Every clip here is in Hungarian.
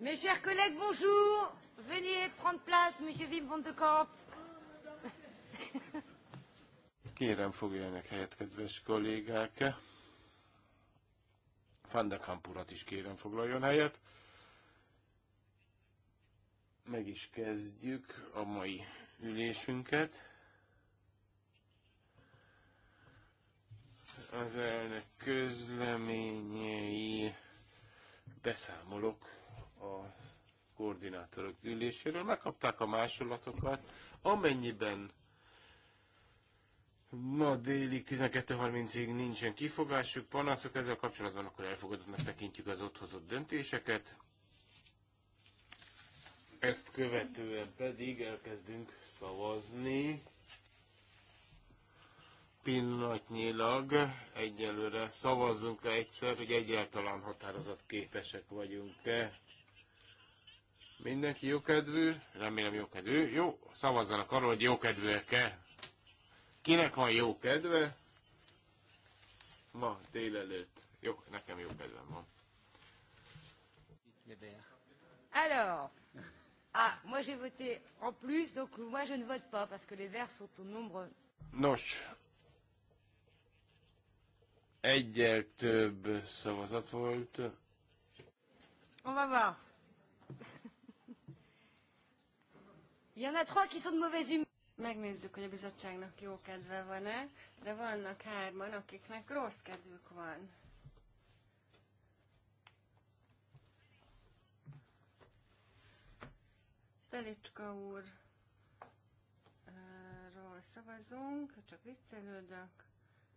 Mes chers collègues, bonjour. Venez prendre place, Monsieur Wim van de Kamp. Kérem, foglaljanak helyet, kedves kollégák. Van de Kamp urat is kérem, foglaljon helyet. Meg is kezdjük a mai ülésünket. Az elnök közleményei beszámolok a koordinátorok üléséről, megkapták a másolatokat, amennyiben ma délig 12.30-ig nincsen kifogásuk, panaszok ezzel kapcsolatban, akkor elfogadottnak tekintjük az ott hozott döntéseket. Ezt követően pedig elkezdünk szavazni. Pillanatnyilag egyelőre szavazzunk egyszer, hogy egyáltalán határozott képesek vagyunk-e Mindenki jókedvű? Remélem jókedvű. Jó, szavazzanak arról, hogy jókedvűek-e. Kinek van jó kedve? Ma délelőtt. Jó, nekem jó kedvem van. Alors, ah, moi j'ai voté en plus, donc moi je ne vote pas parce que les verts sont au nombre. Nos. Egyel több szavazat volt. On va voir. Hát Megnézzük, hogy a bizottságnak jó kedve van-e, de vannak hárman, akiknek rossz kedvük van. Telicska eh, ról szavazunk, csak viccelődök.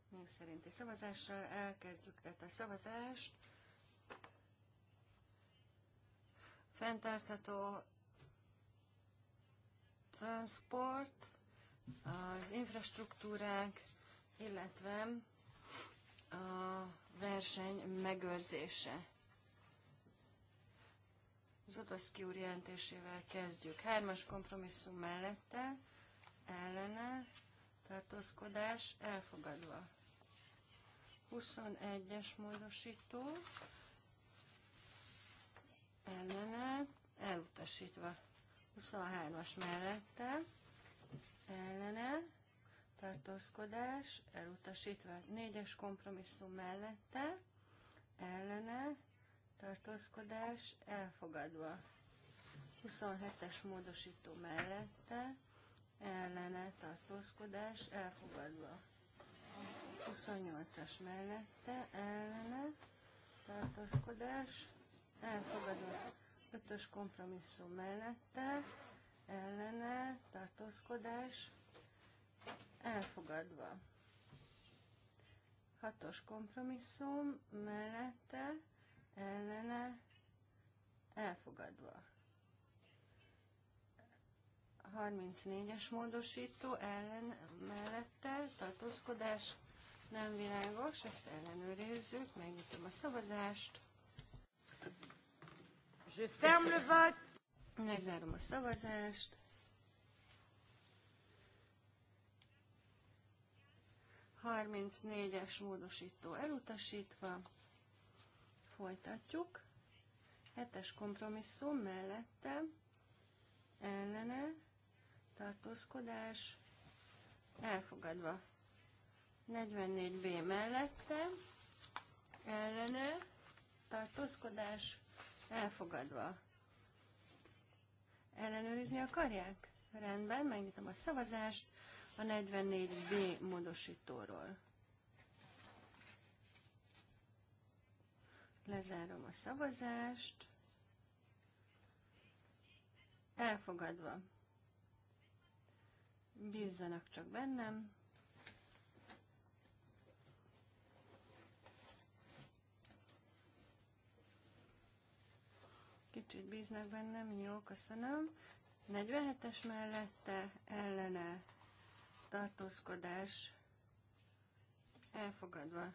Még szerinti szavazással elkezdjük tehát a szavazást. Fentartható transport, az infrastruktúrák, illetve a verseny megőrzése. Zotoszki úr jelentésével kezdjük. Hármas kompromisszum mellette, ellene, tartózkodás elfogadva. 21-es módosító, ellene, elutasítva. 23-as mellette ellene tartózkodás elutasítva. 4-es kompromisszum mellette ellene tartózkodás elfogadva. 27-es módosító mellette ellene tartózkodás elfogadva. 28-as mellette ellene tartózkodás elfogadva ötös kompromisszum mellette, ellene, tartózkodás, elfogadva. Hatos kompromisszum mellette, ellene, elfogadva. 34-es módosító ellen mellette tartózkodás nem világos, ezt ellenőrizzük, megnyitom a szavazást. Je ferme le vote. Lezárom a szavazást. 34-es módosító elutasítva. Folytatjuk. 7 kompromisszum mellette ellene tartózkodás elfogadva. 44B mellette ellene tartózkodás elfogadva. Ellenőrizni akarják? Rendben, megnyitom a szavazást a 44B módosítóról. Lezárom a szavazást. Elfogadva. Bízzanak csak bennem. kicsit bíznak bennem, jó, köszönöm. 47-es mellette ellene tartózkodás elfogadva.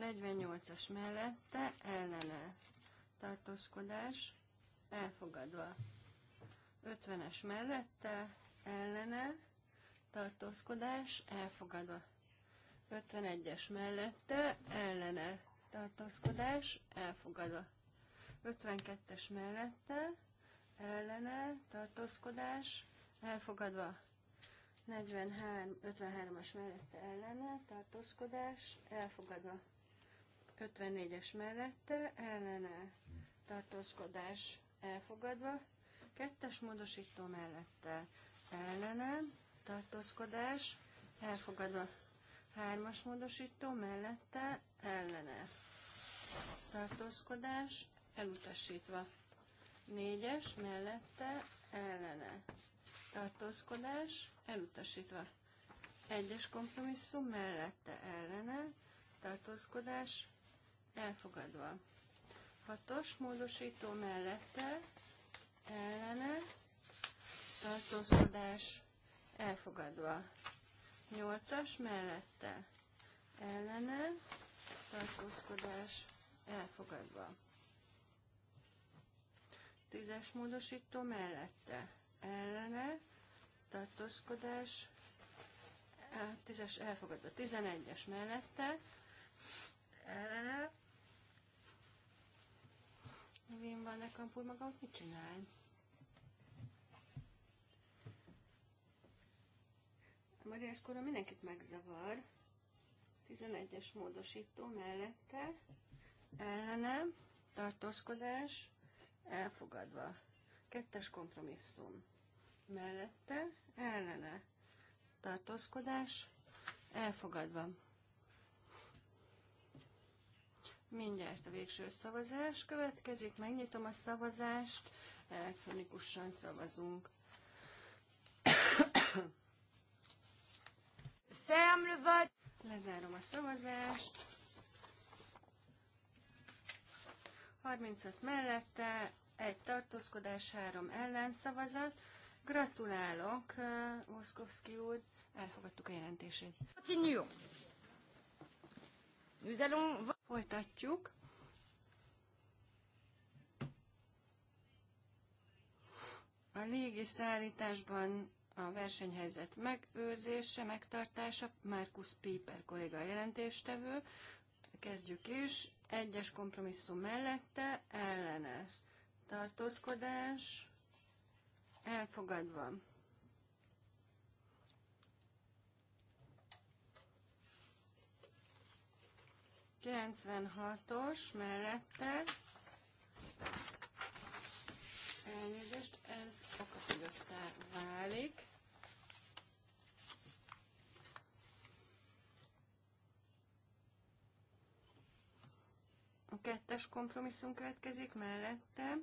48-as mellette ellene tartózkodás elfogadva. 50-es mellette ellene tartózkodás elfogadva. 51-es mellette ellene tartózkodás elfogadva. 52-es mellette, ellene, tartózkodás, elfogadva. 43, 53-as mellette ellene, tartózkodás, elfogadva. 54-es mellette ellene, tartózkodás, elfogadva. Kettes módosító mellette ellene, tartózkodás, elfogadva. Hármas módosító mellette ellene, tartózkodás, elutasítva. Négyes mellette ellene tartózkodás elutasítva. Egyes kompromisszum mellette ellene tartózkodás elfogadva. Hatos módosító mellette ellene tartózkodás elfogadva. Nyolcas mellette ellene tartózkodás elfogadva. Tízes módosító mellette ellene tartózkodás. Tízes elfogadva. Tizenegyes mellette ellene. Vin van nekem úr magam, mit csinál? A magyarázkóra mindenkit megzavar. 11-es módosító mellette ellenem tartózkodás elfogadva. Kettes kompromisszum mellette, ellene tartózkodás, elfogadva. Mindjárt a végső szavazás következik, megnyitom a szavazást, elektronikusan szavazunk. Lezárom a szavazást. 35 mellette, egy tartózkodás, három ellenszavazat. Gratulálok, Oszkowski úr, elfogadtuk a jelentését. Folytatjuk. A légiszállításban a versenyhelyzet megőrzése, megtartása, Markus Piper kolléga jelentéstevő. Kezdjük is. Egyes kompromisszum mellette ellene tartózkodás elfogadva. Kilencvenhatos mellette elnézést, ez okafogyottá válik. kettes kompromisszum következik mellette,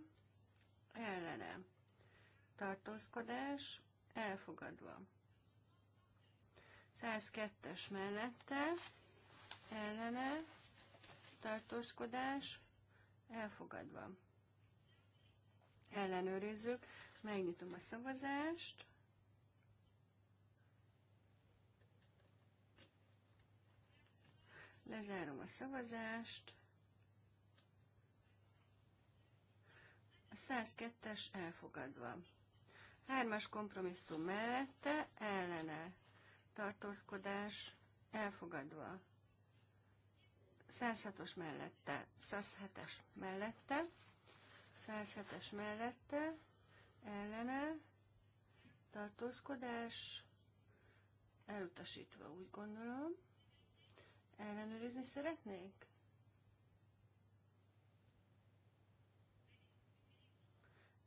ellene. Tartózkodás elfogadva. 102-es mellette, ellene, tartózkodás elfogadva. Ellenőrizzük, megnyitom a szavazást. Lezárom a szavazást. A 102-es elfogadva. Hármas kompromisszum mellette ellene tartózkodás elfogadva. 106-os mellette, 107-es mellette, 107-es mellette, ellene, tartózkodás, elutasítva úgy gondolom. Ellenőrizni szeretnék?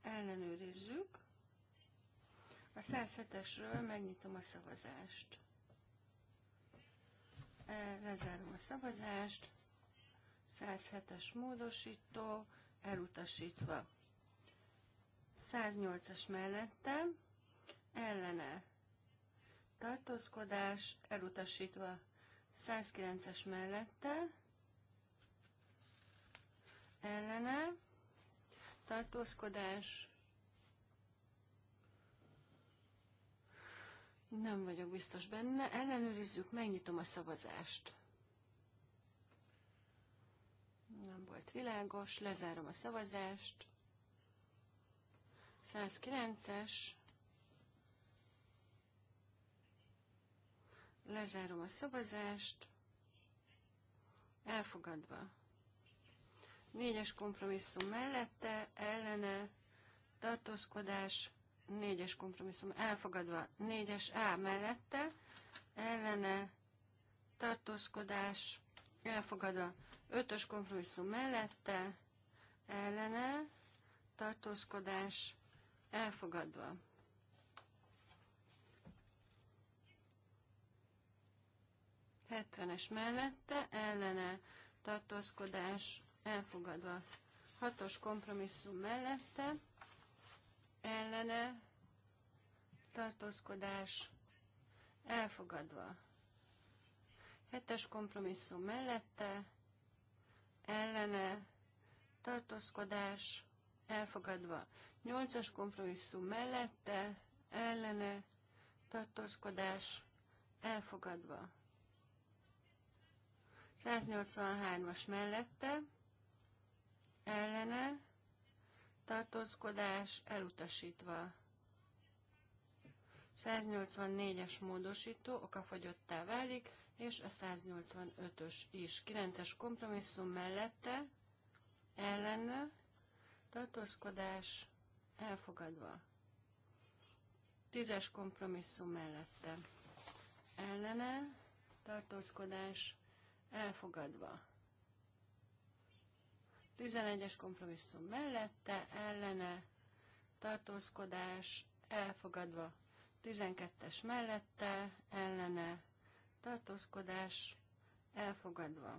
ellenőrizzük. A 107-esről megnyitom a szavazást. E, lezárom a szavazást. 107-es módosító, elutasítva. 108-as mellette, ellene tartózkodás, elutasítva. 109-es mellette, ellene tartózkodás. Nem vagyok biztos benne. Ellenőrizzük, megnyitom a szavazást. Nem volt világos, lezárom a szavazást. 109-es. Lezárom a szavazást. Elfogadva. Négyes kompromisszum mellette, ellene, tartózkodás, négyes kompromisszum elfogadva, négyes A mellette, ellene, tartózkodás, elfogadva, ötös kompromisszum mellette, ellene, tartózkodás, elfogadva. Hetvenes mellette, ellene, tartózkodás, elfogadva. Hatos kompromisszum mellette, ellene, tartózkodás, elfogadva. Hetes kompromisszum mellette, ellene, tartózkodás, elfogadva. Nyolcas kompromisszum mellette, ellene, tartózkodás, elfogadva. 183-as mellette, ellene, tartózkodás elutasítva. 184-es módosító okafogyottá válik, és a 185-ös is. 9-es kompromisszum mellette, ellene, tartózkodás elfogadva. 10-es kompromisszum mellette, ellene, tartózkodás elfogadva. 11-es kompromisszum mellette, ellene, tartózkodás, elfogadva. 12-es mellette, ellene, tartózkodás, elfogadva.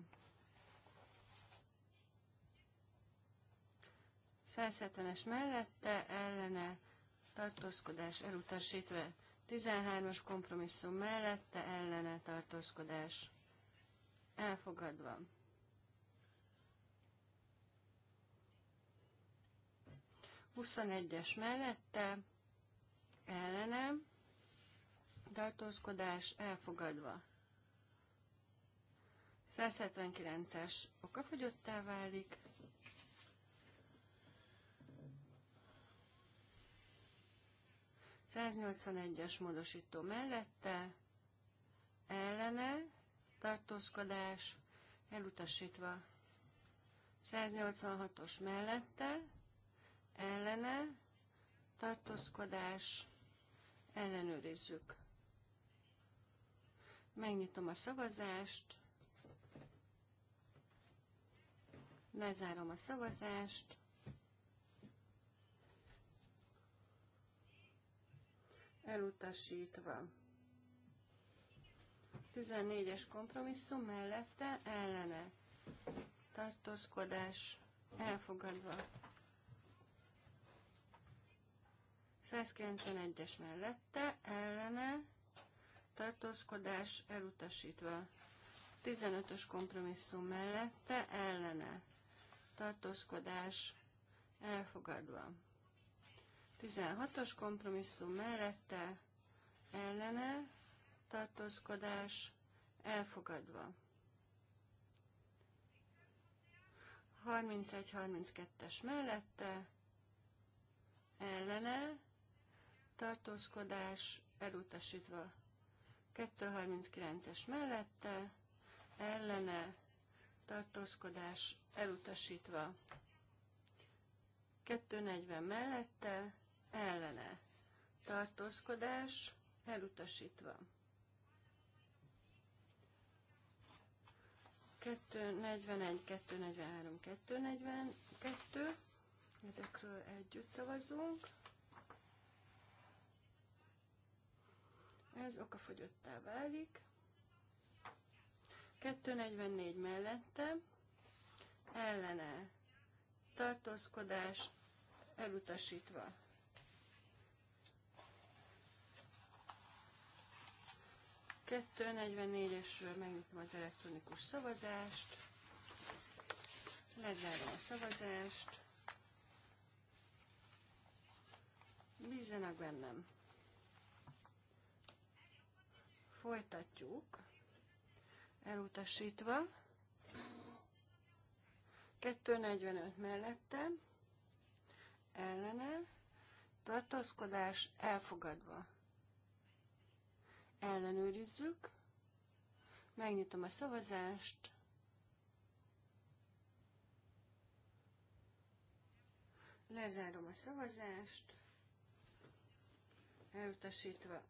170-es mellette, ellene, tartózkodás elutasítva. 13-as kompromisszum mellette, ellene, tartózkodás elfogadva. 21-es mellette ellenem tartózkodás elfogadva. 179-es okafogyottá válik. es módosító mellette, ellene, tartózkodás, elutasítva. 186-os mellette, ellene, tartózkodás, ellenőrizzük. Megnyitom a szavazást, lezárom a szavazást, elutasítva. 14-es kompromisszum mellette ellene tartózkodás elfogadva. 191-es mellette, ellene, tartózkodás elutasítva. 15-ös kompromisszum mellette, ellene, tartózkodás elfogadva. 16-os kompromisszum mellette, ellene, tartózkodás elfogadva. 31-32-es mellette, ellene, tartózkodás elutasítva. 239-es mellette, ellene, tartózkodás elutasítva. 240 mellette, ellene, tartózkodás elutasítva. 241, 243, 242, ezekről együtt szavazunk. Ez okafogyottá válik. 244 mellette ellene tartózkodás elutasítva. Kettő esről megnyitom az elektronikus szavazást, lezárom a szavazást, bízzanak bennem. folytatjuk, elutasítva. 245 mellette, ellene, tartózkodás elfogadva. Ellenőrizzük, megnyitom a szavazást, lezárom a szavazást, elutasítva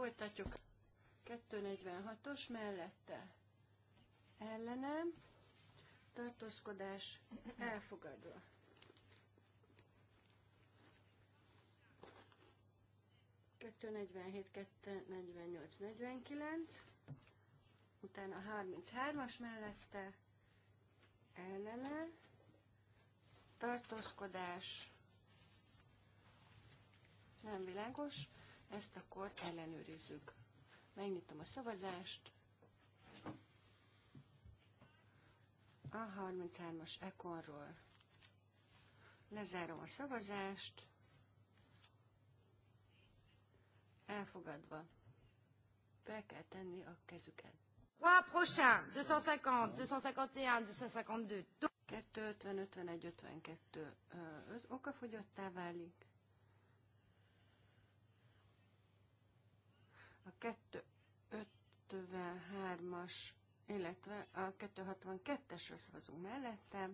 Folytatjuk 246-os mellette ellenem, tartózkodás elfogadva. Kettő 248 2, 48, 49, utána 33-as mellette ellene, tartózkodás nem világos, ezt akkor ellenőrizzük. Megnyitom a szavazást. A 33-as ekonról lezárom a szavazást. Elfogadva. Be kell tenni a kezüket. 3 prochain, 250, 251, 252. 250, 51, 52 ö, okafogyottá válik. a 253-as, illetve a 262 es összehozó mellette,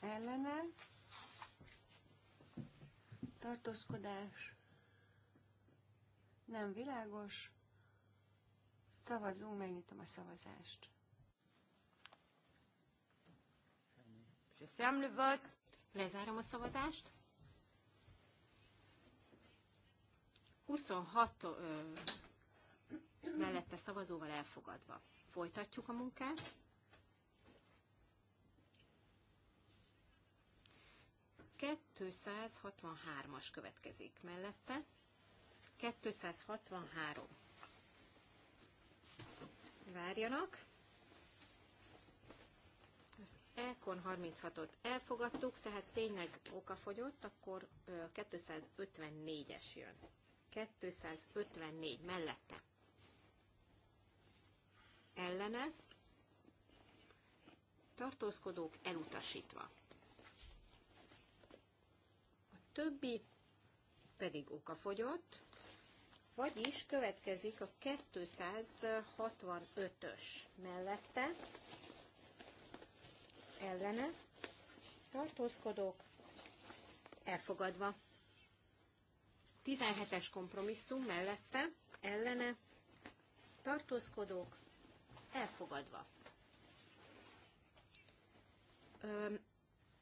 ellene, tartózkodás, nem világos, szavazunk, megnyitom a szavazást. Je ferme Lezárom a szavazást. 26 mellette szavazóval elfogadva. Folytatjuk a munkát. as következik mellette. 263. Várjanak. Az Elkon 36-ot elfogadtuk, tehát tényleg okafogyott, akkor 254-es jön. 254 mellette ellene, tartózkodók elutasítva. A többi pedig okafogyott, vagyis következik a 265-ös mellette, ellene, tartózkodók elfogadva. 17-es kompromisszum mellette, ellene, tartózkodók elfogadva.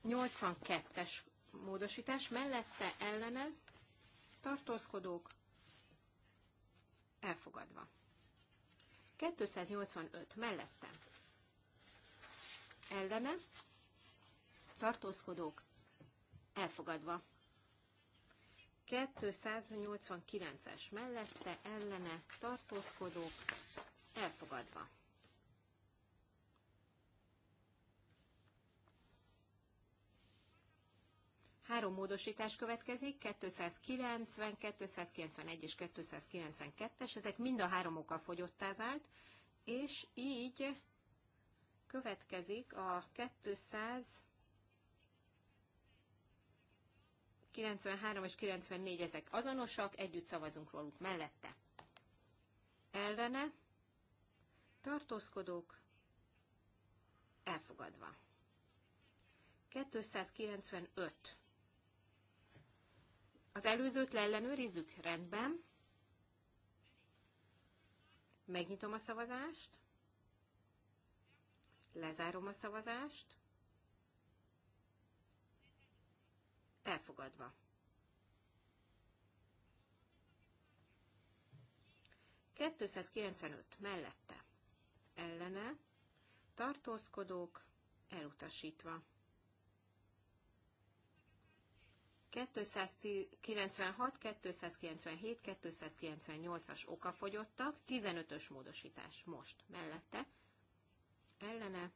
82-es módosítás mellette ellene tartózkodók elfogadva. 285 mellette ellene tartózkodók elfogadva. 289-es mellette ellene tartózkodók elfogadva. Három módosítás következik, 290, 291 és 292-es, ezek mind a három oka fogyottá vált, és így következik a 293 és 94, ezek azonosak, együtt szavazunk róluk mellette. Ellene, tartózkodók, elfogadva. 295 az előzőt leellenőrizzük? Rendben. Megnyitom a szavazást. Lezárom a szavazást. Elfogadva. Kettőszázkilencvenöt mellette. Ellene. Tartózkodók elutasítva. 296, 297, 298-as okafogyottak, 15-ös módosítás most mellette, ellene,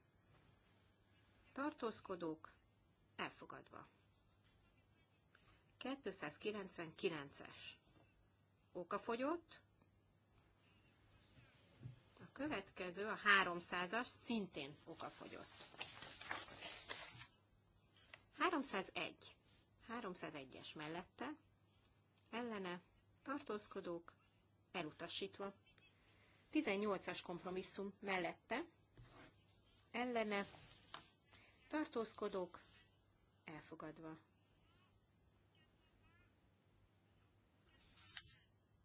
tartózkodók, elfogadva. 299-es okafogyott, a következő, a 300-as szintén okafogyott. 301 301-es mellette, ellene, tartózkodók, elutasítva. 18-as kompromisszum mellette, ellene, tartózkodók, elfogadva.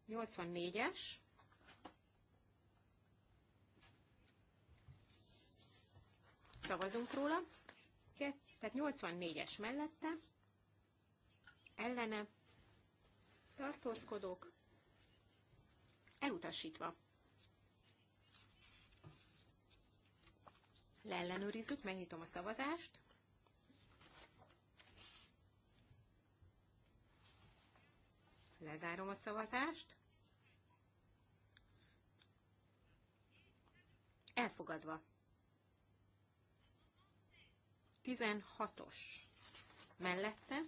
84-es, szavazunk róla, tehát 84-es mellette, ellene tartózkodók elutasítva. Leellenőrizzük, megnyitom a szavazást. Lezárom a szavazást. Elfogadva. 16-os. Mellette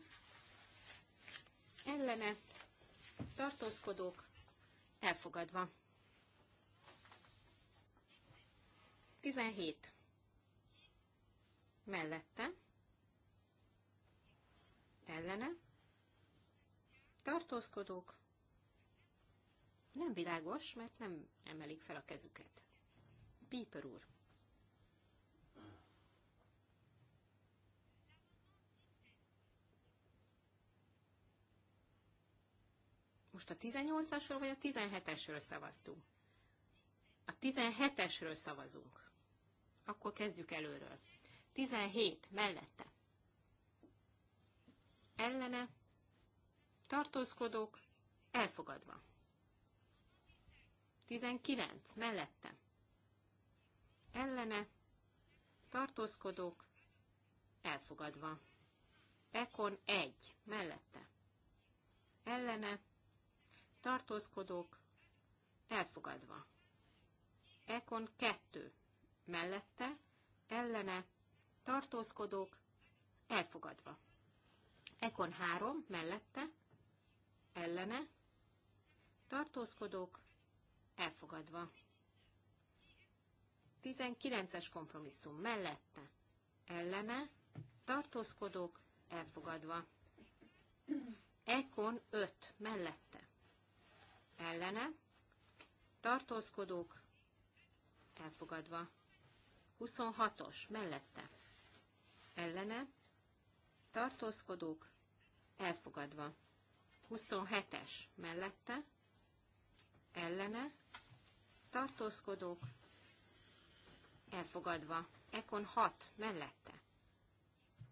ellene tartózkodók elfogadva. 17 mellette ellene tartózkodók nem világos, mert nem emelik fel a kezüket. Bíper úr. Most a 18-asról vagy a 17-esről szavaztunk? A 17-esről szavazunk. Akkor kezdjük előről. 17 mellette. Ellene. Tartózkodók. Elfogadva. 19 mellette. Ellene. Tartózkodók. Elfogadva. Ekon 1 mellette. Ellene tartózkodók, elfogadva. Ekon 2 mellette, ellene, tartózkodók, elfogadva. Ekon 3 mellette, ellene, tartózkodók, elfogadva. 19-es kompromisszum mellette, ellene, tartózkodók, elfogadva. Ekon 5 mellette ellene, tartózkodók, elfogadva. 26-os, mellette, ellene, tartózkodók, elfogadva. 27-es, mellette, ellene, tartózkodók, elfogadva. Ekon 6, mellette,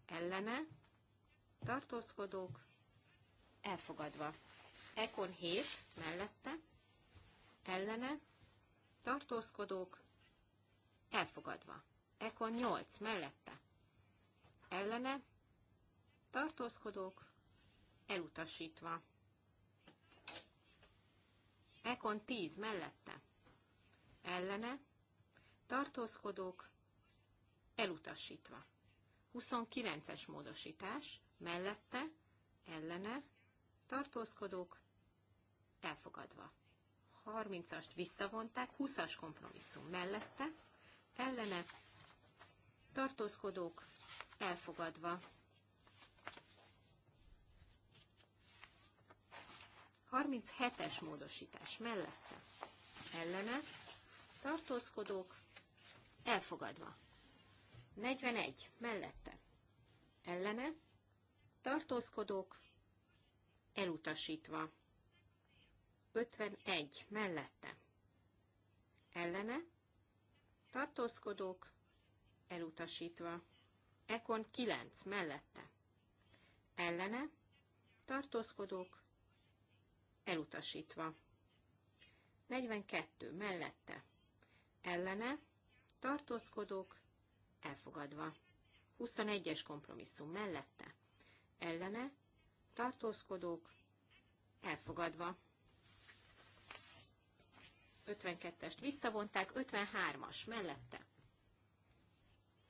ellene, tartózkodók, elfogadva. Ekon 7 mellette, ellene, tartózkodók, elfogadva. Ekon 8 mellette, ellene, tartózkodók, elutasítva. Ekon 10 mellette, ellene, tartózkodók, elutasítva. 29-es módosítás, mellette, ellene, tartózkodók, elfogadva. 30-ast visszavonták, 20-as kompromisszum mellette, ellene tartózkodók elfogadva. 37-es módosítás mellette, ellene tartózkodók elfogadva. 41 mellette, ellene tartózkodók elutasítva. 51 mellette. Ellene. Tartózkodók elutasítva. Ekon 9 mellette. Ellene. Tartózkodók elutasítva. 42 mellette. Ellene. Tartózkodók elfogadva. 21-es kompromisszum mellette. Ellene. Tartózkodók elfogadva. 52-est visszavonták, 53-as mellette.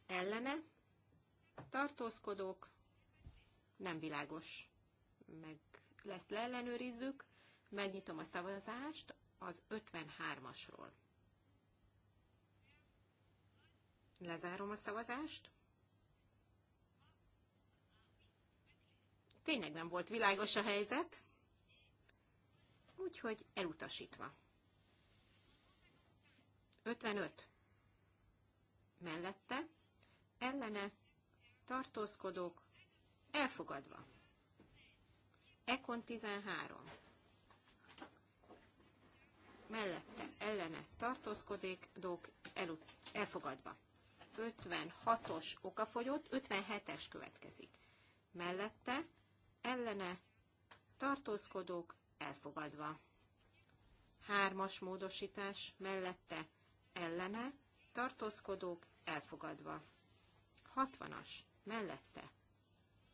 Ellene tartózkodók, nem világos. Meg lesz leellenőrizzük, megnyitom a szavazást az 53-asról. Lezárom a szavazást. Tényleg nem volt világos a helyzet, úgyhogy elutasítva. 55 mellette, ellene tartózkodók elfogadva. Ekon 13 mellette, ellene tartózkodók elut elfogadva. 56-os okafogyott, 57-es következik. Mellette, ellene tartózkodók elfogadva. Hármas módosítás mellette ellene, tartózkodók elfogadva. 60-as mellette,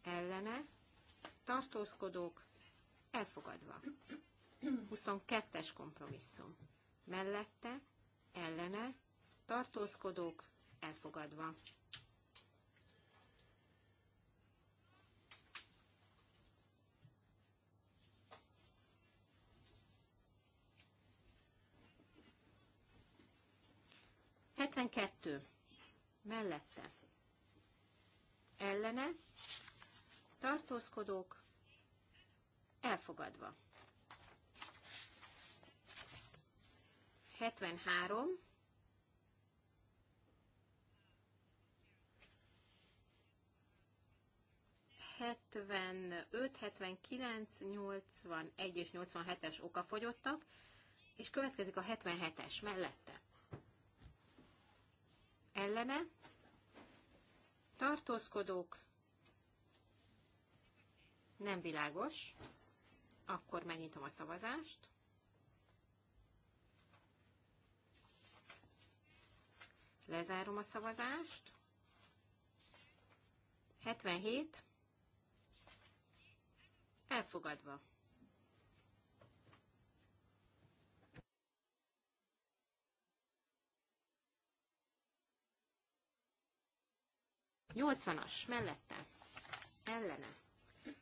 ellene, tartózkodók elfogadva. 22-es kompromisszum mellette, ellene, tartózkodók elfogadva. 72 mellette ellene tartózkodók elfogadva. 73 75, 79, 81 és 87-es okafogyottak, és következik a 77-es mellette ellene, tartózkodók, nem világos, akkor megnyitom a szavazást. Lezárom a szavazást. 77. Elfogadva. 80-as mellette, ellene,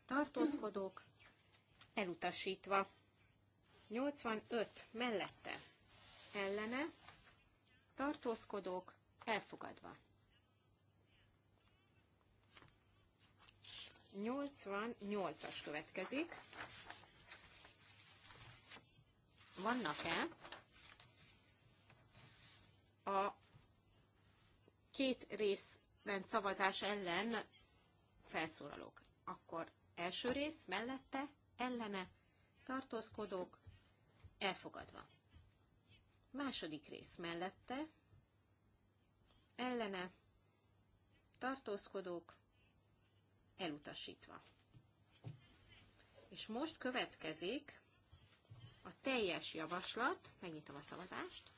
tartózkodók, elutasítva. 85 mellette, ellene, tartózkodók, elfogadva. 88-as következik. Vannak-e a két rész Ment szavazás ellen felszólalok. Akkor első rész mellette, ellene, tartózkodók, elfogadva. Második rész mellette, ellene, tartózkodók, elutasítva. És most következik a teljes javaslat, megnyitom a szavazást,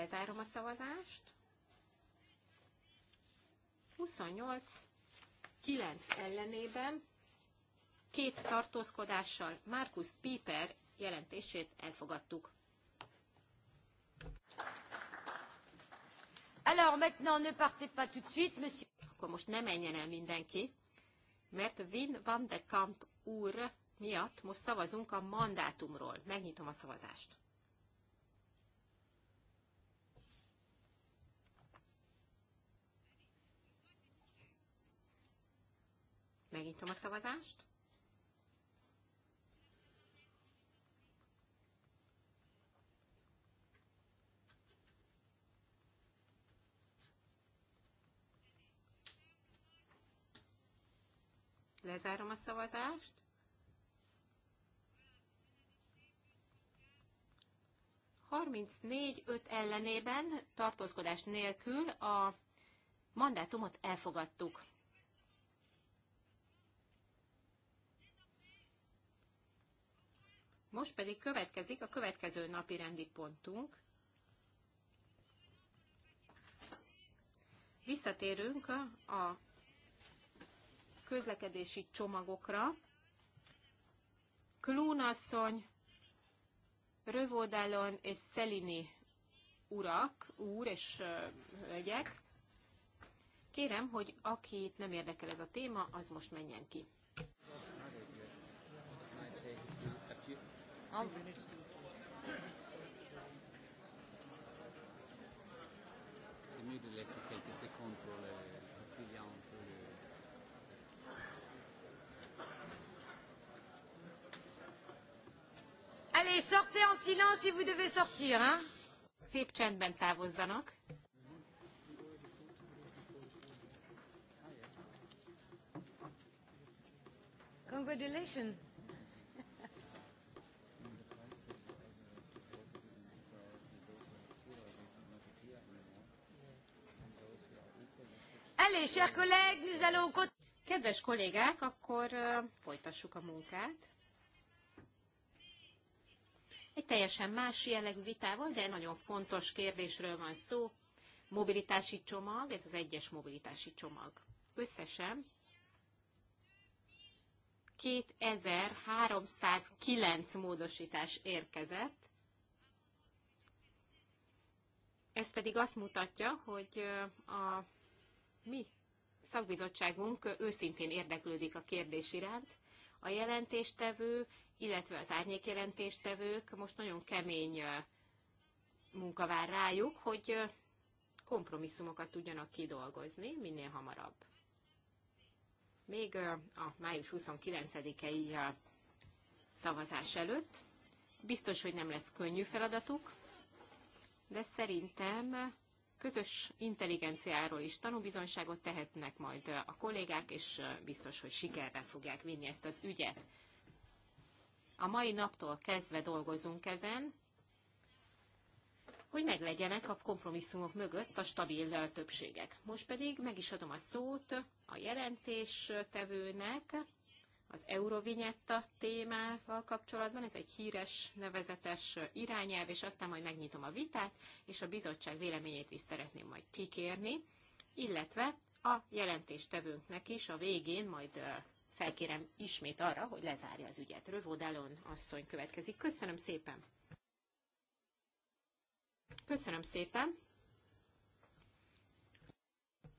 Lezárom a szavazást. 28, 9 ellenében, két tartózkodással Markus Piper jelentését elfogadtuk. Alors maintenant ne partez pas tout de suite, monsieur. Akkor most ne menjen el mindenki, mert Win van de Kamp úr miatt most szavazunk a mandátumról. Megnyitom a szavazást. Megnyitom a szavazást. Lezárom a szavazást. öt ellenében tartózkodás nélkül a mandátumot elfogadtuk. Most pedig következik a következő napi rendi pontunk. Visszatérünk a közlekedési csomagokra. Klónasszony, Rövodalon és Szelini urak, úr és hölgyek, kérem, hogy akit nem érdekel ez a téma, az most menjen ki. c'est mieux de laisser quelques secondes pour le, parce qu'il y a un peu de... Allez, sortez en silence si vous devez sortir, hein Szép csendben távozzanak. Congratulations. Kedves kollégák, akkor folytassuk a munkát. Egy teljesen más jellegű vitával, de nagyon fontos kérdésről van szó. Mobilitási csomag, ez az egyes mobilitási csomag. Összesen 2309 módosítás érkezett, ez pedig azt mutatja, hogy a mi szakbizottságunk őszintén érdeklődik a kérdés iránt. A jelentéstevő, illetve az árnyékjelentéstevők most nagyon kemény munka vár rájuk, hogy kompromisszumokat tudjanak kidolgozni minél hamarabb. Még a május 29-i szavazás előtt. Biztos, hogy nem lesz könnyű feladatuk, de szerintem közös intelligenciáról is tanúbizonságot tehetnek majd a kollégák, és biztos, hogy sikerrel fogják vinni ezt az ügyet. A mai naptól kezdve dolgozunk ezen, hogy meglegyenek a kompromisszumok mögött a stabil többségek. Most pedig meg is adom a szót a jelentéstevőnek, az Eurovinyetta témával kapcsolatban, ez egy híres, nevezetes irányelv, és aztán majd megnyitom a vitát, és a bizottság véleményét is szeretném majd kikérni, illetve a jelentéstevőnknek is a végén majd felkérem ismét arra, hogy lezárja az ügyet. Rövodálon asszony következik. Köszönöm szépen! Köszönöm szépen!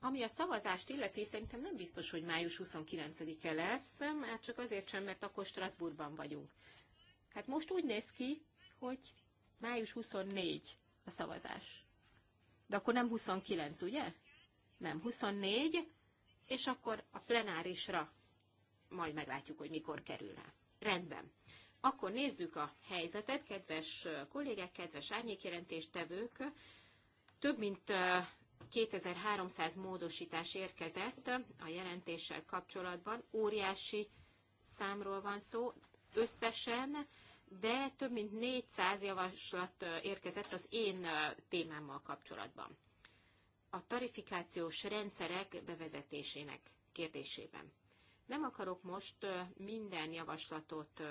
Ami a szavazást illeti, szerintem nem biztos, hogy május 29-e lesz, mert csak azért sem, mert akkor Strasbourgban vagyunk. Hát most úgy néz ki, hogy május 24 a szavazás. De akkor nem 29, ugye? Nem, 24, és akkor a plenárisra majd meglátjuk, hogy mikor kerül rá. Rendben. Akkor nézzük a helyzetet, kedves kollégek, kedves árnyékjelentéstevők. Több mint 2300 módosítás érkezett a jelentéssel kapcsolatban, óriási számról van szó összesen, de több mint 400 javaslat érkezett az én témámmal kapcsolatban. A tarifikációs rendszerek bevezetésének kérdésében. Nem akarok most minden javaslatot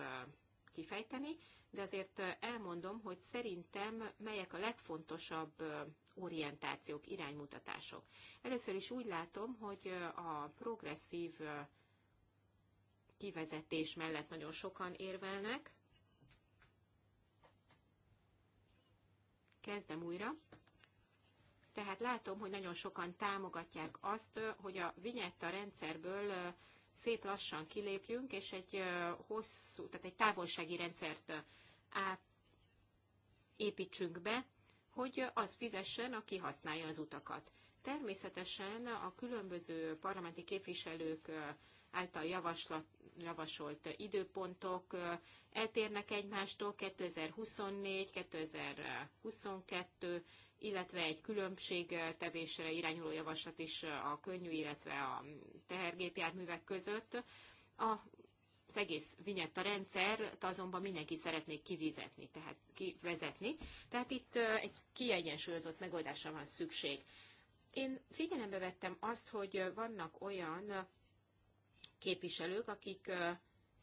kifejteni, de azért elmondom, hogy szerintem melyek a legfontosabb orientációk, iránymutatások. Először is úgy látom, hogy a progresszív kivezetés mellett nagyon sokan érvelnek. Kezdem újra. Tehát látom, hogy nagyon sokan támogatják azt, hogy a vinyetta rendszerből szép lassan kilépjünk, és egy hosszú, tehát egy távolsági rendszert építsünk be, hogy az fizessen, aki használja az utakat. Természetesen a különböző parlamenti képviselők által javaslat, javasolt időpontok eltérnek egymástól 2024, 2022, illetve egy különbségtevésre irányuló javaslat is a könnyű, illetve a tehergépjárművek között. A az egész vinyetta rendszer, azonban mindenki szeretné kivizetni, tehát kivezetni. Tehát itt egy kiegyensúlyozott megoldásra van szükség. Én figyelembe vettem azt, hogy vannak olyan képviselők, akik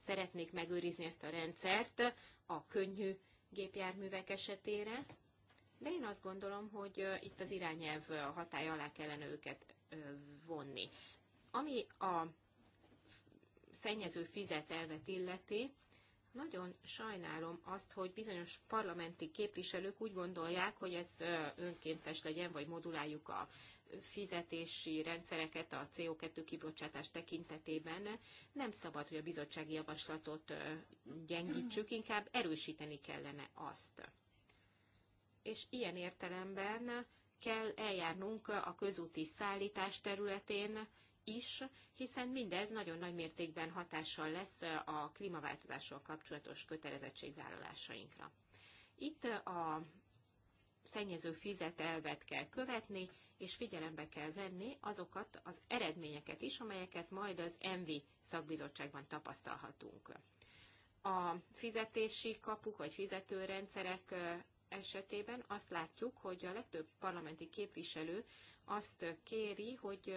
szeretnék megőrizni ezt a rendszert a könnyű gépjárművek esetére, de én azt gondolom, hogy itt az irányelv hatája alá kellene őket vonni. Ami a szennyező fizet elvet illeti, nagyon sajnálom azt, hogy bizonyos parlamenti képviselők úgy gondolják, hogy ez önkéntes legyen, vagy moduláljuk a fizetési rendszereket a CO2 kibocsátás tekintetében. Nem szabad, hogy a bizottsági javaslatot gyengítsük, inkább erősíteni kellene azt és ilyen értelemben kell eljárnunk a közúti szállítás területén is, hiszen mindez nagyon nagy mértékben hatással lesz a klímaváltozással kapcsolatos kötelezettségvállalásainkra. Itt a szennyező fizet elvet kell követni, és figyelembe kell venni azokat az eredményeket is, amelyeket majd az MV szakbizottságban tapasztalhatunk. A fizetési kapuk vagy fizetőrendszerek esetében azt látjuk, hogy a legtöbb parlamenti képviselő azt kéri, hogy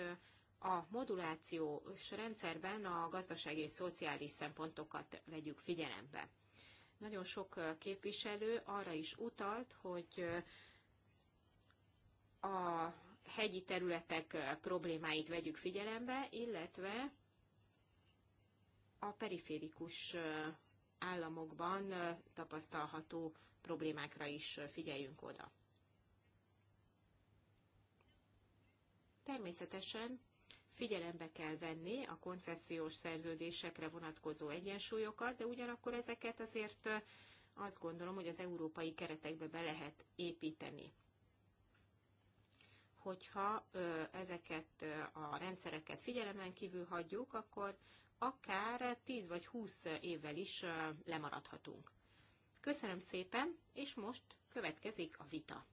a modulációs rendszerben a gazdasági és szociális szempontokat vegyük figyelembe. Nagyon sok képviselő arra is utalt, hogy a hegyi területek problémáit vegyük figyelembe, illetve a periférikus államokban tapasztalható problémákra is figyeljünk oda. Természetesen figyelembe kell venni a koncesziós szerződésekre vonatkozó egyensúlyokat, de ugyanakkor ezeket azért azt gondolom, hogy az európai keretekbe be lehet építeni. Hogyha ezeket a rendszereket figyelemen kívül hagyjuk, akkor akár 10 vagy 20 évvel is lemaradhatunk. Köszönöm szépen, és most következik a vita.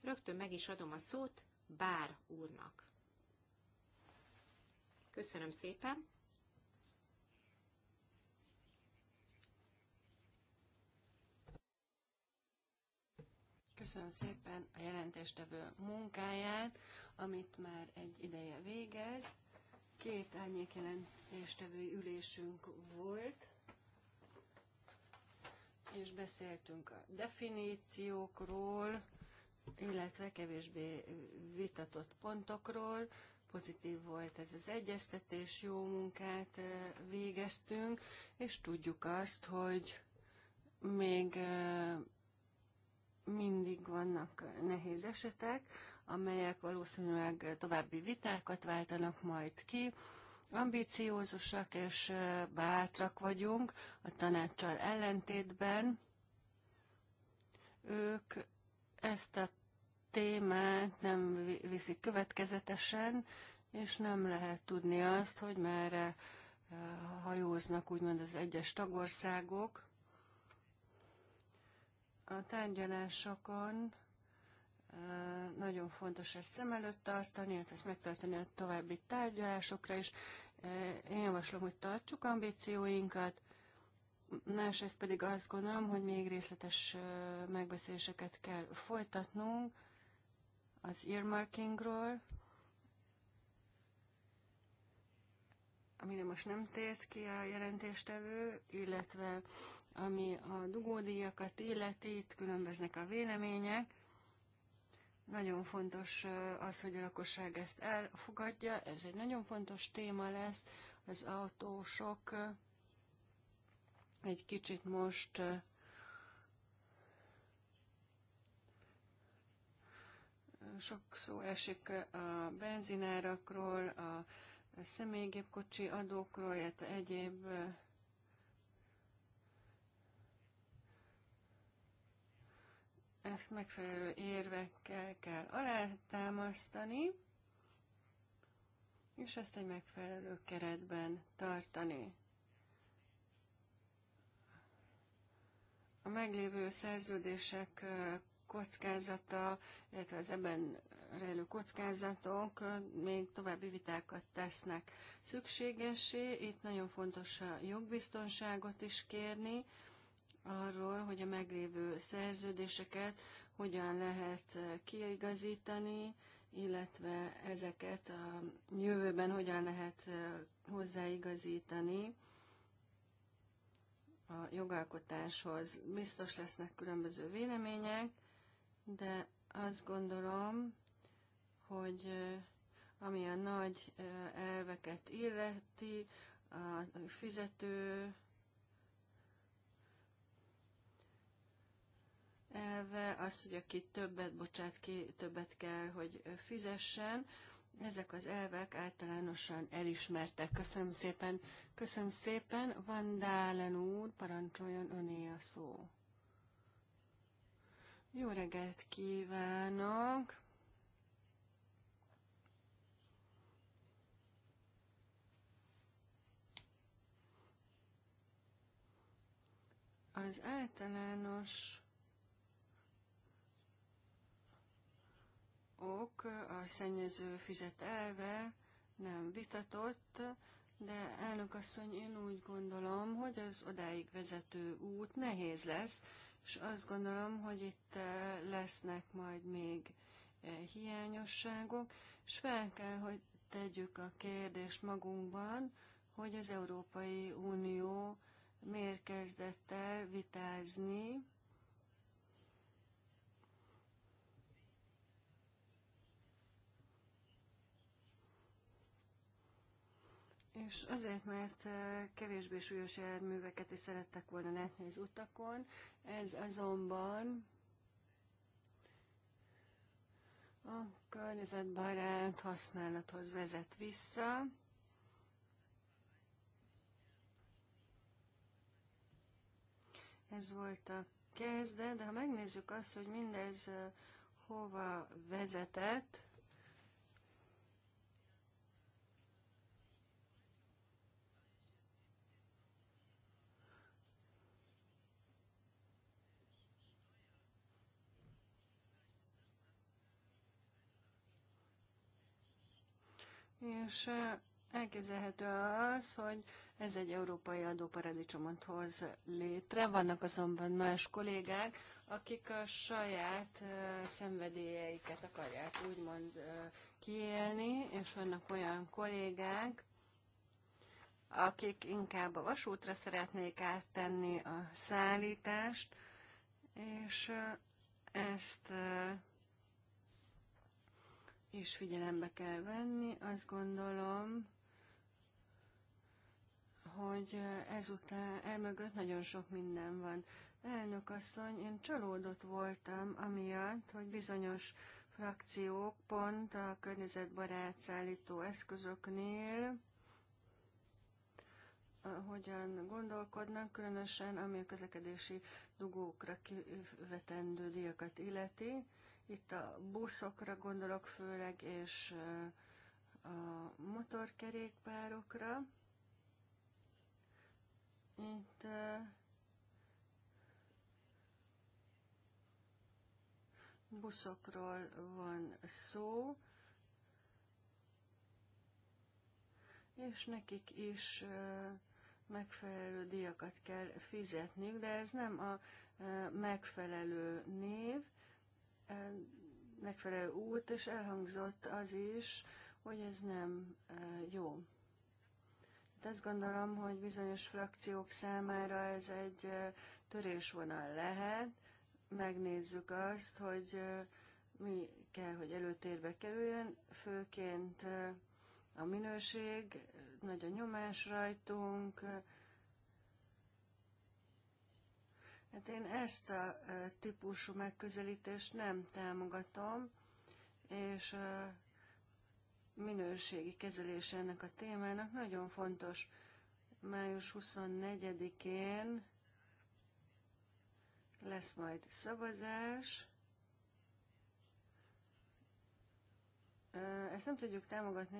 Rögtön meg is adom a szót Bár úrnak. Köszönöm szépen. Köszönöm szépen a jelentéstevő munkáját, amit már egy ideje végez. Két árnyék jelentéstevői ülésünk volt és beszéltünk a definíciókról, illetve kevésbé vitatott pontokról. Pozitív volt ez az egyeztetés, jó munkát eh, végeztünk, és tudjuk azt, hogy még eh, mindig vannak nehéz esetek, amelyek valószínűleg további vitákat váltanak majd ki, Ambíciózusak és bátrak vagyunk a tanácssal ellentétben. Ők ezt a témát nem viszik következetesen, és nem lehet tudni azt, hogy merre hajóznak úgymond az egyes tagországok. A tárgyalásokon nagyon fontos ezt szem előtt tartani, hát ezt megtartani a további tárgyalásokra is. Én javaslom, hogy tartsuk ambícióinkat, másrészt pedig azt gondolom, hogy még részletes megbeszéléseket kell folytatnunk az earmarkingról, amire most nem tért ki a jelentéstevő, illetve ami a dugódíjakat illeti, itt különböznek a vélemények. Nagyon fontos az, hogy a lakosság ezt elfogadja, ez egy nagyon fontos téma lesz. Az autósok egy kicsit most sok szó esik a benzinárakról, a személygépkocsi adókról, illetve egyéb ezt megfelelő érvekkel kell alátámasztani, és ezt egy megfelelő keretben tartani. A meglévő szerződések kockázata, illetve az ebben rejlő kockázatok még további vitákat tesznek szükségesé. Itt nagyon fontos a jogbiztonságot is kérni, arról, hogy a meglévő szerződéseket hogyan lehet kiigazítani, illetve ezeket a jövőben hogyan lehet hozzáigazítani a jogalkotáshoz. Biztos lesznek különböző vélemények, de azt gondolom, hogy ami a nagy elveket illeti, a fizető elve, az, hogy aki többet bocsát ki, többet kell, hogy fizessen. Ezek az elvek általánosan elismertek. Köszönöm szépen. Köszönöm szépen. Van Dálen úr, parancsoljon öné a szó. Jó reggelt kívánok! Az általános ok, a szennyező fizet elve nem vitatott, de elnökasszony, én úgy gondolom, hogy az odáig vezető út nehéz lesz, és azt gondolom, hogy itt eh, lesznek majd még eh, hiányosságok, és fel kell, hogy tegyük a kérdést magunkban, hogy az Európai Unió miért kezdett el vitázni És azért, mert e, kevésbé súlyos járműveket is szerettek volna látni az utakon, ez azonban a környezetbarát használathoz vezet vissza. Ez volt a kezdet, de ha megnézzük azt, hogy mindez e, hova vezetett, És elképzelhető az, hogy ez egy európai adóparadicsomot hoz létre. Vannak azonban más kollégák, akik a saját szenvedélyeiket akarják úgymond kiélni, és vannak olyan kollégák, akik inkább a vasútra szeretnék áttenni a szállítást, és ezt és figyelembe kell venni. Azt gondolom, hogy ezután, emögött nagyon sok minden van. Elnök asszony, én csalódott voltam amiatt, hogy bizonyos frakciók pont a környezetbarát szállító eszközöknél hogyan gondolkodnak, különösen ami a közlekedési dugókra kivetendő díjakat illeti. Itt a buszokra gondolok főleg, és a motorkerékpárokra. Itt buszokról van szó, és nekik is megfelelő díjakat kell fizetniük, de ez nem a megfelelő név, megfelelő út, és elhangzott az is, hogy ez nem jó. Hát azt gondolom, hogy bizonyos frakciók számára ez egy törésvonal lehet. Megnézzük azt, hogy mi kell, hogy előtérbe kerüljön, főként a minőség, nagy a nyomás rajtunk, Hát én ezt a típusú megközelítést nem támogatom, és minőségi kezelés ennek a témának nagyon fontos. Május 24-én lesz majd szavazás. Ezt nem tudjuk támogatni,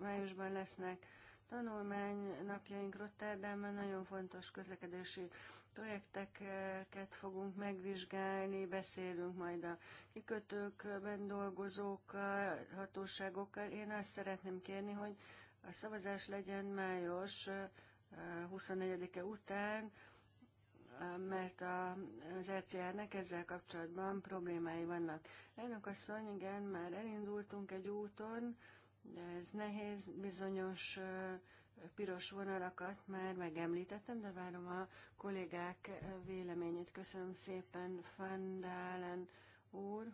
májusban lesznek tanulmánynapjaink Rotterdamban, nagyon fontos közlekedési projekteket fogunk megvizsgálni, beszélünk majd a kikötőkben dolgozókkal, hatóságokkal. Én azt szeretném kérni, hogy a szavazás legyen május 24-e eh, után, eh, mert az ECR-nek ezzel kapcsolatban problémái vannak. Elnök asszony, igen, már elindultunk egy úton, de ez nehéz, bizonyos eh, piros vonalakat már megemlítettem, de várom a kollégák véleményét. Köszönöm szépen, Fandálen úr.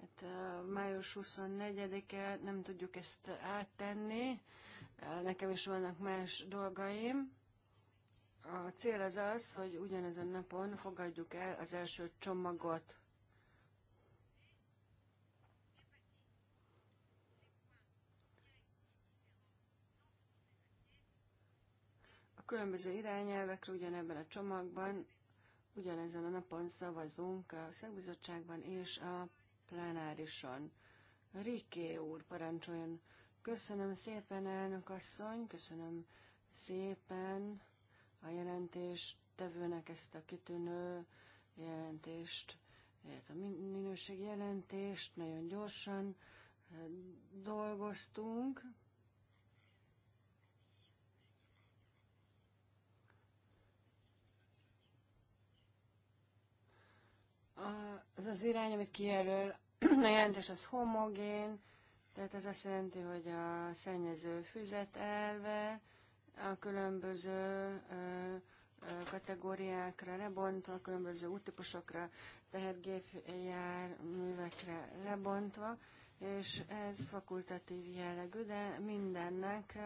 Hát, május 24-e nem tudjuk ezt áttenni, nekem is vannak más dolgaim. A cél az az, hogy ugyanezen napon fogadjuk el az első csomagot. különböző irányelvekre ugyanebben a csomagban, ugyanezen a napon szavazunk a szakbizottságban és a plenárison. Riké úr, parancsoljon! Köszönöm szépen, elnök asszony, köszönöm szépen a jelentést tevőnek ezt a kitűnő jelentést, a minőségi jelentést, nagyon gyorsan eh, dolgoztunk, az az irány, amit kijelöl, a jelentés az homogén, tehát ez azt jelenti, hogy a szennyező füzet elve a különböző ö, kategóriákra lebontva, a különböző úttípusokra, gépjárművekre lebontva, és ez fakultatív jellegű, de mindennek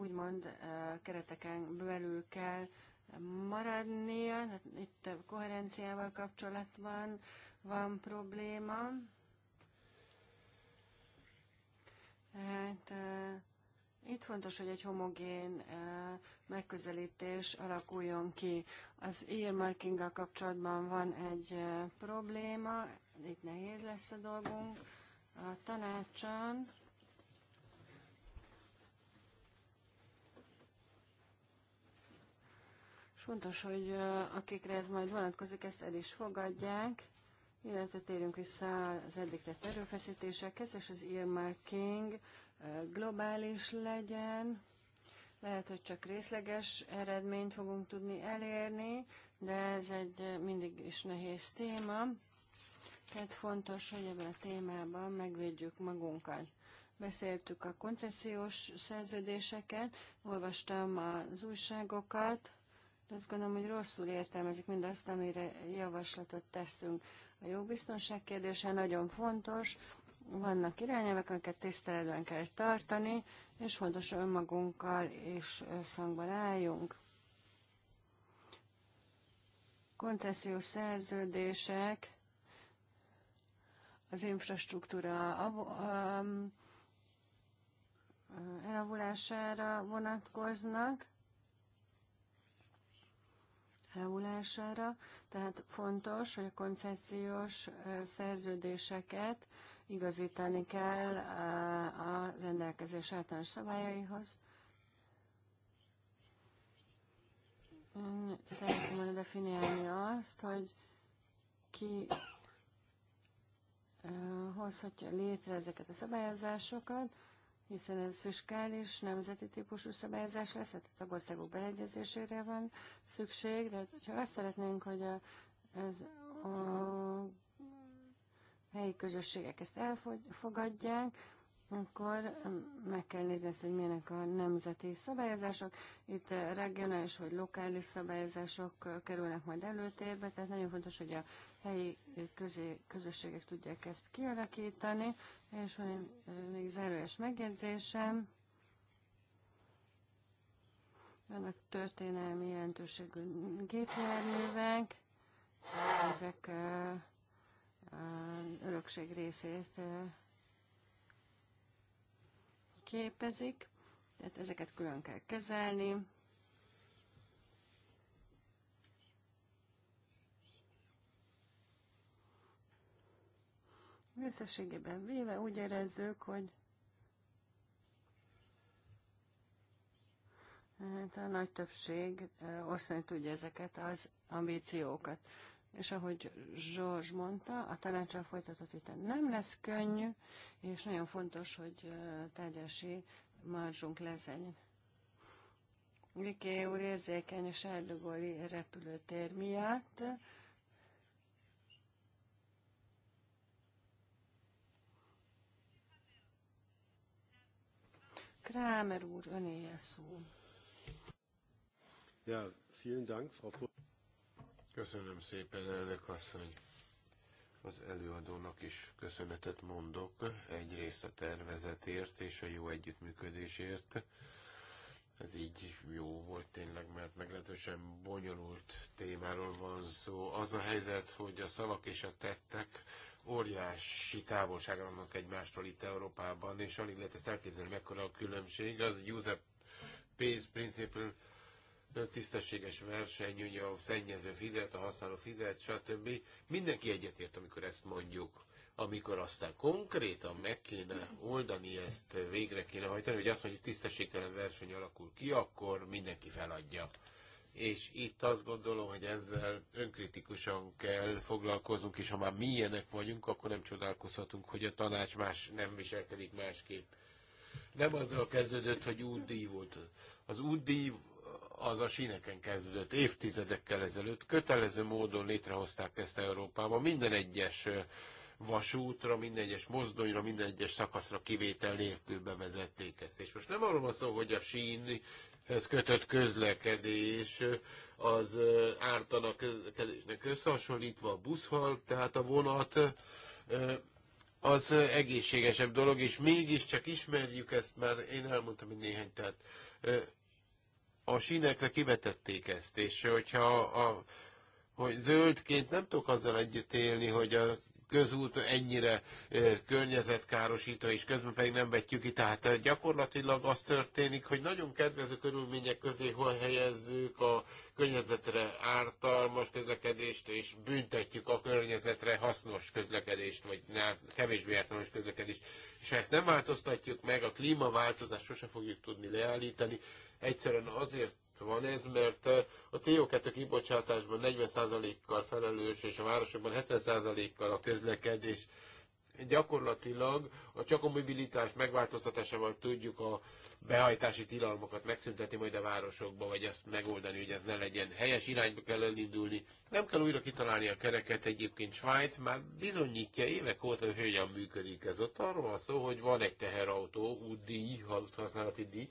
úgymond kereteken belül kell maradnia, tehát itt a koherenciával kapcsolatban van probléma. Tehát itt fontos, hogy egy homogén megközelítés alakuljon ki. Az earmarkinggal kapcsolatban van egy probléma, itt nehéz lesz a dolgunk a tanácsan Fontos, hogy akikre ez majd vonatkozik, ezt el is fogadják, illetve térjünk vissza az eddig tett erőfeszítésekhez, és az earmarking globális legyen. Lehet, hogy csak részleges eredményt fogunk tudni elérni, de ez egy mindig is nehéz téma. Tehát fontos, hogy ebben a témában megvédjük magunkat. Beszéltük a koncesziós szerződéseket, olvastam az újságokat, azt gondolom, hogy rosszul értelmezik mindazt, amire javaslatot teszünk. A jogbiztonság kérdése nagyon fontos, vannak irányelvek, amiket tiszteletben kell tartani, és fontos önmagunkkal és összhangban álljunk. Koncesziós szerződések, az infrastruktúra elavulására vonatkoznak, elávulására, tehát fontos, hogy a koncesziós szerződéseket igazítani kell a rendelkezés általános szabályaihoz. Szeretném volna definiálni azt, hogy ki hozhatja létre ezeket a szabályozásokat, hiszen ez fiskális, nemzeti típusú szabályozás lesz, tehát a tagországok beleegyezésére van szükség, de ha azt szeretnénk, hogy a, ez, a helyi közösségek ezt elfogadják, akkor meg kell nézni ezt, hogy milyenek a nemzeti szabályozások. Itt regionális vagy lokális szabályozások kerülnek majd előtérbe, tehát nagyon fontos, hogy a helyi közé, közösségek tudják ezt kialakítani. És van még zárójas megjegyzésem. Vannak történelmi jelentőségű gépjárművek, ezek örökség részét képezik, tehát ezeket külön kell kezelni. Összességében véve úgy érezzük, hogy hát a nagy többség osztani tudja ezeket az ambíciókat és ahogy Zsorzs mondta, a tanácsra folytatott vita nem lesz könnyű, és nagyon fontos, hogy tárgyási marzsunk legyen. Riké úr érzékeny a Sárdogoli repülőtér miatt, Kramer úr, önéje szó. Ja, vielen Dank, Frau Köszönöm szépen, elnök asszony. Az előadónak is köszönetet mondok, egyrészt a tervezetért és a jó együttműködésért. Ez így jó volt tényleg, mert meglehetősen bonyolult témáról van szó. Az a helyzet, hogy a szavak és a tettek óriási távolságra vannak egymástól itt Európában, és alig lehet ezt elképzelni, mekkora a különbség. Az user Pace principle tisztességes verseny, ugye a szennyező fizet, a használó fizet, stb. Mindenki egyetért, amikor ezt mondjuk. Amikor aztán konkrétan meg kéne oldani ezt, végre kéne hajtani, hogy azt mondjuk tisztességtelen verseny alakul ki, akkor mindenki feladja. És itt azt gondolom, hogy ezzel önkritikusan kell foglalkoznunk, és ha már milyenek vagyunk, akkor nem csodálkozhatunk, hogy a tanács más nem viselkedik másképp nem azzal kezdődött, hogy útdíj volt. Az útdíj az a síneken kezdődött évtizedekkel ezelőtt. Kötelező módon létrehozták ezt Európában. Minden egyes vasútra, minden egyes mozdonyra, minden egyes szakaszra kivétel nélkül bevezették ezt. És most nem arról van szó, hogy a sínhez kötött közlekedés az ártana közlekedésnek összehasonlítva a buszhal, tehát a vonat az egészségesebb dolog, és mégiscsak ismerjük ezt, mert én elmondtam, hogy néhány, tehát a sínekre kivetették ezt, és hogyha a, hogy zöldként nem tudok azzal együtt élni, hogy a közút ennyire környezetkárosító, és közben pedig nem vetjük ki. Tehát gyakorlatilag az történik, hogy nagyon kedvező körülmények közé hol helyezzük a környezetre ártalmas közlekedést, és büntetjük a környezetre hasznos közlekedést, vagy nem, kevésbé ártalmas közlekedést. És ha ezt nem változtatjuk meg, a klímaváltozást sose fogjuk tudni leállítani, egyszerűen azért van ez, mert eh, a CO2 kibocsátásban 40%-kal felelős, és a városokban 70%-kal a közlekedés. Gyakorlatilag a csak a mobilitás megváltoztatásával tudjuk a behajtási tilalmakat megszüntetni majd a városokba, vagy ezt megoldani, hogy ez ne legyen. Helyes irányba kell elindulni. Nem kell újra kitalálni a kereket egyébként. Svájc már bizonyítja évek óta, hogy hogyan működik ez. Ott arról van szó, hogy van egy teherautó, útdíj, használati díj,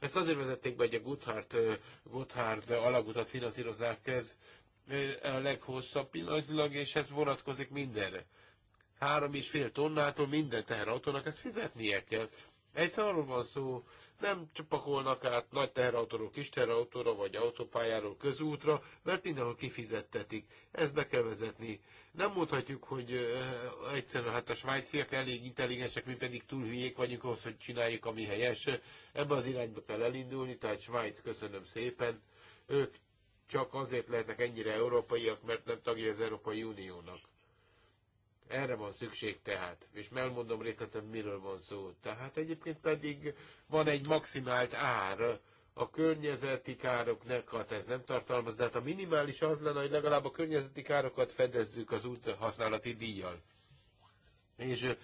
ezt azért vezették be, hogy a Guthard, Guthard alagutat finanszírozzák ez a leghosszabb pillanatilag, és ez vonatkozik mindenre. Három és fél tonnától minden teherautónak ezt fizetnie kell. Egyszer arról van szó, nem csapakolnak át nagy teherautóról kis teherautóra, vagy autópályáról közútra, mert mindenhol kifizettetik. Ezt be kell vezetni. Nem mondhatjuk, hogy eh, egyszerűen hát a svájciak elég intelligensek, mi pedig túl hülyék vagyunk ahhoz, hogy csináljuk, ami helyes. Ebbe az irányba kell elindulni, tehát Svájc, köszönöm szépen. Ők csak azért lehetnek ennyire európaiak, mert nem tagja az Európai Uniónak. Erre van szükség tehát, és megmondom részletem, miről van szó. Tehát egyébként pedig van egy maximált ár, a környezeti hát ez nem tartalmaz, de hát a minimális az lenne, hogy legalább a környezeti károkat fedezzük az út használati díjjal. És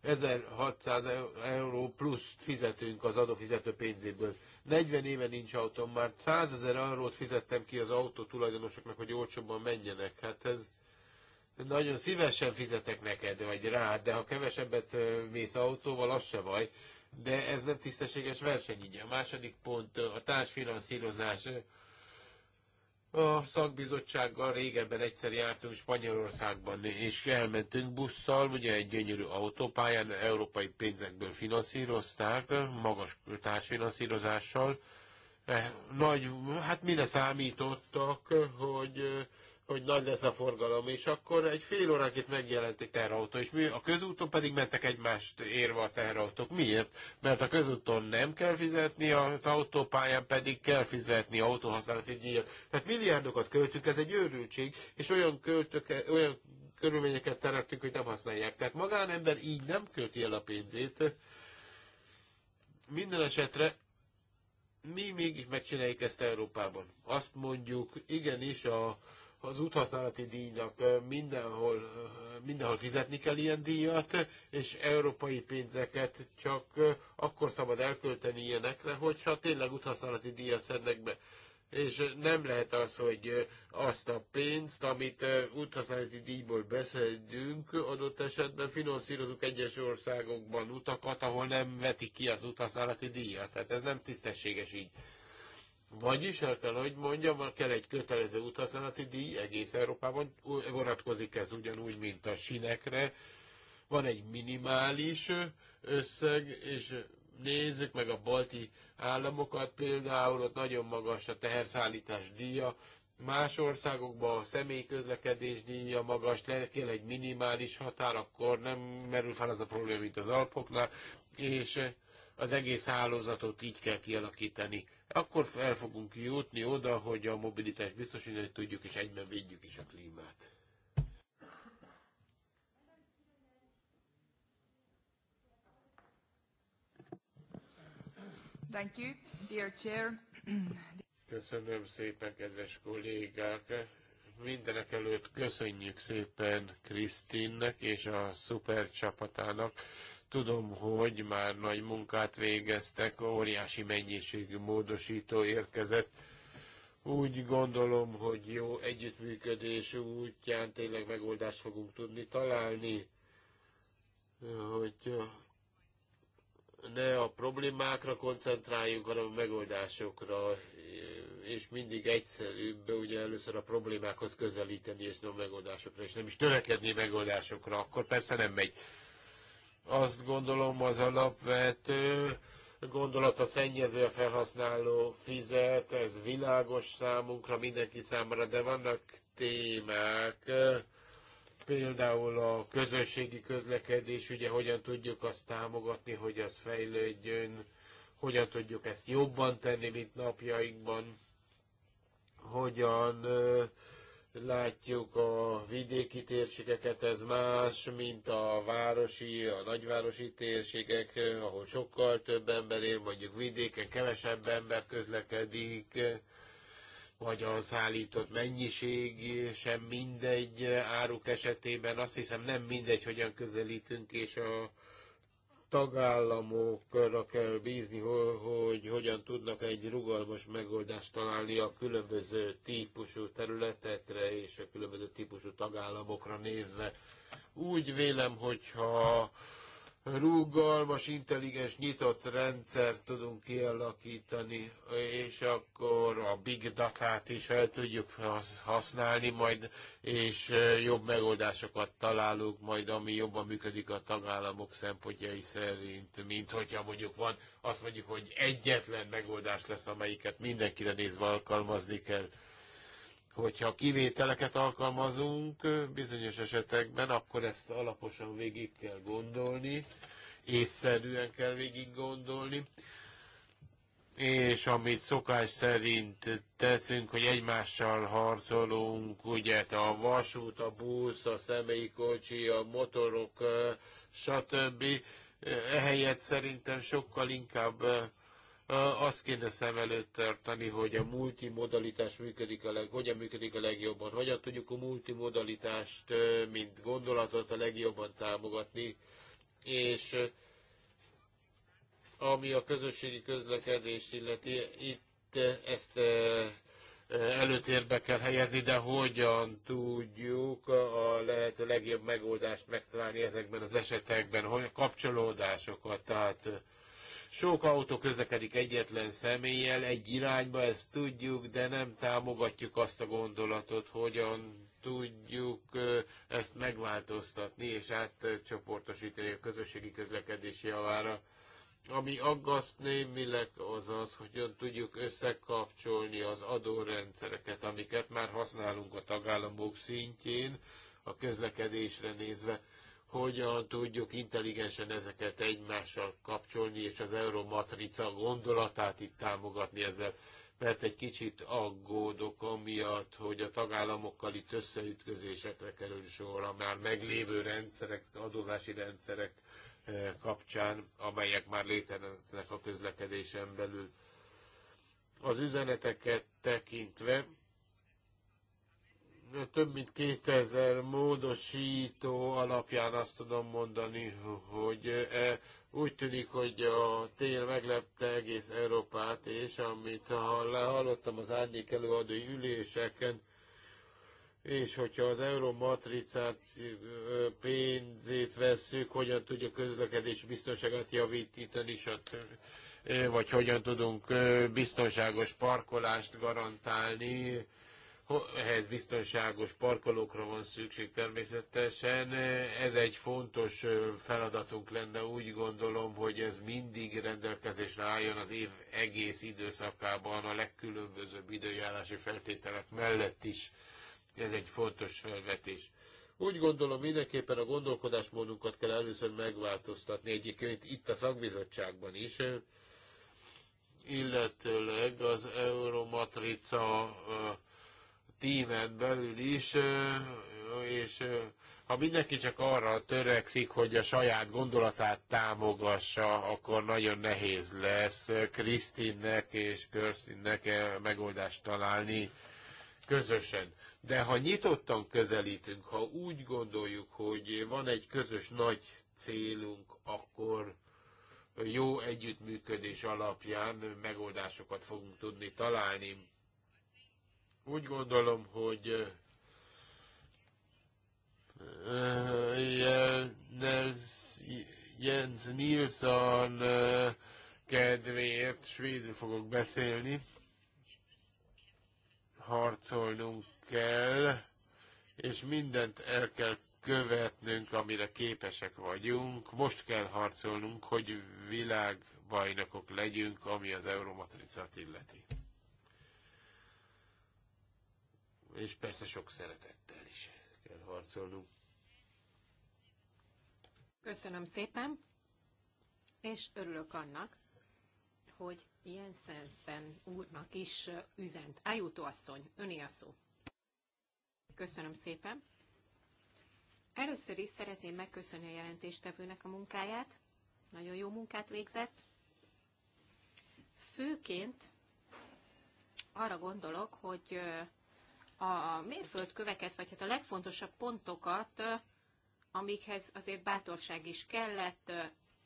1600 e-, euró plusz fizetünk az adófizető pénzéből. 40 éve nincs autóm, már 100 ezer eurót fizettem ki az autó tulajdonosoknak, hogy olcsóbban menjenek. Hát ez nagyon szívesen fizetek neked, vagy rád, de ha kevesebbet mész autóval, az se baj. De ez nem tisztességes verseny, így a második pont a társfinanszírozás. A szakbizottsággal régebben egyszer jártunk Spanyolországban, és elmentünk busszal, ugye egy gyönyörű autópályán, európai pénzekből finanszírozták, magas társfinanszírozással. Eh, nagy, hát mire számítottak, hogy hogy nagy lesz a forgalom, és akkor egy fél óránként megjelent egy terrautó, és mi a közúton pedig mentek egymást érve a terrautók. Miért? Mert a közúton nem kell fizetni, az autópályán pedig kell fizetni autóhasználati díjat. Tehát milliárdokat költünk, ez egy őrültség, és olyan, költök, olyan körülményeket teremtünk, hogy nem használják. Tehát magánember így nem költi el a pénzét. Minden esetre mi mégis megcsináljuk ezt Európában. Azt mondjuk, igenis a az úthasználati díjnak mindenhol, mindenhol fizetni kell ilyen díjat, és európai pénzeket csak akkor szabad elkölteni ilyenekre, hogyha tényleg úthasználati díjat szednek be. És nem lehet az, hogy azt a pénzt, amit úthasználati díjból beszedünk, adott esetben finanszírozunk egyes országokban utakat, ahol nem vetik ki az úthasználati díjat. Tehát ez nem tisztességes így. Vagyis el kell, hogy mondjam, kell egy kötelező utazásználati díj, egész Európában vonatkozik ez ugyanúgy, mint a sinekre. Van egy minimális összeg, és nézzük meg a balti államokat, például ott nagyon magas a teherszállítás díja, más országokban a személyközlekedés díja magas, le kell egy minimális határ, akkor nem merül fel az a probléma, mint az Alpoknál, és az egész hálózatot így kell kialakítani. Akkor el fogunk jutni oda, hogy a mobilitást biztosítani tudjuk, és egyben védjük is a klímát. Thank you, dear chair. Köszönöm szépen, kedves kollégák! Mindenek előtt köszönjük szépen Krisztinnek és a szuper csapatának Tudom, hogy már nagy munkát végeztek, óriási mennyiségű módosító érkezett. Úgy gondolom, hogy jó együttműködés útján tényleg megoldást fogunk tudni találni, hogy ne a problémákra koncentráljunk, hanem a megoldásokra, és mindig egyszerűbb ugye először a problémákhoz közelíteni, és nem a megoldásokra, és nem is törekedni megoldásokra, akkor persze nem megy. Azt gondolom az alapvető gondolat a szennyező a felhasználó fizet, ez világos számunkra, mindenki számára, de vannak témák, például a közösségi közlekedés, ugye hogyan tudjuk azt támogatni, hogy az fejlődjön, hogyan tudjuk ezt jobban tenni, mint napjainkban, hogyan Látjuk a vidéki térségeket, ez más, mint a városi, a nagyvárosi térségek, ahol sokkal több ember él, mondjuk vidéken kevesebb ember közlekedik, vagy a szállított mennyiség sem mindegy áruk esetében. Azt hiszem nem mindegy, hogyan közelítünk, és a tagállamokra kell bízni, hogy hogyan tudnak egy rugalmas megoldást találni a különböző típusú területekre és a különböző típusú tagállamokra nézve. Úgy vélem, hogyha rugalmas, intelligens, nyitott rendszert tudunk kialakítani, és akkor a big data-t is fel tudjuk használni majd, és jobb megoldásokat találunk majd, ami jobban működik a tagállamok szempontjai szerint, mint hogyha mondjuk van, azt mondjuk, hogy egyetlen megoldás lesz, amelyiket mindenkire nézve alkalmazni kell hogyha kivételeket alkalmazunk bizonyos esetekben, akkor ezt alaposan végig kell gondolni, észszerűen kell végig gondolni, és amit szokás szerint teszünk, hogy egymással harcolunk, ugye a vasút, a busz, a személyi kocsi, a motorok, stb. Ehelyett szerintem sokkal inkább azt kéne szem előtt tartani, hogy a multimodalitás működik a leg, hogyan működik a legjobban, hogyan tudjuk a multimodalitást, mint gondolatot a legjobban támogatni, és ami a közösségi közlekedést illeti, itt ezt előtérbe kell helyezni, de hogyan tudjuk a lehető legjobb megoldást megtalálni ezekben az esetekben, hogy a kapcsolódásokat, tehát sok autó közlekedik egyetlen személlyel egy irányba, ezt tudjuk, de nem támogatjuk azt a gondolatot, hogyan tudjuk ezt megváltoztatni és átcsoportosítani a közösségi közlekedés javára. Ami aggaszt némileg az az, hogyan tudjuk összekapcsolni az adórendszereket, amiket már használunk a tagállamok szintjén, a közlekedésre nézve hogyan tudjuk intelligensen ezeket egymással kapcsolni, és az euromatrica gondolatát itt támogatni ezzel. Mert egy kicsit aggódok amiatt, hogy a tagállamokkal itt összeütközésekre kerül sor a már meglévő rendszerek, adózási rendszerek eh, kapcsán, amelyek már léteznek a közlekedésen belül. Az üzeneteket tekintve több mint 2000 módosító alapján azt tudom mondani, hogy e, úgy tűnik, hogy a tél meglepte egész Európát, és amit hallottam az árnyék előadói üléseken, és hogyha az euromatricát pénzét veszük, hogyan tudja közlekedés biztonságát javítani, stb vagy hogyan tudunk biztonságos parkolást garantálni, ehhez biztonságos parkolókra van szükség természetesen. Ez egy fontos feladatunk lenne, úgy gondolom, hogy ez mindig rendelkezésre álljon az év egész időszakában a legkülönbözőbb időjárási feltételek mellett is. Ez egy fontos felvetés. Úgy gondolom, mindenképpen a gondolkodásmódunkat kell először megváltoztatni egyébként itt a szakbizottságban is illetőleg az Euromatrica tímen belül is, és ha mindenki csak arra törekszik, hogy a saját gondolatát támogassa, akkor nagyon nehéz lesz Krisztinnek és Körszinnek e megoldást találni közösen. De ha nyitottan közelítünk, ha úgy gondoljuk, hogy van egy közös nagy célunk, akkor jó együttműködés alapján megoldásokat fogunk tudni találni. Úgy gondolom, hogy Jens Nilsson kedvéért svédül fogok beszélni. Harcolnunk kell, és mindent el kell követnünk, amire képesek vagyunk. Most kell harcolnunk, hogy világbajnokok legyünk, ami az euromatricát illeti. és persze sok szeretettel is kell harcolnunk. Köszönöm szépen, és örülök annak, hogy Jensenszen úrnak is üzent. Ájútó asszony, öné a szó. Köszönöm szépen. Először is szeretném megköszönni a jelentéstevőnek a munkáját. Nagyon jó munkát végzett. Főként arra gondolok, hogy a mérföldköveket, vagy hát a legfontosabb pontokat, amikhez azért bátorság is kellett,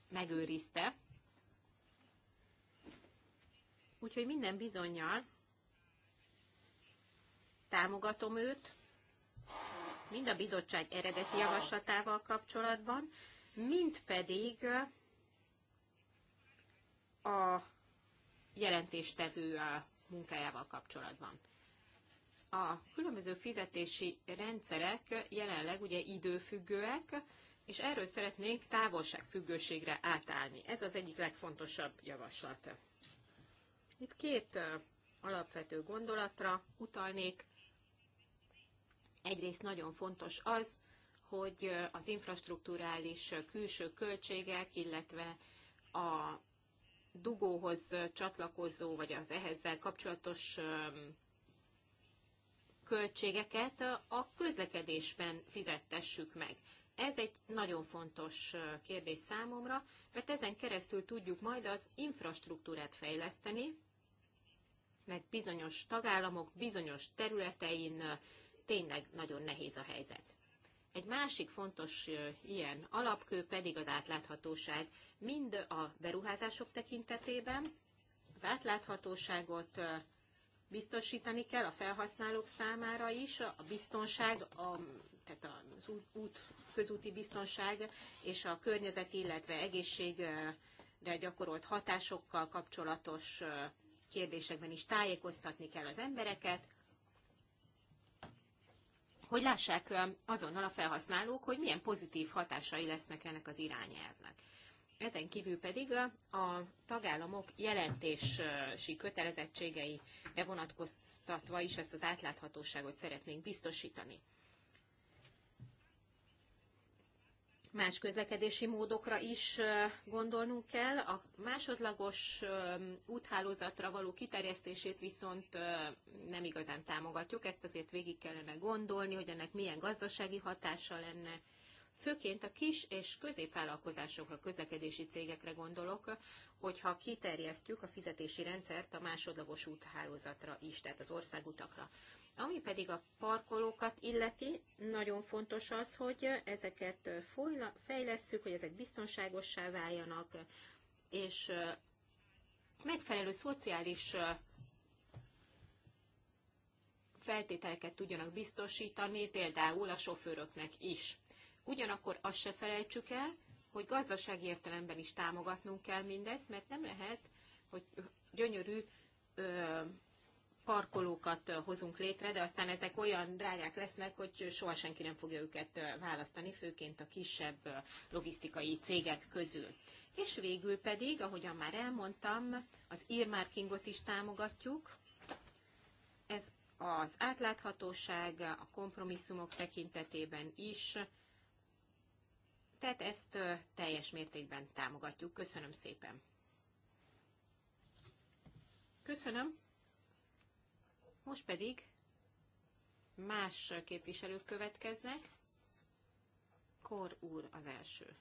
megőrizte. Úgyhogy minden bizonyal támogatom őt, mind a bizottság eredeti javaslatával kapcsolatban, mind pedig a jelentéstevő munkájával kapcsolatban a különböző fizetési rendszerek jelenleg ugye időfüggőek, és erről szeretnénk távolságfüggőségre átállni. Ez az egyik legfontosabb javaslat. Itt két alapvető gondolatra utalnék. Egyrészt nagyon fontos az, hogy az infrastruktúrális külső költségek, illetve a dugóhoz csatlakozó, vagy az ehhez kapcsolatos költségeket a közlekedésben fizettessük meg. Ez egy nagyon fontos kérdés számomra, mert ezen keresztül tudjuk majd az infrastruktúrát fejleszteni, mert bizonyos tagállamok bizonyos területein tényleg nagyon nehéz a helyzet. Egy másik fontos ilyen alapkő pedig az átláthatóság, mind a beruházások tekintetében, az átláthatóságot biztosítani kell a felhasználók számára is, a biztonság, a, tehát az út, út, közúti biztonság és a környezet, illetve egészségre gyakorolt hatásokkal kapcsolatos kérdésekben is tájékoztatni kell az embereket, hogy lássák azonnal a felhasználók, hogy milyen pozitív hatásai lesznek ennek az irányelvnek. Ezen kívül pedig a tagállamok jelentési kötelezettségei vonatkoztatva is ezt az átláthatóságot szeretnénk biztosítani. Más közlekedési módokra is gondolnunk kell. A másodlagos úthálózatra való kiterjesztését viszont nem igazán támogatjuk. Ezt azért végig kellene gondolni, hogy ennek milyen gazdasági hatása lenne, Főként a kis és középvállalkozásokra, közlekedési cégekre gondolok, hogyha kiterjesztjük a fizetési rendszert a másodlagos úthálózatra is, tehát az országutakra. Ami pedig a parkolókat illeti, nagyon fontos az, hogy ezeket fejlesszük, hogy ezek biztonságossá váljanak, és megfelelő szociális feltételeket tudjanak biztosítani, például a sofőröknek is. Ugyanakkor azt se felejtsük el, hogy gazdasági értelemben is támogatnunk kell mindezt, mert nem lehet, hogy gyönyörű ö, parkolókat hozunk létre, de aztán ezek olyan drágák lesznek, hogy soha senki nem fogja őket választani, főként a kisebb logisztikai cégek közül. És végül pedig, ahogyan már elmondtam, az earmarkingot is támogatjuk. Ez az átláthatóság a kompromisszumok tekintetében is projektet, ezt teljes mértékben támogatjuk. Köszönöm szépen! Köszönöm! Most pedig más képviselők következnek. Kor úr az első.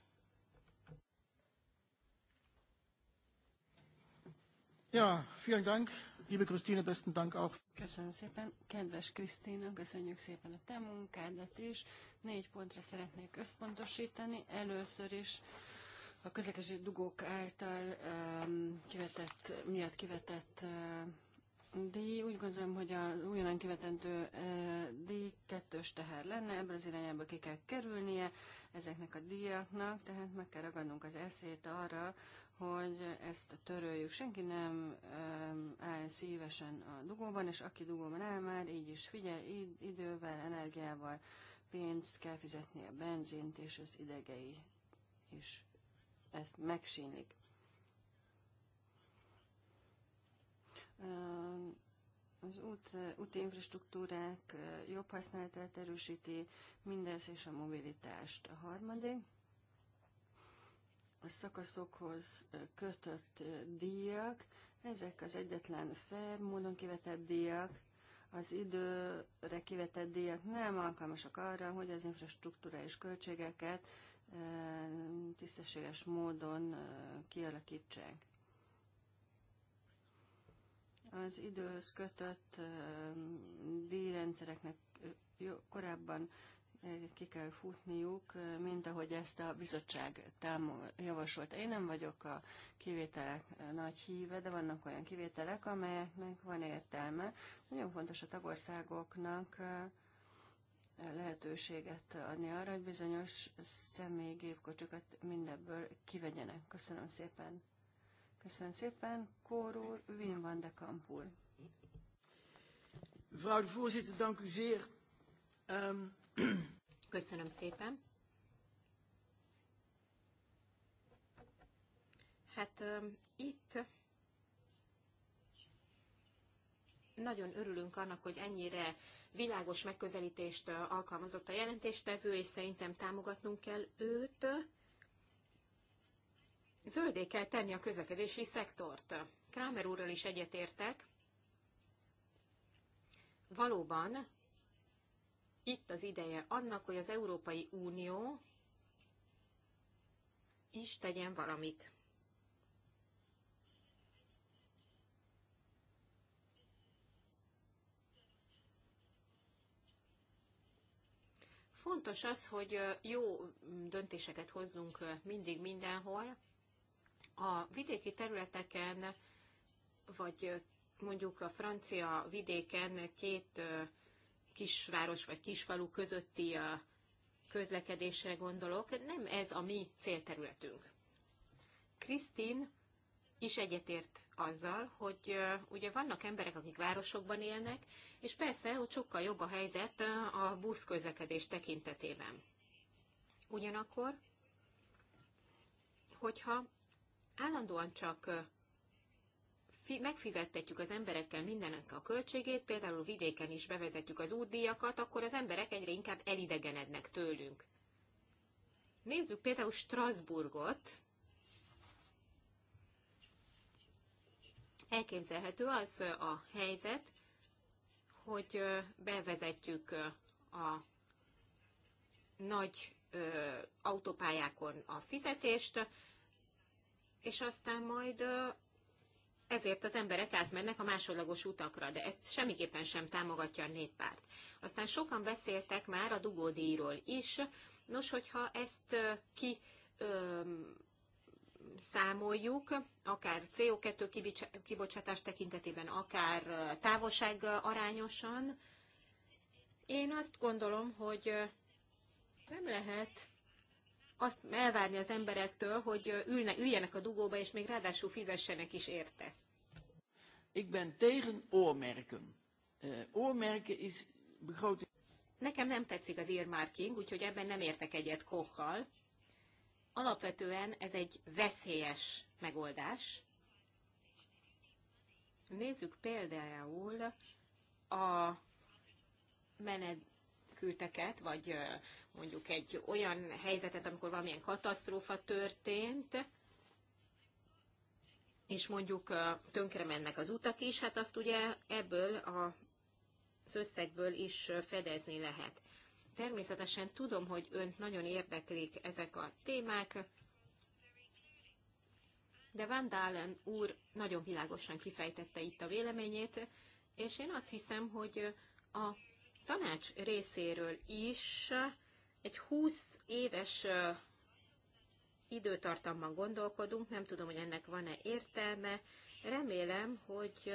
Ja, vielen Dank. Liebe Christine, besten Dank auch. Köszönöm szépen, kedves Krisztina, köszönjük szépen a te munkádat is. Négy pontra szeretnék összpontosítani. Először is a közlekedési dugók által um, kivetett, miatt kivetett uh, díj, úgy gondolom, hogy a újonnan kivetendő ehm, díj kettős teher lenne, ebből az irányába ki kell kerülnie ezeknek a díjaknak, tehát meg kell ragadnunk az eszét arra, hogy ezt töröljük. Senki nem áll szívesen a dugóban, és aki dugóban áll már, így is figyel, idővel, energiával, pénzt kell fizetni a benzint, és az idegei is ezt megsínlik. az út, úti infrastruktúrák eh, jobb használatát erősíti, mindez és a mobilitást. A harmadik, a szakaszokhoz kötött díjak, ezek az egyetlen fair módon kivetett díjak, az időre kivetett díjak nem alkalmasak arra, hogy az infrastruktúrális költségeket tisztességes módon kialakítsák. Az időhöz kötött díjrendszereknek korábban ki kell futniuk, mint ahogy ezt a bizottság javasolta. Én nem vagyok a kivételek nagy híve, de vannak olyan kivételek, amelyeknek van értelme. Nagyon fontos a tagországoknak lehetőséget adni arra, hogy bizonyos személygépkocsokat mindebből kivegyenek. Köszönöm szépen. Köszönöm szépen. Kórúr, Wim van de Kampul. Mevrouw de voorzitter, dank u zeer. Um, Köszönöm szépen. Hát um, itt nagyon örülünk annak, hogy ennyire világos megközelítést alkalmazott a jelentéstevő, és szerintem támogatnunk kell őt. Zöldé kell tenni a közlekedési szektort. Kramer úrral is egyetértek. Valóban itt az ideje annak, hogy az Európai Unió is tegyen valamit. Fontos az, hogy jó döntéseket hozzunk mindig mindenhol. A vidéki területeken, vagy mondjuk a francia vidéken két kisváros vagy kisfalu közötti a közlekedésre gondolok, nem ez a mi célterületünk. Krisztin is egyetért azzal, hogy ugye vannak emberek, akik városokban élnek, és persze, hogy sokkal jobb a helyzet a busz közlekedés tekintetében. Ugyanakkor, hogyha állandóan csak megfizettetjük az emberekkel mindennek a költségét, például vidéken is bevezetjük az útdíjakat, akkor az emberek egyre inkább elidegenednek tőlünk. Nézzük például Strasbourgot. Elképzelhető az a helyzet, hogy bevezetjük a nagy autópályákon a fizetést, és aztán majd ezért az emberek átmennek a másodlagos utakra, de ezt semmiképpen sem támogatja a néppárt. Aztán sokan beszéltek már a dugódíjról is. Nos, hogyha ezt ki ö, számoljuk, akár CO2 kibocsátás tekintetében, akár távolság arányosan, én azt gondolom, hogy nem lehet azt elvárni az emberektől, hogy ülne, üljenek a dugóba, és még ráadásul fizessenek is érte. Ik ben tegen oormerken. Uh, oormerken is begroting. Nekem nem tetszik az earmarking, úgyhogy ebben nem értek egyet Kochal. Alapvetően ez egy veszélyes megoldás. Nézzük például a menekülteket, vagy eh, mondjuk egy olyan helyzetet, amikor valamilyen katasztrófa történt, és mondjuk tönkre mennek az utak is, hát azt ugye ebből a az összegből is fedezni lehet. Természetesen tudom, hogy önt nagyon érdeklik ezek a témák, de Van Dalen úr nagyon világosan kifejtette itt a véleményét, és én azt hiszem, hogy a tanács részéről is egy 20 éves időtartamban gondolkodunk, nem tudom, hogy ennek van-e értelme. Remélem, hogy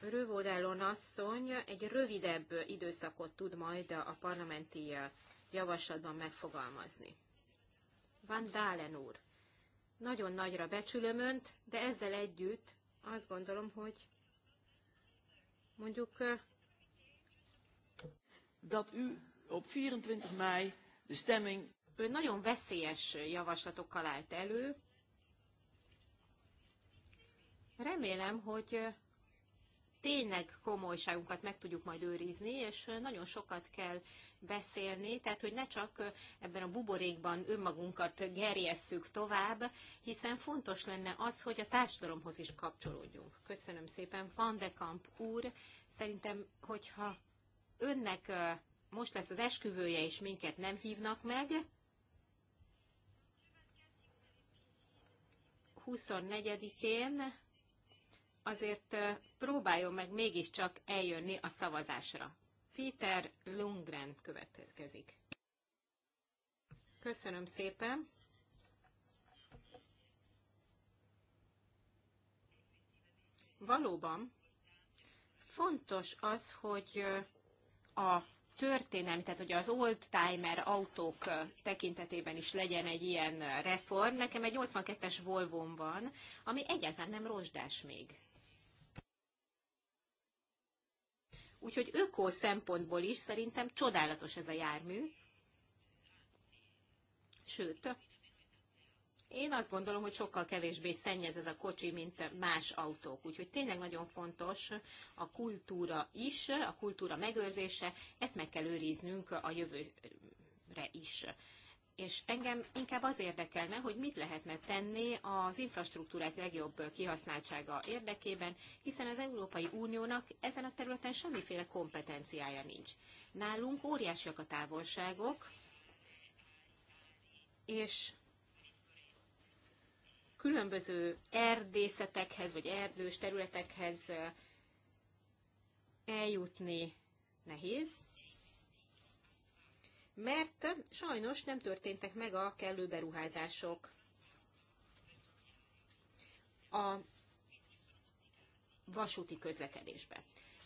Rövodálon asszony egy rövidebb időszakot tud majd a parlamenti javaslatban megfogalmazni. Van Dálen úr, nagyon nagyra becsülöm önt, de ezzel együtt azt gondolom, hogy mondjuk dat u op 24 mei de stemming ő nagyon veszélyes javaslatokkal állt elő. Remélem, hogy tényleg komolyságunkat meg tudjuk majd őrizni, és nagyon sokat kell beszélni, tehát hogy ne csak ebben a buborékban önmagunkat gerjesszük tovább, hiszen fontos lenne az, hogy a társadalomhoz is kapcsolódjunk. Köszönöm szépen, Van de Kamp úr, szerintem, hogyha önnek most lesz az esküvője, és minket nem hívnak meg, 24-én azért próbáljon meg mégiscsak eljönni a szavazásra. Peter Lundgren következik. Köszönöm szépen. Valóban fontos az, hogy a történelmi, tehát hogy az old-timer autók tekintetében is legyen egy ilyen reform. Nekem egy 82-es volvo van, ami egyáltalán nem rozsdás még. Úgyhogy ökó szempontból is szerintem csodálatos ez a jármű. Sőt, én azt gondolom, hogy sokkal kevésbé szennyez ez a kocsi, mint más autók. Úgyhogy tényleg nagyon fontos a kultúra is, a kultúra megőrzése, ezt meg kell őriznünk a jövőre is. És engem inkább az érdekelne, hogy mit lehetne tenni az infrastruktúrák legjobb kihasználtsága érdekében, hiszen az Európai Uniónak ezen a területen semmiféle kompetenciája nincs. Nálunk óriásiak a távolságok, és különböző erdészetekhez vagy erdős területekhez eljutni nehéz, mert sajnos nem történtek meg a kellő beruházások. A vasúti közlekedésbe.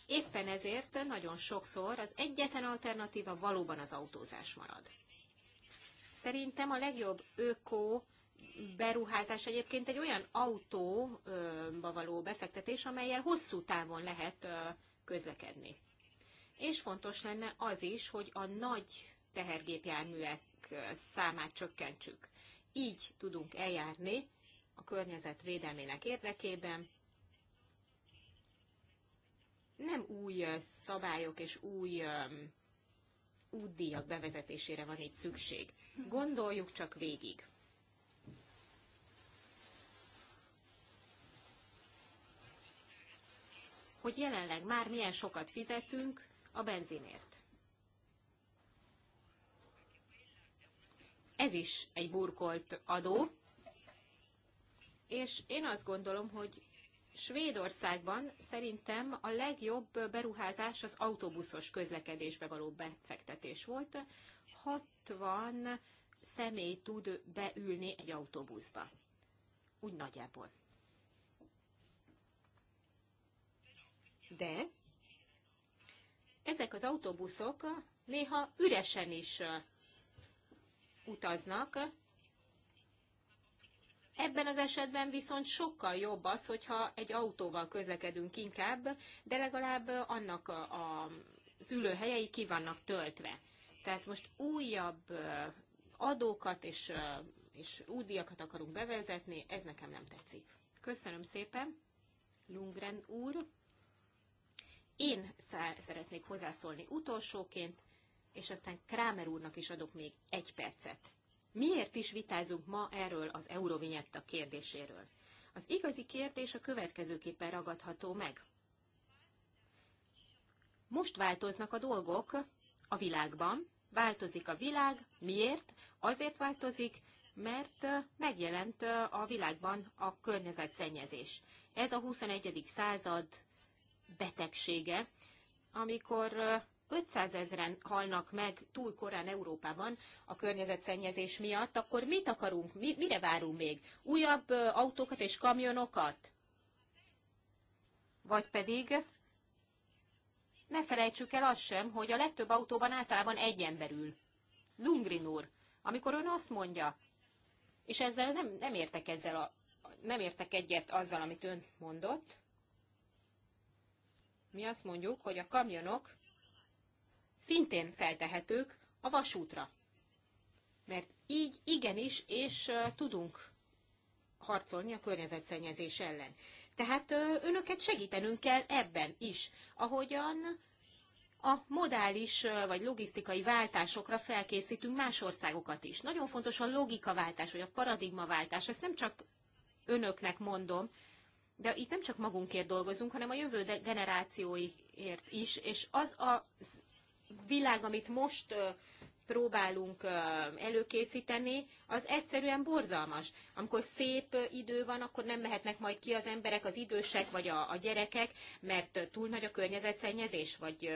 Éppen ezért nagyon sokszor az egyetlen alternatíva valóban az autózás marad. Szerintem a legjobb öko beruházás egyébként egy olyan autóba való befektetés, amelyel hosszú távon lehet közlekedni. És fontos lenne az is, hogy a nagy tehergépjárműek számát csökkentsük. Így tudunk eljárni a környezet védelmének érdekében. Nem új szabályok és új útdíjak bevezetésére van itt szükség. Gondoljuk csak végig. hogy jelenleg már milyen sokat fizetünk a benzinért. Ez is egy burkolt adó, és én azt gondolom, hogy Svédországban szerintem a legjobb beruházás az autóbuszos közlekedésbe való befektetés volt. 60 személy tud beülni egy autóbuszba. Úgy nagyjából. de ezek az autóbuszok néha üresen is utaznak. Ebben az esetben viszont sokkal jobb az, hogyha egy autóval közlekedünk inkább, de legalább annak a, az ülőhelyei ki vannak töltve. Tehát most újabb adókat és, és údiakat akarunk bevezetni, ez nekem nem tetszik. Köszönöm szépen, Lungren úr! én szeretnék hozzászólni utolsóként, és aztán Krámer úrnak is adok még egy percet. Miért is vitázunk ma erről az Eurovinyetta kérdéséről? Az igazi kérdés a következőképpen ragadható meg. Most változnak a dolgok a világban. Változik a világ. Miért? Azért változik, mert megjelent a világban a környezetszennyezés. Ez a 21. század betegsége, amikor 500 ezeren halnak meg túl korán Európában a környezetszennyezés miatt, akkor mit akarunk, mi, mire várunk még? Újabb autókat és kamionokat? Vagy pedig ne felejtsük el azt sem, hogy a legtöbb autóban általában egy ember ül. Lungrin úr, amikor ön azt mondja, és ezzel nem, nem értek ezzel a, nem értek egyet azzal, amit ön mondott, mi azt mondjuk, hogy a kamionok szintén feltehetők a vasútra. Mert így igenis, és tudunk harcolni a környezetszennyezés ellen. Tehát önöket segítenünk kell ebben is, ahogyan a modális vagy logisztikai váltásokra felkészítünk más országokat is. Nagyon fontos a logikaváltás, vagy a paradigmaváltás. Ezt nem csak önöknek mondom, de itt nem csak magunkért dolgozunk, hanem a jövő generációiért is, és az a világ, amit most próbálunk előkészíteni, az egyszerűen borzalmas. Amikor szép idő van, akkor nem mehetnek majd ki az emberek, az idősek vagy a, a gyerekek, mert túl nagy a környezetszennyezés, vagy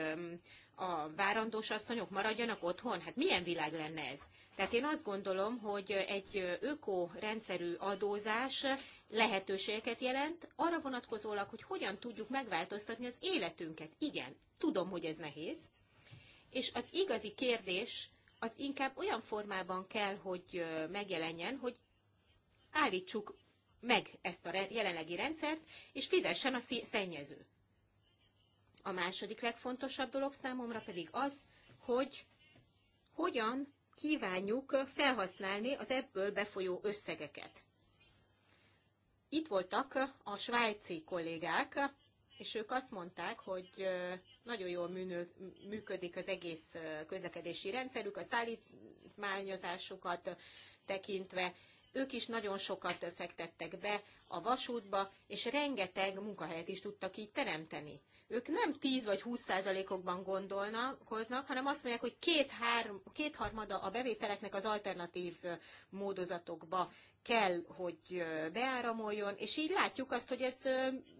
a várandós asszonyok maradjanak otthon. Hát milyen világ lenne ez? Tehát én azt gondolom, hogy egy ökorendszerű adózás lehetőségeket jelent arra vonatkozólag, hogy hogyan tudjuk megváltoztatni az életünket. Igen, tudom, hogy ez nehéz. És az igazi kérdés az inkább olyan formában kell, hogy megjelenjen, hogy állítsuk meg ezt a jelenlegi rendszert, és fizessen a szennyező. A második legfontosabb dolog számomra pedig az, hogy hogyan kívánjuk felhasználni az ebből befolyó összegeket. Itt voltak a svájci kollégák, és ők azt mondták, hogy nagyon jól működik az egész közlekedési rendszerük, a szállítmányozásukat tekintve. Ők is nagyon sokat fektettek be a vasútba, és rengeteg munkahelyet is tudtak így teremteni. Ők nem 10 vagy 20 százalékokban gondolnak, hanem azt mondják, hogy két-három, kétharmada a bevételeknek az alternatív módozatokba kell, hogy beáramoljon, és így látjuk azt, hogy ez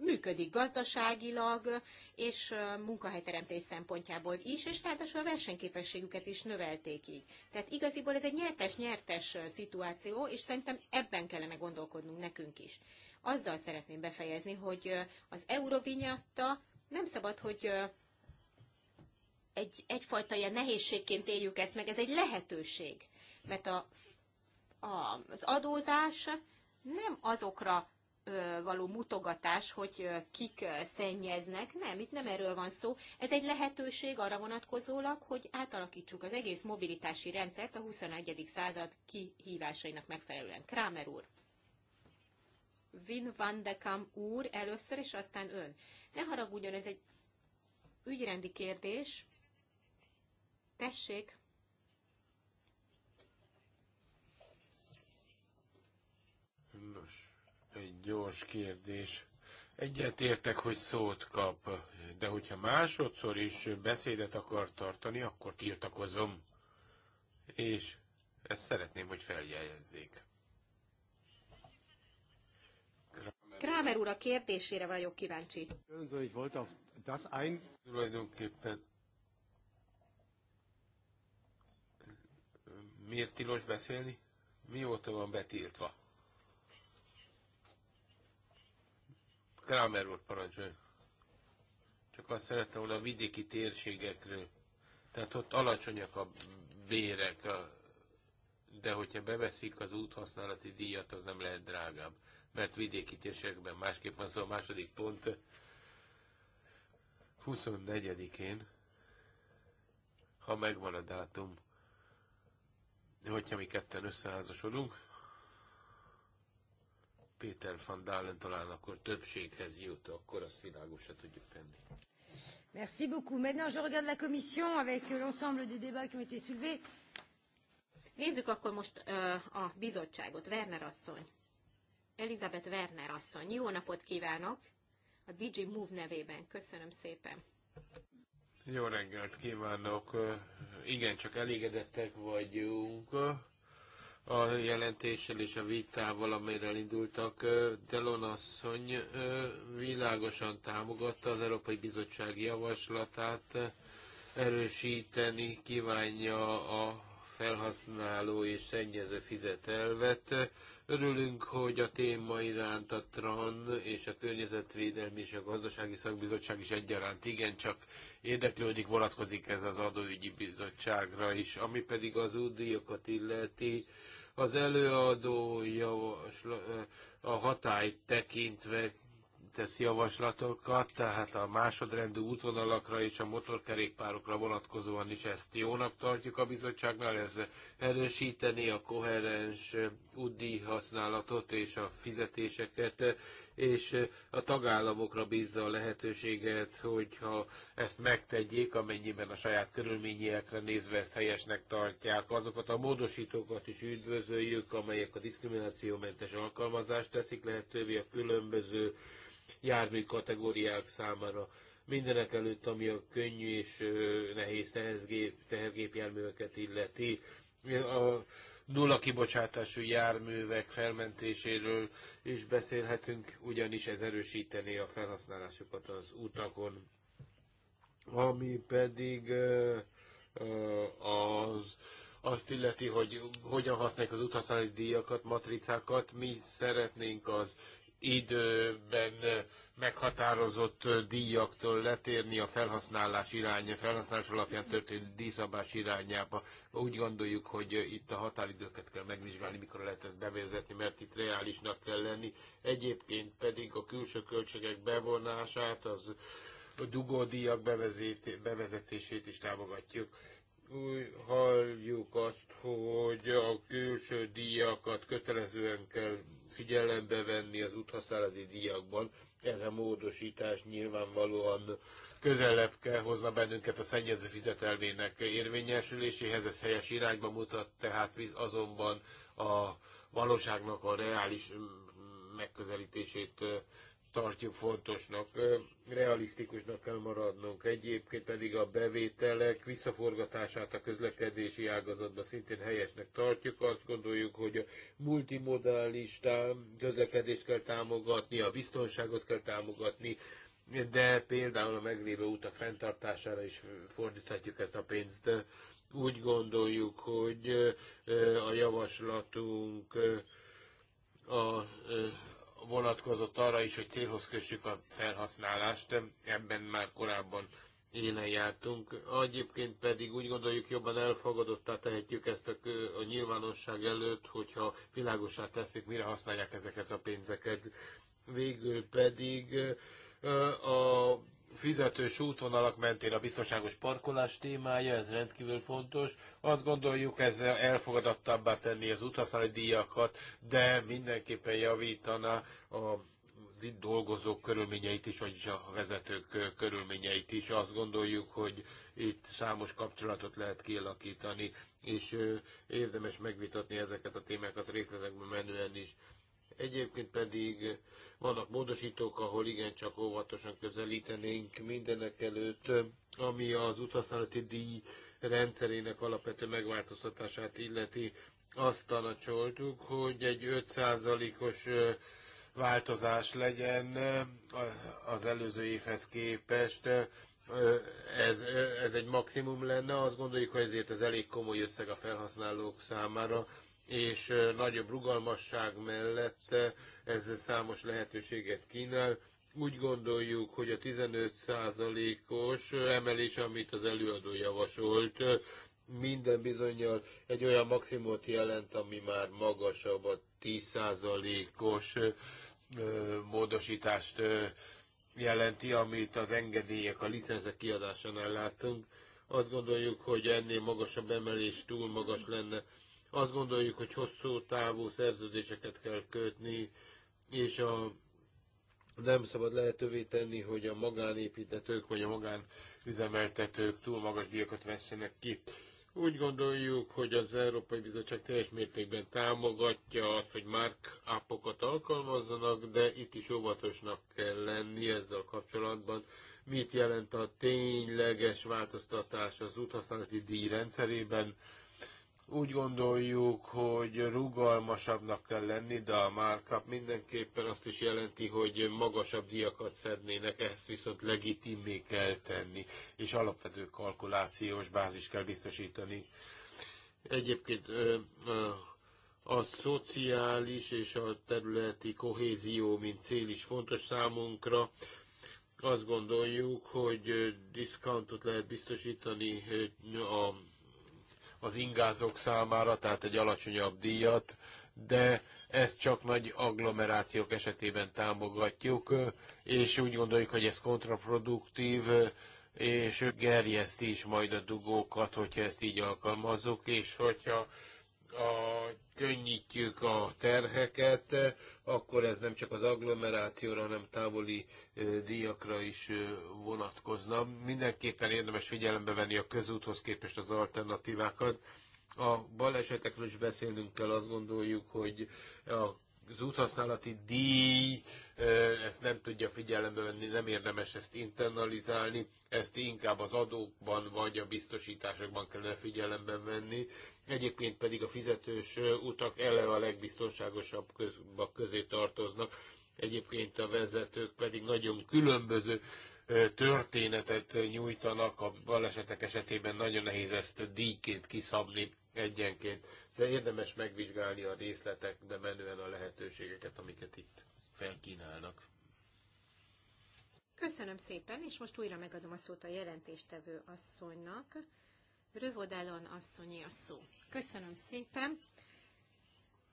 működik gazdaságilag és munkahelyteremtés szempontjából is, és ráadásul a versenyképességüket is növelték így. Tehát igaziból ez egy nyertes-nyertes szituáció, és szerintem ebben kellene gondolkodnunk nekünk is. Azzal szeretném befejezni, hogy az Eurovinyatta nem szabad, hogy egy, egyfajta ilyen nehézségként éljük ezt meg, ez egy lehetőség. Mert a, a, az adózás nem azokra való mutogatás, hogy kik szennyeznek. Nem, itt nem erről van szó. Ez egy lehetőség arra vonatkozólag, hogy átalakítsuk az egész mobilitási rendszert a 21. század kihívásainak megfelelően. Krámer úr. Vin van de Kam úr először, és aztán ön. Ne haragudjon, ez egy ügyrendi kérdés. Tessék! Nos, egy gyors kérdés. Egyet értek, hogy szót kap, de hogyha másodszor is beszédet akar tartani, akkor tiltakozom. És ezt szeretném, hogy feljegyezzék. Kramer úr a kérdésére vagyok kíváncsi. das ein... Tulajdonképpen miért tilos beszélni? Mióta van betiltva? Kramer úr parancsolja. Csak azt szerettem volna a vidéki térségekről. Tehát ott alacsonyak a bérek, a... de hogyha beveszik az úthasználati díjat, az nem lehet drágább mert vidéki térségekben másképp van szó. Szóval a második pont 24-én, ha megvan a dátum, hogyha mi ketten összeházasodunk, Péter van Dálen talán akkor többséghez jut, akkor azt világosra tudjuk tenni. Merci beaucoup. Maintenant, je regarde la commission avec euh, l'ensemble des débats qui ont été soulevés. Nézzük akkor most ö, euh, a bizottságot. Werner asszony. Elizabeth Werner asszony. Jó napot kívánok! A Digi Move nevében. Köszönöm szépen! Jó reggelt kívánok! Igen, csak elégedettek vagyunk a jelentéssel és a vitával, amelyről indultak. Delon asszony világosan támogatta az Európai Bizottság javaslatát, erősíteni kívánja a felhasználó és szennyező fizet elvet. Örülünk, hogy a téma iránt a TRAN és a Környezetvédelmi és a Gazdasági Szakbizottság is egyaránt igencsak érdeklődik, vonatkozik ez az adóügyi bizottságra is, ami pedig az útdíjakat illeti az előadó a hatályt tekintve tesz javaslatokat, tehát a másodrendű útvonalakra és a motorkerékpárokra vonatkozóan is ezt jónak tartjuk a bizottságnál. Ez erősíteni a koherens UDI használatot és a fizetéseket, és a tagállamokra bízza a lehetőséget, hogyha ezt megtegyék, amennyiben a saját körülményekre nézve ezt helyesnek tartják. Azokat a módosítókat is üdvözöljük, amelyek a diszkriminációmentes alkalmazást teszik lehetővé a különböző jármű kategóriák számára. Mindenek előtt, ami a könnyű és nehéz tehergép, tehergépjárműveket illeti, a nulla kibocsátású járművek felmentéséről is beszélhetünk, ugyanis ez erősítené a felhasználásukat az utakon. Ami pedig az, azt illeti, hogy hogyan használják az úthasználati díjakat, matricákat, mi szeretnénk az időben meghatározott díjaktól letérni a felhasználás iránya, felhasználás alapján történő díjszabás irányába. Úgy gondoljuk, hogy itt a határidőket kell megvizsgálni, mikor lehet ezt bevezetni, mert itt reálisnak kell lenni. Egyébként pedig a külső költségek bevonását, az a dugódíjak bevezetését is támogatjuk úgy halljuk azt, hogy a külső díjakat kötelezően kell figyelembe venni az úthasználati díjakban. Ez a módosítás nyilvánvalóan közelebb kell hozna bennünket a szennyező fizetelmének érvényesüléséhez, ez helyes irányba mutat, tehát azonban a valóságnak a reális mm, megközelítését tartjuk fontosnak, realisztikusnak kell maradnunk. Egyébként pedig a bevételek visszaforgatását a közlekedési ágazatban szintén helyesnek tartjuk. Azt gondoljuk, hogy a multimodális közlekedést kell támogatni, a biztonságot kell támogatni, de például a meglévő utak fenntartására is fordíthatjuk ezt a pénzt. Úgy gondoljuk, hogy a javaslatunk a vonatkozott arra is, hogy célhoz kössük a felhasználást, ebben már korábban élen jártunk. Egyébként pedig úgy gondoljuk, jobban elfogadottá tehetjük ezt a, a nyilvánosság előtt, hogyha világosá tesszük, mire használják ezeket a pénzeket. Végül pedig a fizetős útvonalak mentén a biztonságos parkolás témája, ez rendkívül fontos. Azt gondoljuk, ez elfogadottabbá tenni az úthasználói díjakat, de mindenképpen javítana a az itt dolgozók körülményeit is, vagyis a vezetők körülményeit is. Azt gondoljuk, hogy itt számos kapcsolatot lehet kialakítani, és érdemes megvitatni ezeket a témákat részletekben menően is. Egyébként pedig vannak módosítók, ahol igencsak óvatosan közelítenénk mindenek előtt, ami az utasztálati díj rendszerének alapvető megváltoztatását illeti. Azt tanácsoltuk, hogy egy 5%-os változás legyen az előző évhez képest. Ez, ez egy maximum lenne, azt gondoljuk, hogy ezért ez elég komoly összeg a felhasználók számára és nagyobb rugalmasság mellett ez számos lehetőséget kínál. Úgy gondoljuk, hogy a 15%-os emelés, amit az előadó javasolt, minden bizonyal egy olyan maximumot jelent, ami már magasabb a 10%-os módosítást jelenti, amit az engedélyek, a licenzek kiadásánál látunk. Azt gondoljuk, hogy ennél magasabb emelés túl magas lenne azt gondoljuk, hogy hosszú távú szerződéseket kell kötni, és a nem szabad lehetővé tenni, hogy a magánépítetők vagy a magánüzemeltetők túl magas díjakat vessenek ki. Úgy gondoljuk, hogy az Európai Bizottság teljes mértékben támogatja azt, hogy ápokat alkalmazzanak, de itt is óvatosnak kell lenni ezzel kapcsolatban. Mit jelent a tényleges változtatás az úthasználati díj rendszerében? Úgy gondoljuk, hogy rugalmasabbnak kell lenni, de a márkap mindenképpen azt is jelenti, hogy magasabb díjakat szednének, ezt viszont legitimé kell tenni, és alapvető kalkulációs bázis kell biztosítani. Egyébként a szociális és a területi kohézió, mint cél is fontos számunkra. Azt gondoljuk, hogy diszkontot lehet biztosítani a az ingázók számára, tehát egy alacsonyabb díjat, de ezt csak nagy agglomerációk esetében támogatjuk, és úgy gondoljuk, hogy ez kontraproduktív, és gerjeszti is majd a dugókat, hogyha ezt így alkalmazzuk, és hogyha a, könnyítjük a terheket, akkor ez nem csak az agglomerációra, hanem távoli díjakra is vonatkozna. Mindenképpen érdemes figyelembe venni a közúthoz képest az alternatívákat. A balesetekről is beszélnünk kell, azt gondoljuk, hogy a az úthasználati díj ezt nem tudja figyelembe venni, nem érdemes ezt internalizálni, ezt inkább az adókban vagy a biztosításokban kellene figyelembe venni. Egyébként pedig a fizetős utak eleve a legbiztonságosabb közé tartoznak, egyébként a vezetők pedig nagyon különböző történetet nyújtanak, a balesetek esetében nagyon nehéz ezt díjként kiszabni egyenként de érdemes megvizsgálni a részletekbe menően a lehetőségeket, amiket itt felkínálnak. Köszönöm szépen, és most újra megadom a szót a jelentéstevő asszonynak. Rövodelon asszonyi a szó. Köszönöm szépen.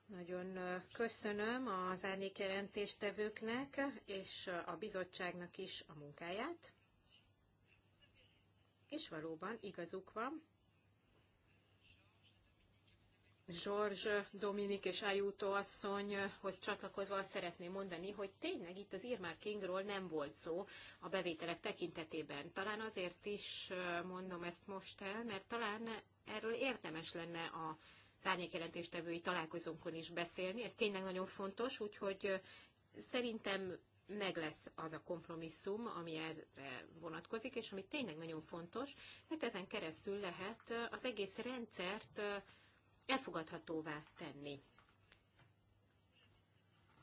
Nagyon köszönöm az árnyék jelentéstevőknek és a bizottságnak is a munkáját. És valóban igazuk van, Zsorzs, Dominik és Ájútó asszonyhoz csatlakozva azt szeretném mondani, hogy tényleg itt az Kingról nem volt szó a bevételek tekintetében. Talán azért is mondom ezt most el, mert talán erről érdemes lenne a szárnyékjelentéstevői találkozónkon is beszélni. Ez tényleg nagyon fontos, úgyhogy szerintem meg lesz az a kompromisszum, ami erre vonatkozik, és ami tényleg nagyon fontos, mert ezen keresztül lehet az egész rendszert elfogadhatóvá tenni.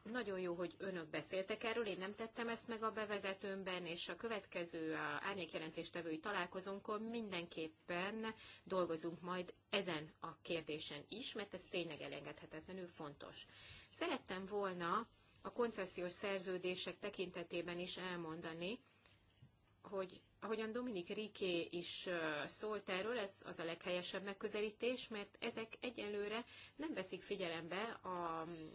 Nagyon jó, hogy önök beszéltek erről, én nem tettem ezt meg a bevezetőmben, és a következő a árnyékjelentéstevői találkozónkon mindenképpen dolgozunk majd ezen a kérdésen is, mert ez tényleg elengedhetetlenül fontos. Szerettem volna a koncesziós szerződések tekintetében is elmondani, hogy ahogyan Dominik Riké is szólt erről, ez az a leghelyesebb megközelítés, mert ezek egyelőre nem veszik figyelembe a mm,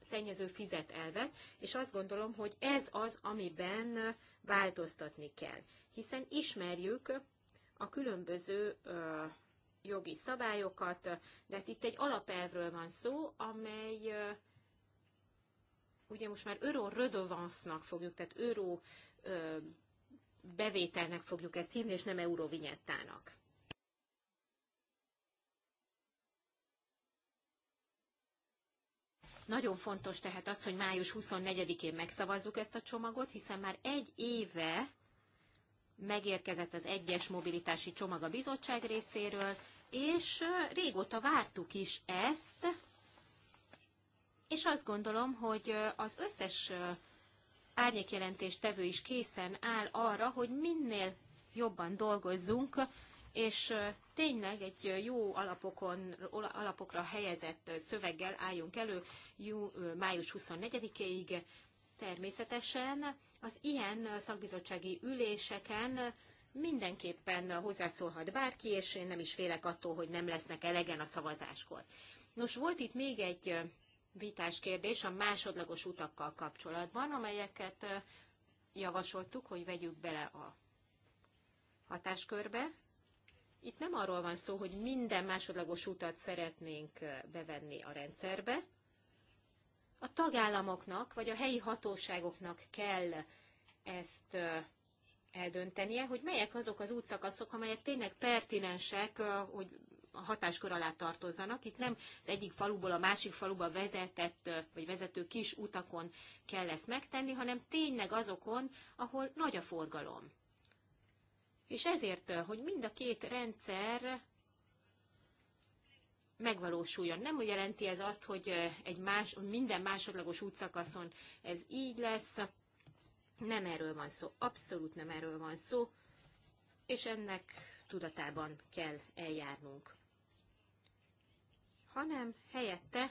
szennyező fizet elve és azt gondolom, hogy ez az, amiben változtatni kell. Hiszen ismerjük a különböző jogi szabályokat, de hát itt egy alapelvről van szó, amely ugye most már euró redovansznak fogjuk, tehát euró bevételnek fogjuk ezt hívni, és nem euróvinyettának. Nagyon fontos tehát az, hogy május 24-én megszavazzuk ezt a csomagot, hiszen már egy éve megérkezett az egyes mobilitási csomag a bizottság részéről, és régóta vártuk is ezt, és azt gondolom, hogy az összes árnyékjelentés tevő is készen áll arra, hogy minél jobban dolgozzunk, és tényleg egy jó alapokon, alapokra helyezett szöveggel álljunk elő jú, május 24 ig Természetesen az ilyen szakbizottsági üléseken mindenképpen hozzászólhat bárki, és én nem is félek attól, hogy nem lesznek elegen a szavazáskor. Nos, volt itt még egy vitás kérdés a másodlagos utakkal kapcsolatban, amelyeket javasoltuk, hogy vegyük bele a hatáskörbe. Itt nem arról van szó, hogy minden másodlagos utat szeretnénk bevenni a rendszerbe. A tagállamoknak vagy a helyi hatóságoknak kell ezt eldöntenie, hogy melyek azok az útszakaszok, amelyek tényleg pertinensek, hogy hatáskör alá tartozzanak. Itt nem az egyik faluból a másik faluba vezetett, vagy vezető kis utakon kell ezt megtenni, hanem tényleg azokon, ahol nagy a forgalom. És ezért, hogy mind a két rendszer megvalósuljon. Nem jelenti ez azt, hogy egy más, minden másodlagos útszakaszon ez így lesz. Nem erről van szó, abszolút nem erről van szó, és ennek tudatában kell eljárnunk hanem helyette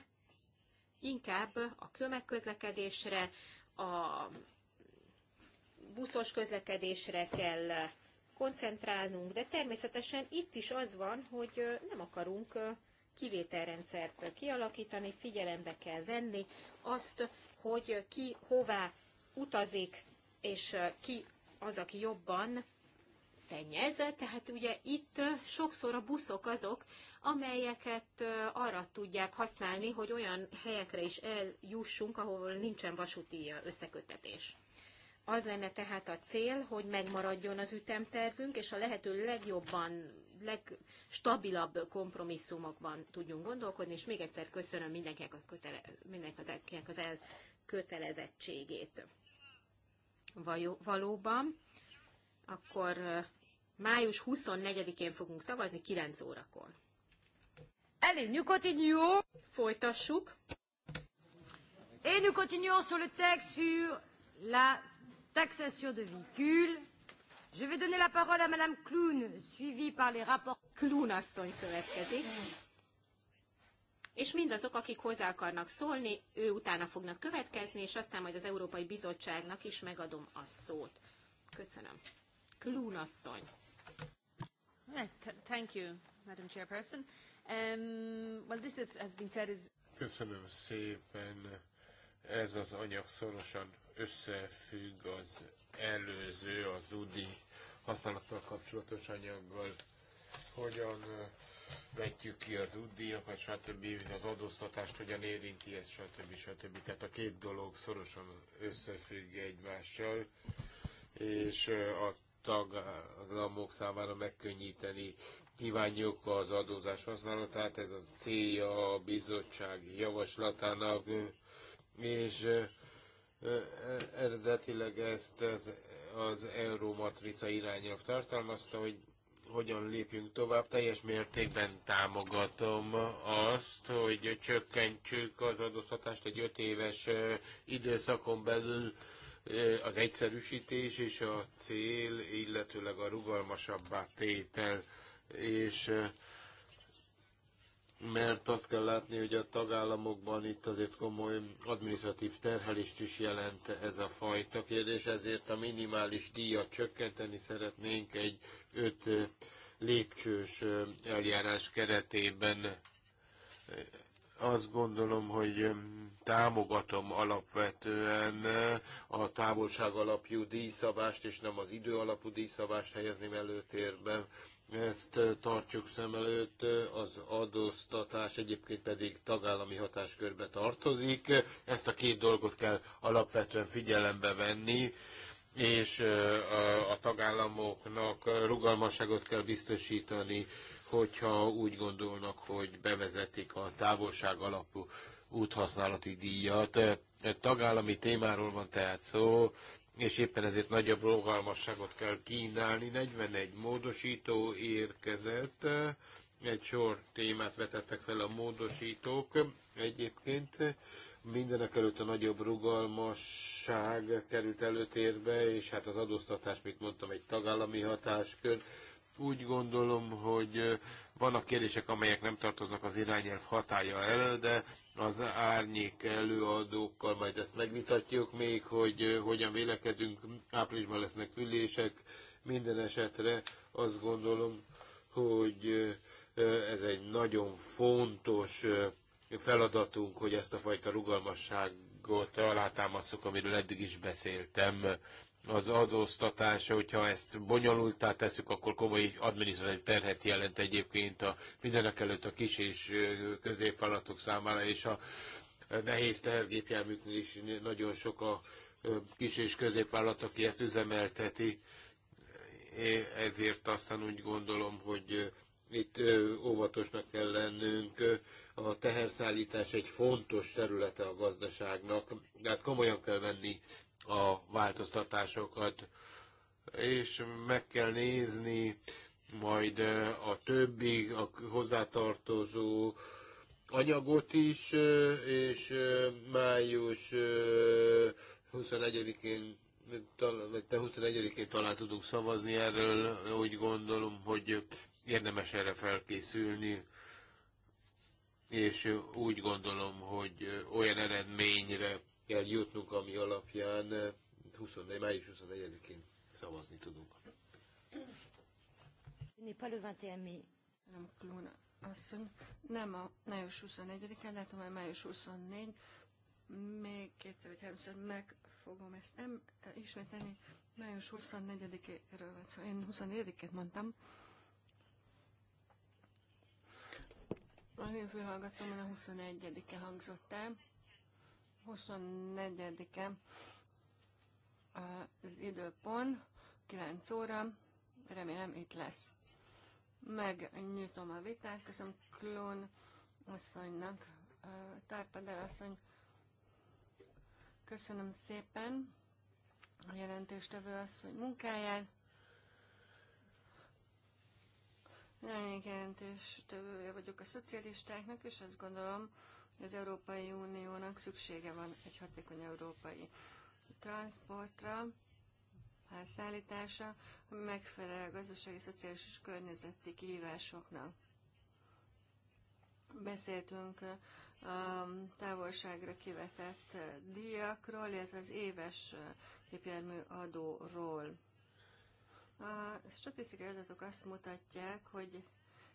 inkább a tömegközlekedésre, a buszos közlekedésre kell koncentrálnunk, de természetesen itt is az van, hogy nem akarunk kivételrendszert kialakítani, figyelembe kell venni azt, hogy ki hová utazik, és ki az, aki jobban szennyez, tehát ugye itt sokszor a buszok azok, amelyeket arra tudják használni, hogy olyan helyekre is eljussunk, ahol nincsen vasúti összekötetés. Az lenne tehát a cél, hogy megmaradjon az ütemtervünk, és a lehető legjobban, legstabilabb kompromisszumokban tudjunk gondolkodni, és még egyszer köszönöm mindenkinek, a kötele, mindenkinek az elkötelezettségét. Valóban, akkor Május 24-én fogunk szavazni 9 órakor. Allez, nous continuons. Folytassuk. Et nous continuons sur le texte sur la taxation de véhicules. Je vais donner la parole à Madame Clown, suivie par les rapports. Clown asszony következik. És mindazok, akik hozzá akarnak szólni, ő utána fognak következni, és aztán majd az Európai Bizottságnak is megadom a szót. Köszönöm. Klún asszony. Köszönöm szépen. Ez az anyag szorosan összefügg az előző, az UDI használattal kapcsolatos anyaggal. Hogyan uh, vetjük ki az UDI-akat, stb. az adóztatást hogyan érinti ez, stb. stb. Tehát a két dolog szorosan összefügg egymással, és uh, a tagállamok számára megkönnyíteni kívánjuk az adózás használatát. Ez a célja a bizottság javaslatának, és eredetileg ezt az, az Euromatrica irányelv tartalmazta, hogy hogyan lépjünk tovább. Teljes mértékben támogatom azt, hogy csökkentsük az adóztatást egy öt éves időszakon belül Eh, az egyszerűsítés és a cél, illetőleg a rugalmasabbá tétel, és eh, mert azt kell látni, hogy a tagállamokban itt azért komoly administratív terhelést is jelent ez a fajta kérdés, ezért a minimális díjat csökkenteni szeretnénk egy öt eh, lépcsős eljárás keretében azt gondolom, hogy támogatom alapvetően eh, a távolság alapú díjszabást, és nem az idő alapú díjszabást helyezném előtérben. Ezt eh, tartjuk szem előtt, eh, az adóztatás egyébként pedig tagállami hatáskörbe tartozik. Ezt a két dolgot kell alapvetően figyelembe venni és a tagállamoknak rugalmasságot kell biztosítani hogyha úgy gondolnak, hogy bevezetik a távolság alapú úthasználati díjat. Tagállami témáról van tehát szó, és éppen ezért nagyobb rugalmasságot kell kínálni. 41 módosító érkezett, egy sor témát vetettek fel a módosítók egyébként. Mindenek előtt a nagyobb rugalmasság került előtérbe, és hát az adóztatás, mint mondtam, egy tagállami hatáskör. Úgy gondolom, hogy vannak kérdések, amelyek nem tartoznak az irányelv hatája elő, de az árnyék előadókkal majd ezt megvitatjuk még, hogy hogyan vélekedünk. Áprilisban lesznek ülések, minden esetre azt gondolom, hogy ez egy nagyon fontos feladatunk, hogy ezt a fajta rugalmasságot alátámasztjuk, amiről eddig is beszéltem az adóztatása, hogyha ezt bonyolultá tesszük, akkor komoly adminisztratív terhet jelent egyébként a mindenek előtt a kis és középvállalatok számára, és a nehéz tehergépjárműknél is nagyon sok a kis és középvállalat, aki ezt üzemelteti, ezért aztán úgy gondolom, hogy itt óvatosnak kell lennünk. A teherszállítás egy fontos területe a gazdaságnak, de hát komolyan kell venni a változtatásokat, és meg kell nézni majd a többi, a hozzátartozó anyagot is, és május 21-én te 21-én talán tudunk szavazni erről, úgy gondolom, hogy érdemes erre felkészülni, és úgy gondolom, hogy olyan eredményre kell jutnunk, ami alapján 24, eh, május 24-én szavazni tudunk. 21 Nem, Klóna asszony, nem a május 24 en lehet, hogy május 24, még kétszer vagy háromszor meg fogom ezt nem eh, ismételni. Május 24-éről van szó. Én 24-et mondtam. Az én fülhallgatómon a 21-e hangzott el. 24-e az időpont, 9 óra, remélem itt lesz. Megnyitom a vitát, köszönöm Klón asszonynak, Tárpadel asszony, köszönöm szépen a jelentéstevő asszony munkáját. Nagyon jelentéstevője vagyok a szocialistáknak, és azt gondolom, az Európai Uniónak szüksége van egy hatékony európai transportra, szállítása, ami megfelel gazdasági, szociális és környezeti kihívásoknak. Beszéltünk a távolságra kivetett díjakról, illetve az éves képjármű adóról. A statisztikai adatok azt mutatják, hogy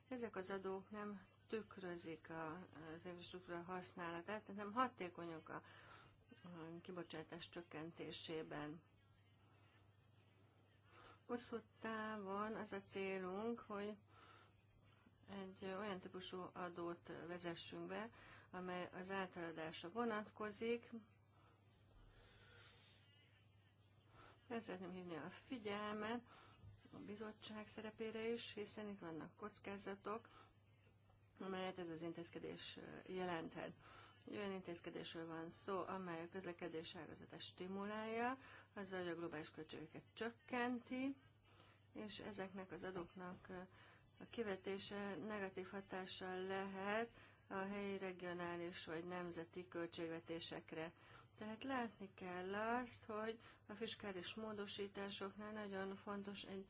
ezek az adók nem tükrözik a, az infrastruktúra használatát, tehát nem hatékonyak a, kibocsátás csökkentésében. Hosszú távon az a célunk, hogy egy olyan típusú adót vezessünk be, amely az általadásra vonatkozik. Ezt szeretném hívni a figyelmet a bizottság szerepére is, hiszen itt vannak kockázatok, amelyet ez az intézkedés jelenthet. Egy olyan intézkedésről van szó, amely a közlekedés ágazatát stimulálja, azzal, hogy a globális költségeket csökkenti, és ezeknek az adóknak a kivetése negatív hatással lehet a helyi, regionális vagy nemzeti költségvetésekre. Tehát látni kell azt, hogy a fiskális módosításoknál nagyon fontos egy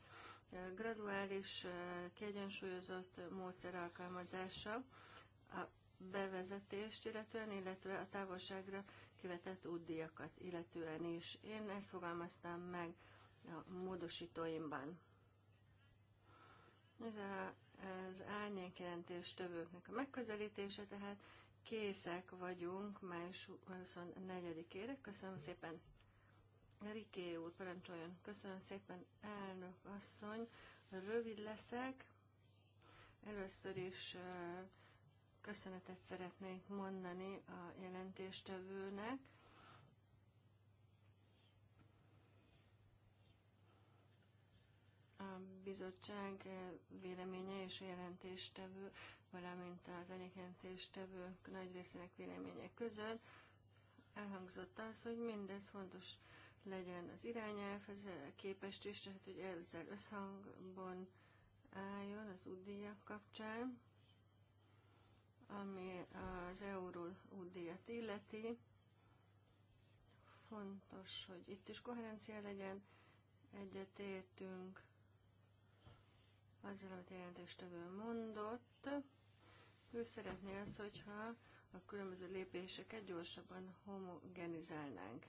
graduális, kiegyensúlyozott módszer alkalmazása a bevezetést illetően, illetve a távolságra kivetett útdíjakat illetően is. Én ezt fogalmaztam meg a módosítóimban. Ez a, az jelentés tövőknek a megközelítése, tehát készek vagyunk május 24-ére. Köszönöm szépen Riké úr, parancsoljon. Köszönöm szépen, elnök asszony. Rövid leszek. Először is köszönetet szeretnék mondani a jelentéstevőnek. A bizottság véleménye és a jelentéstevő, valamint az jelentéstevők nagy részének véleménye között elhangzott az, hogy mindez fontos legyen az irányelv ez képest is, tehát hogy ezzel összhangban álljon az útdíjak kapcsán, ami az euró útdíjat illeti. Fontos, hogy itt is koherencia legyen, egyetértünk azzal, amit jelentéstevő mondott. Ő szeretné azt, hogyha a különböző lépéseket gyorsabban homogenizálnánk.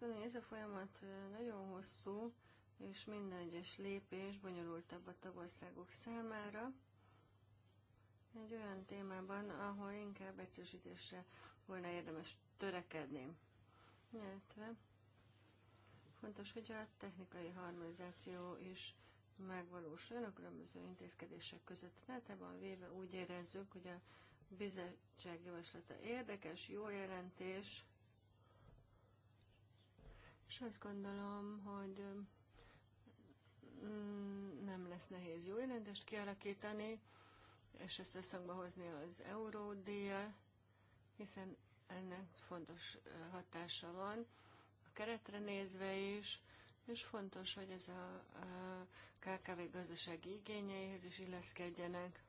Tudom, ez a folyamat nagyon hosszú, és minden egyes lépés bonyolultabb a tagországok számára. Egy olyan témában, ahol inkább egyszerűsítésre volna érdemes törekedni. Illetve fontos, hogy a technikai harmonizáció is megvalósuljon a különböző intézkedések között. Általában véve úgy érezzük, hogy a bizottság javaslata érdekes, jó jelentés, és azt gondolom, hogy mm, nem lesz nehéz jó jelentést kialakítani, és ezt összhangba hozni az euródíjjal, hiszen ennek fontos hatása van a keretre nézve is, és fontos, hogy ez a KKV gazdasági igényeihez is illeszkedjenek,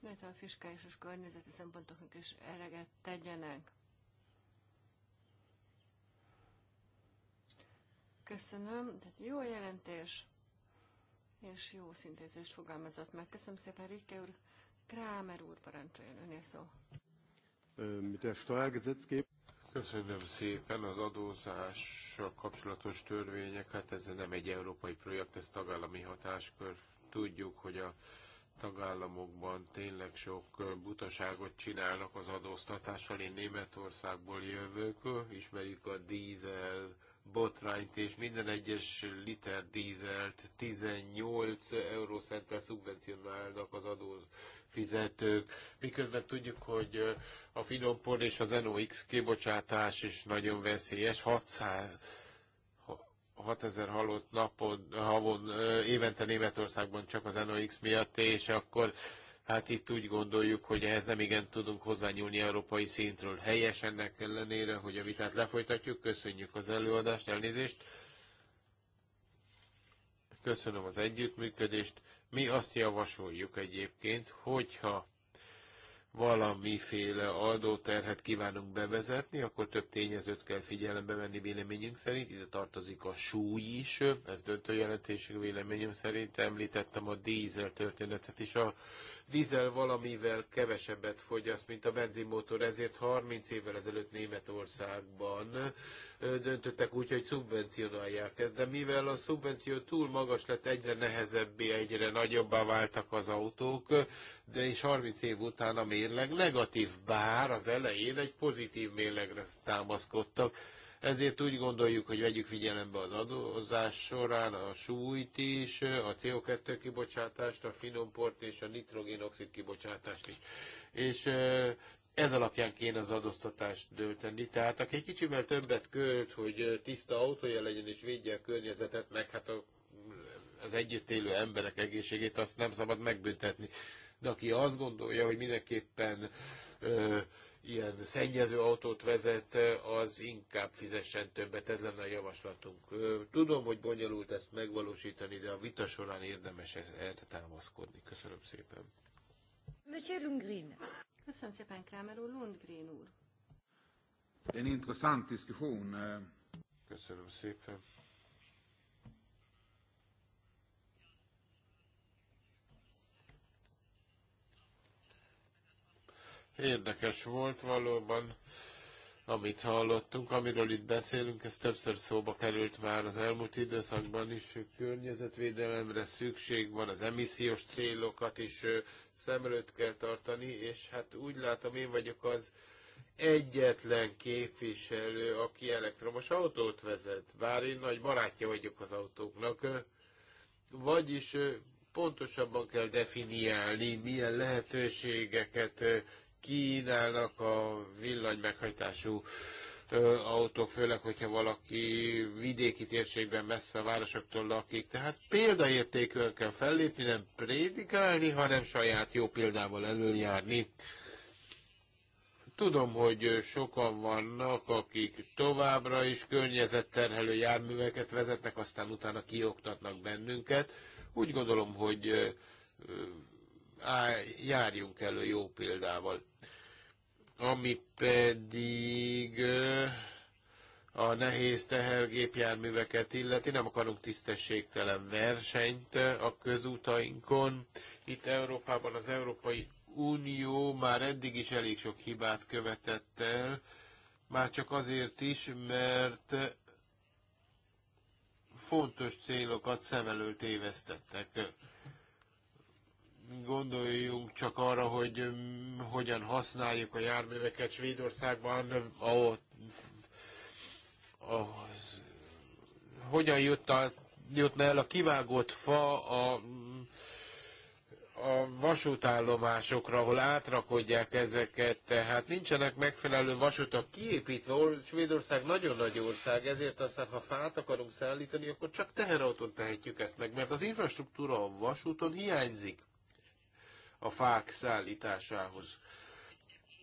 mert a fiskális és környezeti szempontoknak is eleget tegyenek. Köszönöm, tehát jó jelentés, és jó szintézést fogalmazott meg. Köszönöm szépen, Rike úr. Krámer úr, parancsoljon, önél szó. Köszönöm szépen az adózással kapcsolatos törvények. Hát ez nem egy európai projekt, ez tagállami hatáskör. Tudjuk, hogy a tagállamokban tényleg sok butaságot csinálnak az adóztatással. Én Németországból jövök, ismerjük a dízel botrányt, és minden egyes liter dízelt 18 eurócenttel szubvencionálnak az adófizetők. Miközben tudjuk, hogy a finompor és az NOx kibocsátás is nagyon veszélyes, 600 6000 halott napon, havon, évente Németországban csak az NOx miatt, és akkor Hát itt úgy gondoljuk, hogy ehhez nem igen tudunk hozzányúlni európai szintről. Helyes ennek ellenére, hogy a vitát lefolytatjuk. Köszönjük az előadást, elnézést. Köszönöm az együttműködést. Mi azt javasoljuk egyébként, hogyha valamiféle adóterhet kívánunk bevezetni, akkor több tényezőt kell figyelembe venni véleményünk szerint. Ide tartozik a súly is, ez döntő jelentésű véleményünk szerint. Említettem a dízel történetet is. A dízel valamivel kevesebbet fogyaszt, mint a benzinmotor, ezért 30 évvel ezelőtt Németországban döntöttek úgy, hogy szubvencionálják ezt. De mivel a szubvenció túl magas lett, egyre nehezebbé, egyre nagyobbá váltak az autók, de és 30 év után a mérleg negatív, bár az elején egy pozitív mérlegre támaszkodtak. Ezért úgy gondoljuk, hogy vegyük figyelembe az adózás során a súlyt is, a CO2 kibocsátást, a finomport és a nitrogénoxid kibocsátást is. És ez alapján kéne az adóztatást dölteni. Tehát aki egy kicsivel többet költ, hogy tiszta autója legyen és védje a környezetet, meg hát a, az együtt élő emberek egészségét, azt nem szabad megbüntetni de aki azt gondolja, hogy mindenképpen ö, ilyen szennyező autót vezet, az inkább fizessen többet, ez lenne a javaslatunk. Tudom, hogy bonyolult ezt megvalósítani, de a vita során érdemes erre támaszkodni. Köszönöm szépen. Monsieur Lundgren. Köszönöm szépen, Kramer úr. Lundgren úr. En diskussion. Köszönöm szépen. Érdekes volt valóban, amit hallottunk, amiről itt beszélünk, ez többször szóba került már az elmúlt időszakban is, környezetvédelemre szükség van, az emissziós célokat is szem előtt kell tartani, és hát úgy látom, én vagyok az egyetlen képviselő, aki elektromos autót vezet, bár én nagy barátja vagyok az autóknak, vagyis pontosabban kell definiálni, milyen lehetőségeket kínálnak a villany meghajtású autók, főleg, hogyha valaki vidéki térségben messze a városoktól lakik. Tehát példaértékűen kell fellépni, nem prédikálni, hanem saját jó példával előjárni. Tudom, hogy sokan vannak, akik továbbra is környezetterhelő járműveket vezetnek, aztán utána kioktatnak bennünket. Úgy gondolom, hogy járjunk elő jó példával. Ami pedig a nehéz tehergépjárműveket illeti, nem akarunk tisztességtelen versenyt a közutainkon. Itt Európában az Európai Unió már eddig is elég sok hibát követett el, már csak azért is, mert fontos célokat szem előtt évesztettek. Gondoljunk csak arra, hogy hogyan használjuk a járműveket Svédországban, ahol, ahhoz, hogyan jutna, jutna el a kivágott fa a a vasútállomásokra, ahol átrakodják ezeket, tehát nincsenek megfelelő vasutak kiépítve, Svédország nagyon nagy ország, ezért aztán, ha fát akarunk szállítani, akkor csak teherautón tehetjük ezt meg, mert az infrastruktúra a vasúton hiányzik a fák szállításához.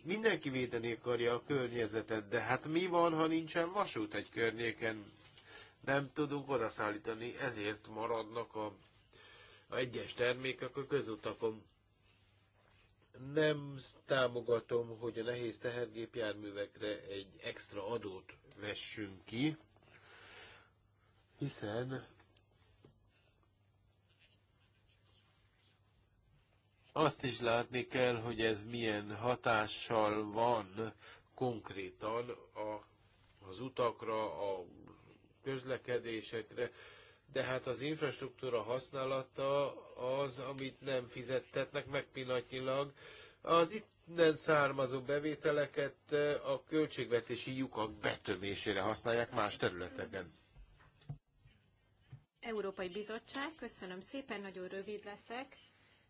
Mindenki védeni akarja a környezetet, de hát mi van, ha nincsen vasút egy környéken? Nem tudunk odaszállítani, ezért maradnak a, a egyes termékek a közutakon nem támogatom, hogy a nehéz tehergépjárművekre egy extra adót vessünk ki, hiszen Azt is látni kell, hogy ez milyen hatással van konkrétan a, az utakra, a közlekedésekre, de hát az infrastruktúra használata az, amit nem fizettetnek meg pillanatnyilag. Az itt nem származó bevételeket a költségvetési lyukak betömésére használják más területeken. Európai Bizottság, köszönöm szépen, nagyon rövid leszek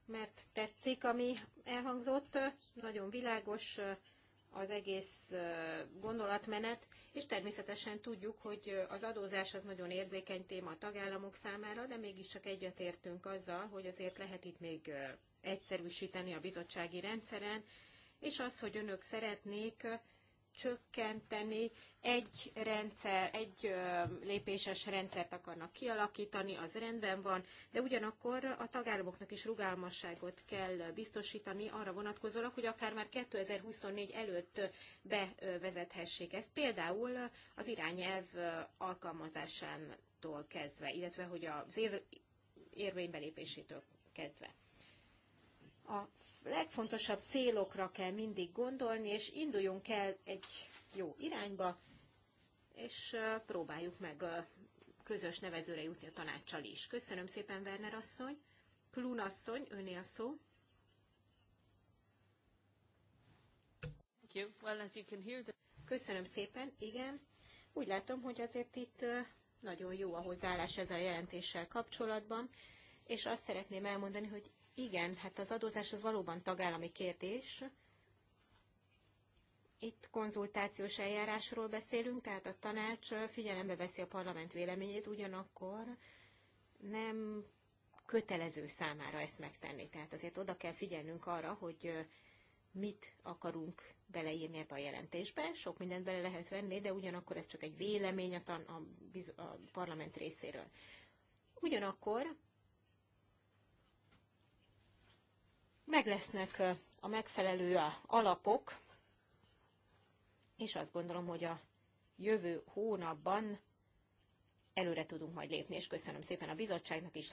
mert tetszik, ami elhangzott, nagyon világos uh, az egész uh, gondolatmenet, és természetesen tudjuk, hogy uh, az adózás az nagyon érzékeny téma a tagállamok számára, de mégiscsak egyetértünk azzal, hogy azért lehet itt még egyszerűsíteni a bizottsági rendszeren, és az, hogy önök szeretnék csökkenteni, egy rendszer, egy lépéses rendszert akarnak kialakítani, az rendben van, de ugyanakkor a tagállamoknak is rugalmasságot kell biztosítani arra vonatkozólag, hogy akár már 2024 előtt bevezethessék ezt, például az irányelv alkalmazásától kezdve, illetve hogy az ér, érvény kezdve. A legfontosabb célokra kell mindig gondolni, és induljunk el egy jó irányba, és próbáljuk meg a közös nevezőre jutni a tanácssal is. Köszönöm szépen, Werner asszony. Plun asszony, öné a szó. Köszönöm szépen, igen. Úgy látom, hogy azért itt nagyon jó a hozzáállás ez a jelentéssel kapcsolatban, és azt szeretném elmondani, hogy igen, hát az adózás az valóban tagállami kérdés. Itt konzultációs eljárásról beszélünk, tehát a tanács figyelembe veszi a parlament véleményét, ugyanakkor nem kötelező számára ezt megtenni. Tehát azért oda kell figyelnünk arra, hogy mit akarunk beleírni ebbe a jelentésbe. Sok mindent bele lehet venni, de ugyanakkor ez csak egy vélemény a, tan- a, a parlament részéről. Ugyanakkor meg lesznek a megfelelő alapok, és azt gondolom, hogy a jövő hónapban előre tudunk majd lépni, és köszönöm szépen a bizottságnak is,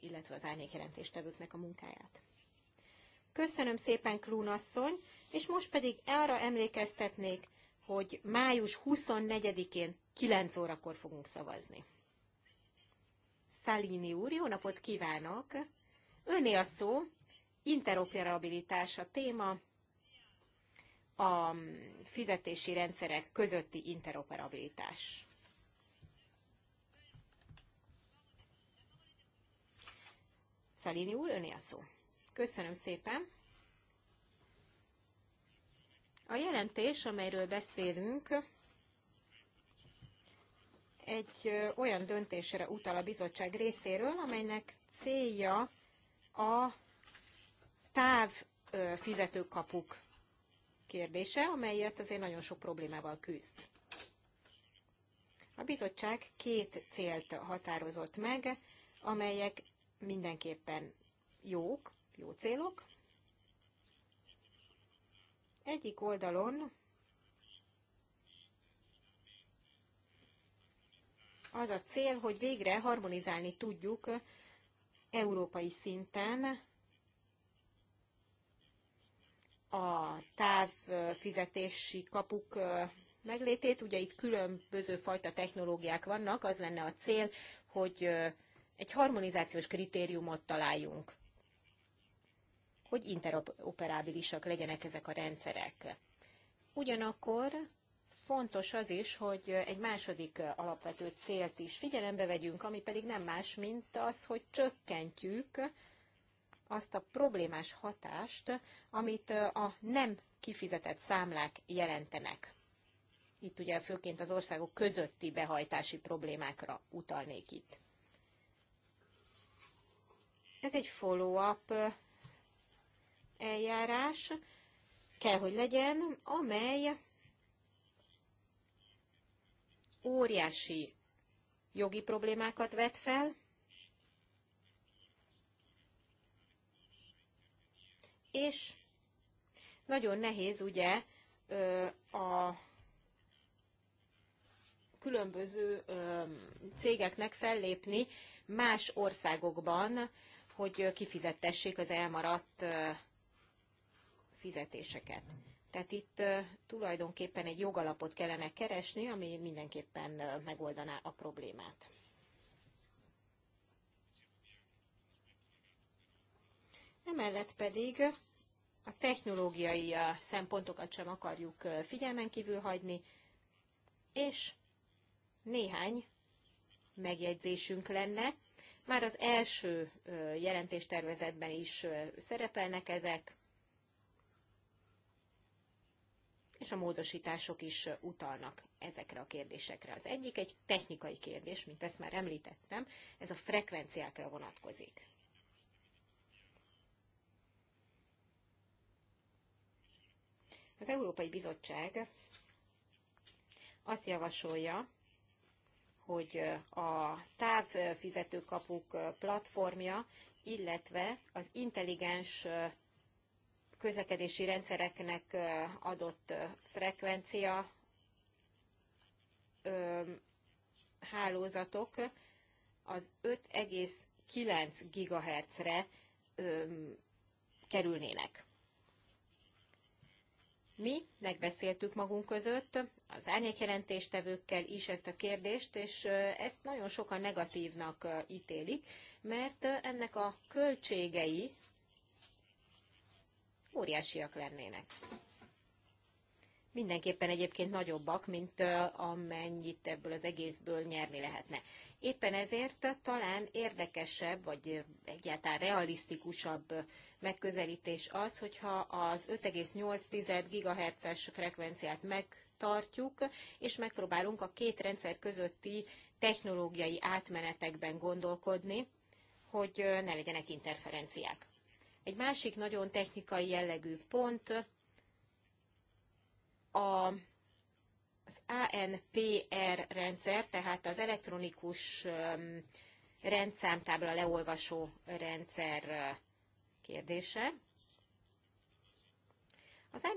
illetve az árnyékjelentéstevőknek a munkáját. Köszönöm szépen, Klún asszony, és most pedig arra emlékeztetnék, hogy május 24-én 9 órakor fogunk szavazni. Szalini úr, jó napot kívánok! Öné a szó, interoperabilitás a téma, a fizetési rendszerek közötti interoperabilitás. Szalini úr, öné a szó. Köszönöm szépen. A jelentés, amelyről beszélünk, egy olyan döntésre utal a bizottság részéről, amelynek célja a táv fizetőkapuk kérdése, amelyet azért nagyon sok problémával küzd. A bizottság két célt határozott meg, amelyek mindenképpen jók, jó célok. Egyik oldalon az a cél, hogy végre harmonizálni tudjuk európai szinten a távfizetési kapuk meglétét. Ugye itt különböző fajta technológiák vannak, az lenne a cél, hogy egy harmonizációs kritériumot találjunk, hogy interoperábilisak legyenek ezek a rendszerek. Ugyanakkor fontos az is, hogy egy második alapvető célt is figyelembe vegyünk, ami pedig nem más, mint az, hogy csökkentjük azt a problémás hatást, amit a nem kifizetett számlák jelentenek. Itt ugye főként az országok közötti behajtási problémákra utalnék itt. Ez egy follow-up eljárás kell, hogy legyen, amely óriási jogi problémákat vet fel, és nagyon nehéz ugye a különböző cégeknek fellépni más országokban, hogy kifizettessék az elmaradt fizetéseket. Tehát itt tulajdonképpen egy jogalapot kellene keresni, ami mindenképpen megoldaná a problémát. Emellett pedig a technológiai szempontokat sem akarjuk figyelmen kívül hagyni, és néhány megjegyzésünk lenne. Már az első jelentéstervezetben is szerepelnek ezek, és a módosítások is utalnak ezekre a kérdésekre. Az egyik egy technikai kérdés, mint ezt már említettem, ez a frekvenciákra vonatkozik. Az Európai Bizottság azt javasolja, hogy a távfizetőkapuk platformja, illetve az intelligens közlekedési rendszereknek adott frekvencia hálózatok az 5,9 GHz-re kerülnének. Mi megbeszéltük magunk között az árnyékjelentéstevőkkel is ezt a kérdést, és ezt nagyon sokan negatívnak ítélik, mert ennek a költségei óriásiak lennének mindenképpen egyébként nagyobbak, mint amennyit ebből az egészből nyerni lehetne. Éppen ezért talán érdekesebb, vagy egyáltalán realisztikusabb megközelítés az, hogyha az 5,8 GHz-es frekvenciát megtartjuk, és megpróbálunk a két rendszer közötti technológiai átmenetekben gondolkodni, hogy ne legyenek interferenciák. Egy másik nagyon technikai jellegű pont a az ANPR rendszer, tehát az elektronikus rendszámtábla leolvasó rendszer kérdése. Az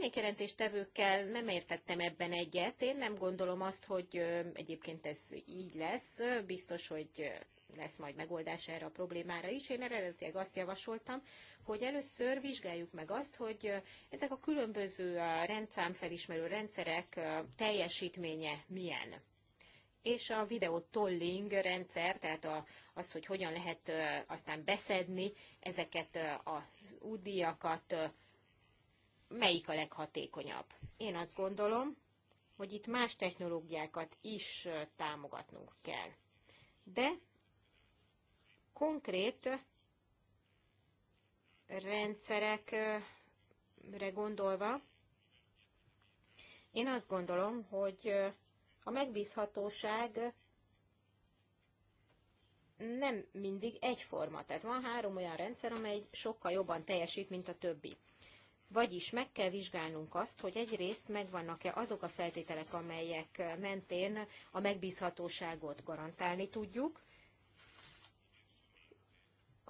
tevőkkel, nem értettem ebben egyet. Én nem gondolom azt, hogy egyébként ez így lesz. Biztos, hogy lesz majd megoldás erre a problémára is. Én eredetileg azt javasoltam, hogy először vizsgáljuk meg azt, hogy ezek a különböző rendszámfelismerő rendszerek teljesítménye milyen. És a videó tolling rendszer, tehát a, az, hogy hogyan lehet aztán beszedni ezeket a útdíjakat, melyik a leghatékonyabb. Én azt gondolom, hogy itt más technológiákat is támogatnunk kell. De konkrét rendszerekre gondolva, én azt gondolom, hogy a megbízhatóság nem mindig egyforma. Tehát van három olyan rendszer, amely sokkal jobban teljesít, mint a többi. Vagyis meg kell vizsgálnunk azt, hogy egyrészt megvannak-e azok a feltételek, amelyek mentén a megbízhatóságot garantálni tudjuk,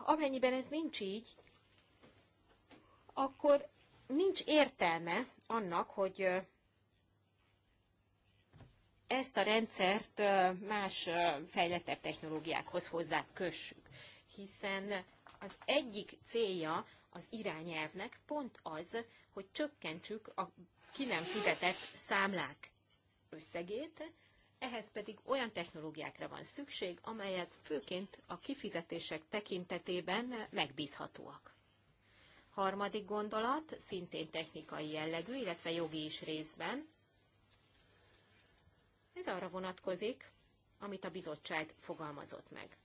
amennyiben ez nincs így, akkor nincs értelme annak, hogy ezt a rendszert más fejlettebb technológiákhoz hozzá kössük, hiszen az egyik célja az irányelvnek pont az, hogy csökkentsük a ki nem fizetett számlák összegét, ehhez pedig olyan technológiákra van szükség, amelyek főként a kifizetések tekintetében megbízhatóak. Harmadik gondolat, szintén technikai jellegű, illetve jogi is részben. Ez arra vonatkozik, amit a bizottság fogalmazott meg.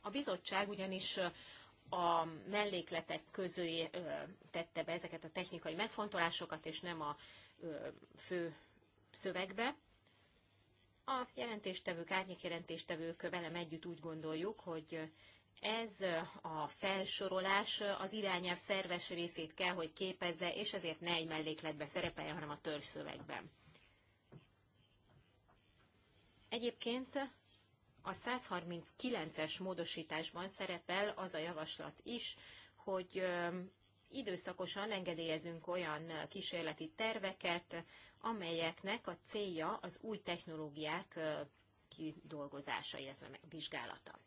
A bizottság ugyanis a mellékletek közé tette be ezeket a technikai megfontolásokat, és nem a fő szövegbe. A jelentéstevők, árnyékjelentéstevők velem együtt úgy gondoljuk, hogy ez a felsorolás az irányelv szerves részét kell, hogy képezze, és ezért ne egy mellékletbe szerepelje, hanem a törzs szövegben. Egyébként a 139-es módosításban szerepel az a javaslat is, hogy időszakosan engedélyezünk olyan kísérleti terveket, amelyeknek a célja az új technológiák kidolgozása, illetve vizsgálata.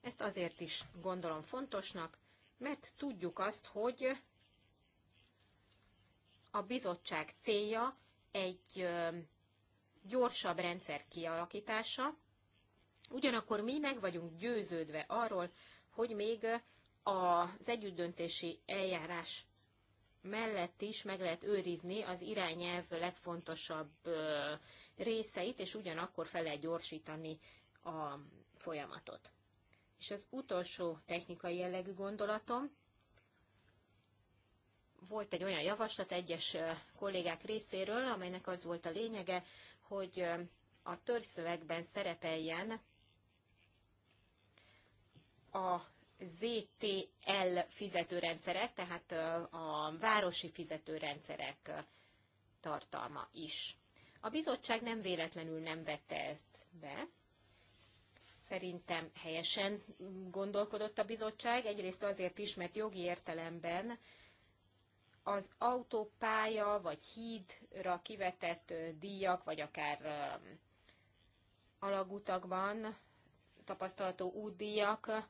Ezt azért is gondolom fontosnak, mert tudjuk azt, hogy a bizottság célja egy gyorsabb rendszer kialakítása, ugyanakkor mi meg vagyunk győződve arról, hogy még az együttdöntési eljárás mellett is meg lehet őrizni az irányelv legfontosabb részeit, és ugyanakkor fel lehet gyorsítani a folyamatot. És az utolsó technikai jellegű gondolatom, volt egy olyan javaslat egyes kollégák részéről, amelynek az volt a lényege, hogy a törzszövegben szerepeljen a ZTL fizetőrendszerek, tehát a városi fizetőrendszerek tartalma is. A bizottság nem véletlenül nem vette ezt be. Szerintem helyesen gondolkodott a bizottság, egyrészt azért is, mert jogi értelemben az autópálya vagy hídra kivetett díjak, vagy akár alagutakban tapasztalható útdíjak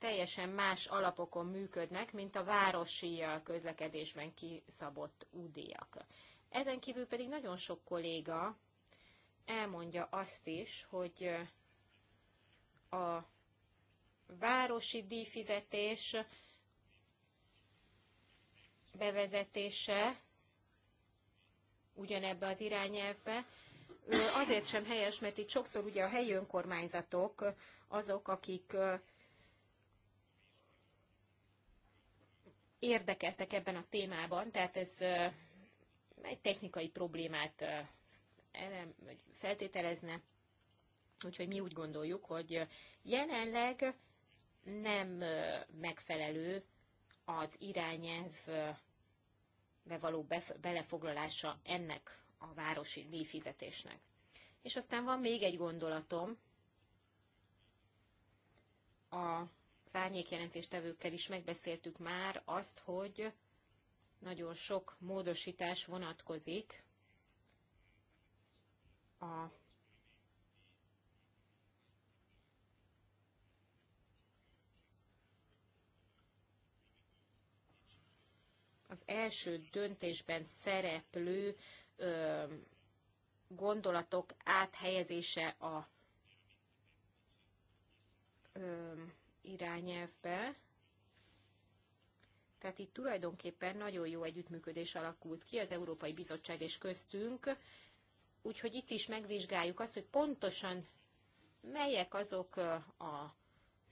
teljesen más alapokon működnek, mint a városi közlekedésben kiszabott údíjak. Ezen kívül pedig nagyon sok kolléga elmondja azt is, hogy a városi díjfizetés bevezetése ugyanebbe az irányelvbe, azért sem helyes, mert itt sokszor ugye a helyi önkormányzatok azok, akik érdekeltek ebben a témában, tehát ez egy technikai problémát feltételezne. Úgyhogy mi úgy gondoljuk, hogy jelenleg nem megfelelő az irányelvbe való belefoglalása ennek a városi díjfizetésnek. És aztán van még egy gondolatom a az árnyékjelentéstevőkkel is megbeszéltük már azt, hogy nagyon sok módosítás vonatkozik a az első döntésben szereplő ö, gondolatok áthelyezése a ö, irányelvbe. Tehát itt tulajdonképpen nagyon jó együttműködés alakult ki az Európai Bizottság és köztünk, úgyhogy itt is megvizsgáljuk azt, hogy pontosan melyek azok a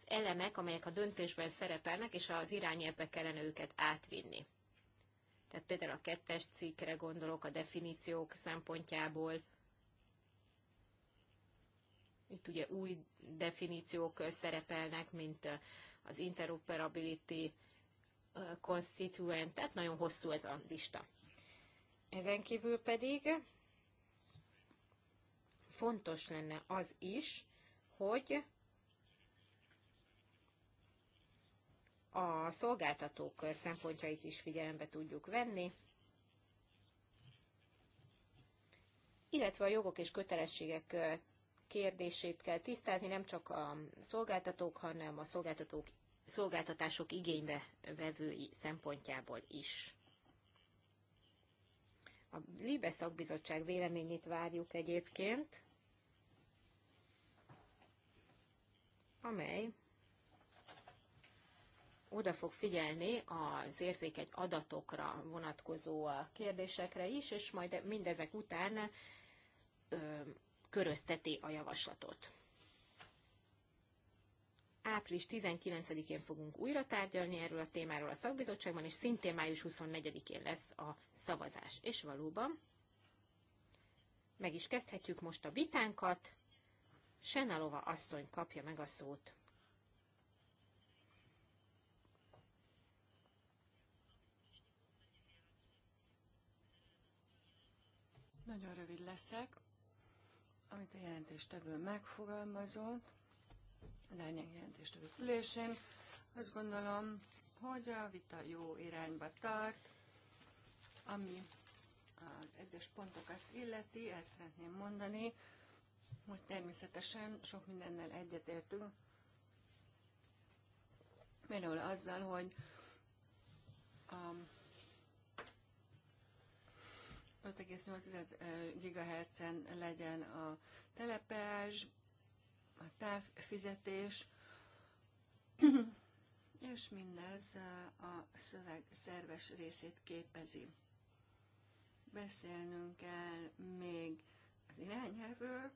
elemek, amelyek a döntésben szerepelnek, és az irányelvbe kellene őket átvinni. Tehát például a kettes cikkre gondolok a definíciók szempontjából, itt ugye új definíciók szerepelnek, mint az interoperability constituent, tehát nagyon hosszú ez a lista. Ezen kívül pedig fontos lenne az is, hogy a szolgáltatók szempontjait is figyelembe tudjuk venni, illetve a jogok és kötelességek kérdését kell tisztázni, nem csak a szolgáltatók, hanem a szolgáltatók, szolgáltatások igénybe vevői szempontjából is. A Libe szakbizottság véleményét várjuk egyébként, amely oda fog figyelni az érzékeny adatokra vonatkozó kérdésekre is, és majd mindezek után körözteti a javaslatot. Április 19-én fogunk újra tárgyalni erről a témáról a szakbizottságban, és szintén május 24-én lesz a szavazás. És valóban meg is kezdhetjük most a vitánkat. Senalova asszony kapja meg a szót. Nagyon rövid leszek amit a jelentéstevő megfogalmazott, az árnyék jelentéstevő ülésén, azt gondolom, hogy a vita jó irányba tart, ami az egyes pontokat illeti, ezt szeretném mondani, hogy természetesen sok mindennel egyetértünk, például azzal, hogy a 5,8 GHz-en legyen a telepázs, a távfizetés, és mindez a szöveg szerves részét képezi. Beszélnünk kell még az irányelvről,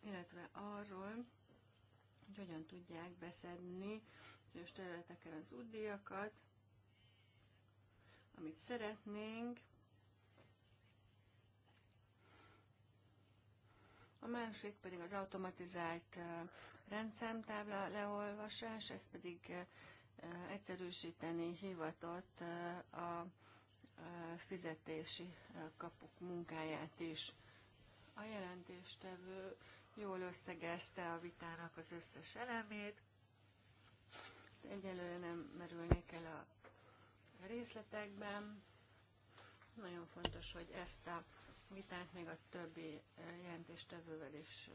illetve arról, hogy hogyan tudják beszedni és területeken az útdíjakat, amit szeretnénk, A másik pedig az automatizált rendszámtábla leolvasás, ez pedig egyszerűsíteni hivatott a fizetési kapuk munkáját is. A jelentéstevő jól összegezte a vitának az összes elemét. Egyelőre nem merülnék el a részletekben. Nagyon fontos, hogy ezt a vitát még a többi jelentéstevővel is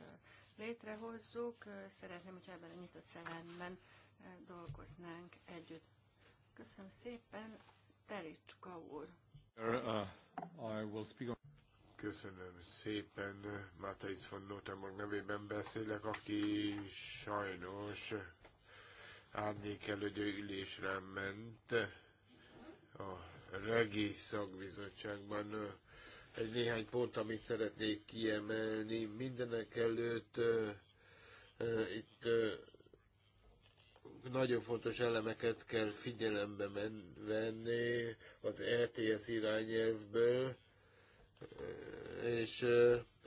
létrehozzuk. Szeretném, hogyha ebben a nyitott szellemben dolgoznánk együtt. Köszönöm szépen, Tericska úr! Uh, Köszönöm szépen, Matthijs von Notenborg nevében beszélek, aki sajnos árnyékelődő ülésre ment a regi szakbizottságban egy néhány pont, amit szeretnék kiemelni. Mindenek előtt uh, itt uh, nagyon fontos elemeket kell figyelembe venni az ETS irányelvből, és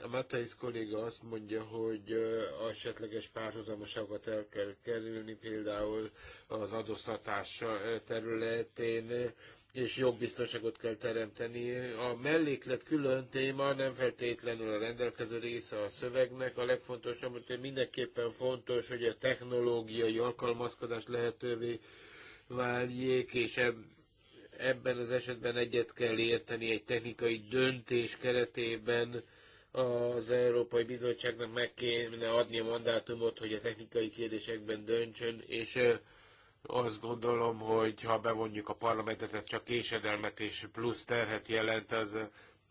a Matthijs kolléga azt mondja, hogy a esetleges párhuzamosságot el kell kerülni, például az adóztatás területén és jogbiztonságot kell teremteni. A melléklet külön téma, nem feltétlenül a rendelkező része a szövegnek. A legfontosabb, hogy mindenképpen fontos, hogy a technológiai alkalmazkodás lehetővé váljék, és ebben az esetben egyet kell érteni egy technikai döntés keretében, az Európai Bizottságnak meg kéne adni a mandátumot, hogy a technikai kérdésekben döntsön, és azt gondolom, hogy ha bevonjuk a parlamentet, ez csak késedelmet és plusz terhet jelent. Az,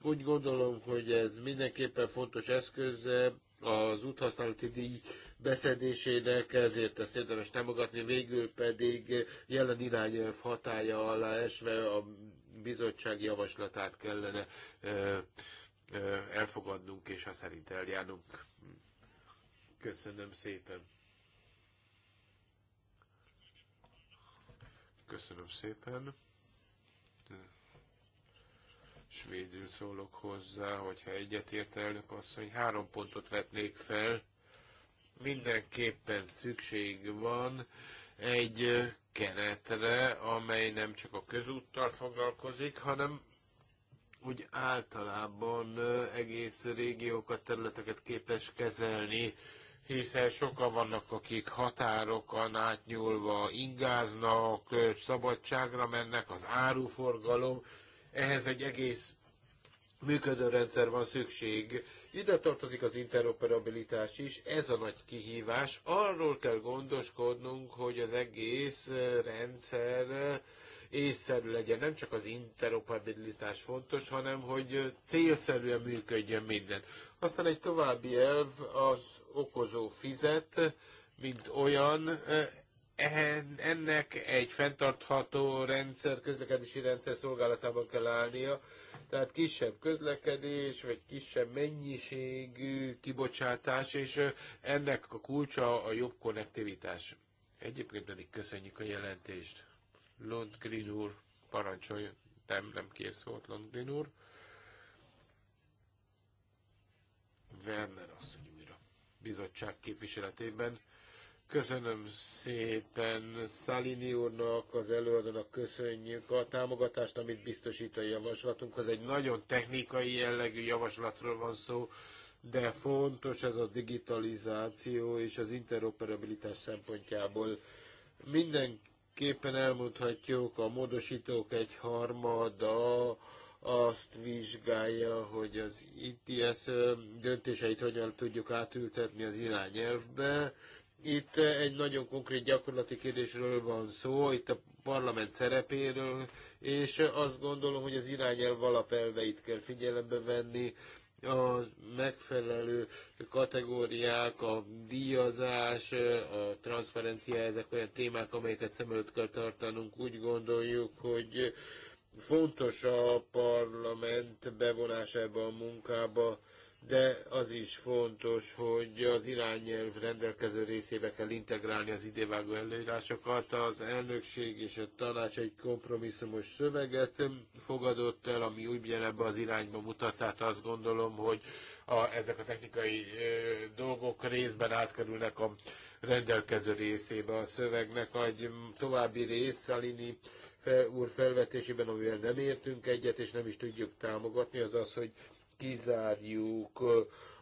úgy gondolom, hogy ez mindenképpen fontos eszköz az úthasználati díj beszedésének, ezért ezt érdemes támogatni, végül pedig jelen irányelv hatája alá esve a bizottság javaslatát kellene ö, ö, elfogadnunk, és ha szerint eljárnunk. Köszönöm szépen. Köszönöm szépen. Svédül szólok hozzá, hogyha egyetért elnök asszony, három pontot vetnék fel. Mindenképpen szükség van egy keretre, amely nem csak a közúttal foglalkozik, hanem úgy általában egész régiókat, területeket képes kezelni hiszen sokan vannak, akik határokon átnyúlva ingáznak, szabadságra mennek, az áruforgalom, ehhez egy egész működő rendszer van szükség. Ide tartozik az interoperabilitás is, ez a nagy kihívás. Arról kell gondoskodnunk, hogy az egész rendszer észszerű legyen. Nem csak az interoperabilitás fontos, hanem hogy célszerűen működjön minden. Aztán egy további elv az okozó fizet, mint olyan, eh, ennek egy fenntartható rendszer, közlekedési rendszer szolgálatában kell állnia, tehát kisebb közlekedés, vagy kisebb mennyiségű kibocsátás, és eh, ennek a kulcsa a jobb konnektivitás. Egyébként pedig köszönjük a jelentést. Green úr, parancsolj, Nem, nem kér szót Green úr. Werner asszony újra bizottság képviseletében. Köszönöm szépen Szalini úrnak, az előadónak köszönjük a támogatást, amit biztosít a javaslatunkhoz. Egy nagyon technikai jellegű javaslatról van szó, de fontos ez a digitalizáció és az interoperabilitás szempontjából. Mindenképpen elmondhatjuk, a módosítók egy harmada azt vizsgálja, hogy az ITS döntéseit hogyan tudjuk átültetni az irányelvbe. Itt egy nagyon konkrét gyakorlati kérdésről van szó, itt a parlament szerepéről, és azt gondolom, hogy az irányelv alapelveit kell figyelembe venni, a megfelelő kategóriák, a díjazás, a transzferencia, ezek olyan témák, amelyeket szem előtt kell tartanunk. Úgy gondoljuk, hogy Fontos a parlament bevonása ebbe a munkába, de az is fontos, hogy az irányelv rendelkező részébe kell integrálni az idevágó előírásokat. Az elnökség és a tanács egy kompromisszumos szöveget fogadott el, ami ugyanebbe az irányba mutat, tehát azt gondolom, hogy a, ezek a technikai ö, dolgok részben átkerülnek a rendelkező részébe a szövegnek. Egy további rész Szalini úr felvetésében, amivel nem értünk egyet, és nem is tudjuk támogatni, az az, hogy kizárjuk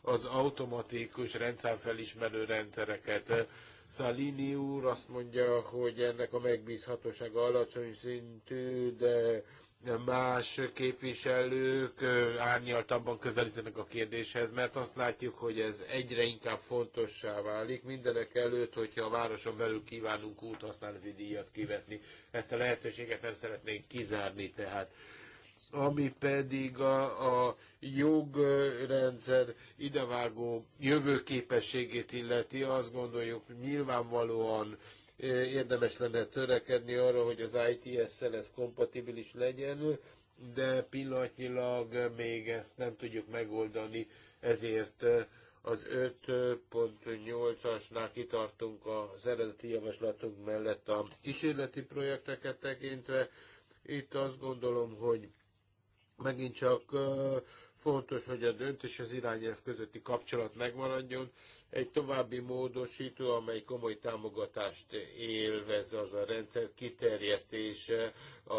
az automatikus rendszámfelismerő rendszereket. Salini úr azt mondja, hogy ennek a megbízhatósága alacsony szintű, de más képviselők árnyaltabban közelítenek a kérdéshez, mert azt látjuk, hogy ez egyre inkább fontossá válik mindenek előtt, hogyha a városon belül kívánunk úthasználati díjat kivetni. Ezt a lehetőséget nem szeretnénk kizárni tehát. Ami pedig a, a jogrendszer idevágó jövőképességét illeti, azt gondoljuk nyilvánvalóan eh, érdemes lenne törekedni arra, hogy az ITS-szel ez kompatibilis legyen, de pillanatnyilag még ezt nem tudjuk megoldani, ezért eh, az 5.8-asnál eh, kitartunk az eredeti javaslatunk mellett a kísérleti projekteket tekintve. Itt azt gondolom, hogy Megint csak fontos, hogy a döntés az irányelv közötti kapcsolat megmaradjon. Egy további módosító, amely komoly támogatást élvez, az a rendszer kiterjesztése a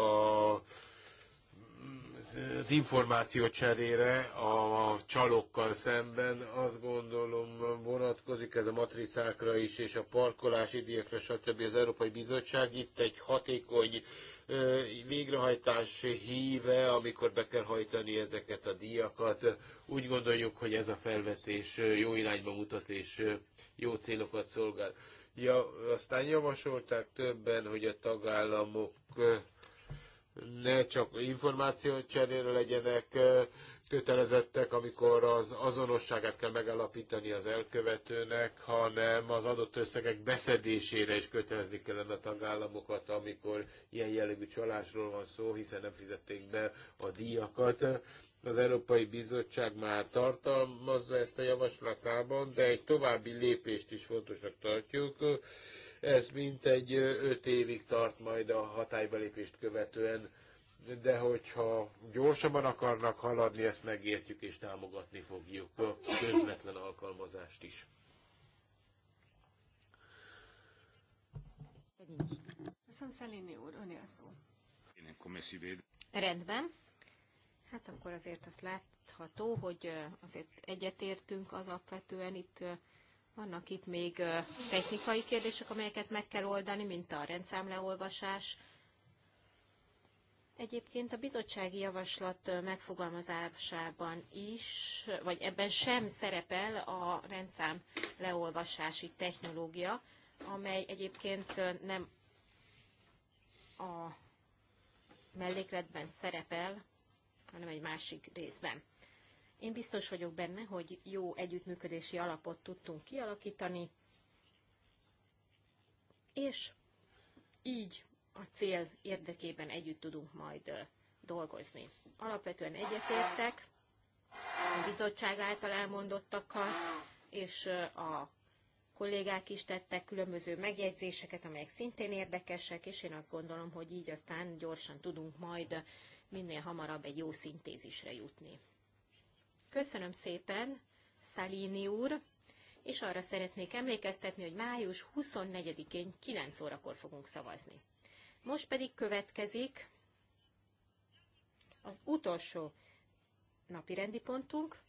az információ cserére a csalókkal szemben azt gondolom vonatkozik ez a matricákra is, és a parkolási díjakra, stb. az Európai Bizottság itt egy hatékony végrehajtás híve, amikor be kell hajtani ezeket a díjakat. Úgy gondoljuk, hogy ez a felvetés jó irányba mutat és jó célokat szolgál. Ja, aztán javasolták többen, hogy a tagállamok ne csak információt cserére legyenek, kötelezettek, amikor az azonosságát kell megalapítani az elkövetőnek, hanem az adott összegek beszedésére is kötelezni kellene a tagállamokat, amikor ilyen jellegű csalásról van szó, hiszen nem fizették be a díjakat. Az Európai Bizottság már tartalmazza ezt a javaslatában, de egy további lépést is fontosnak tartjuk. Ez egy öt évig tart majd a hatálybelépést követően de hogyha gyorsabban akarnak haladni, ezt megértjük és támogatni fogjuk a közvetlen alkalmazást is. Köszönöm, úr, a szó. Rendben. Hát akkor azért azt látható, hogy azért egyetértünk az alapvetően itt vannak itt még technikai kérdések, amelyeket meg kell oldani, mint a rendszámleolvasás, Egyébként a bizottsági javaslat megfogalmazásában is, vagy ebben sem szerepel a rendszám leolvasási technológia, amely egyébként nem a mellékletben szerepel, hanem egy másik részben. Én biztos vagyok benne, hogy jó együttműködési alapot tudtunk kialakítani, és így a cél érdekében együtt tudunk majd dolgozni. Alapvetően egyetértek a bizottság által elmondottakkal, és a kollégák is tettek különböző megjegyzéseket, amelyek szintén érdekesek, és én azt gondolom, hogy így aztán gyorsan tudunk majd minél hamarabb egy jó szintézisre jutni. Köszönöm szépen, Szalini úr, és arra szeretnék emlékeztetni, hogy május 24-én 9 órakor fogunk szavazni. Most pedig következik az utolsó napi rendi pontunk,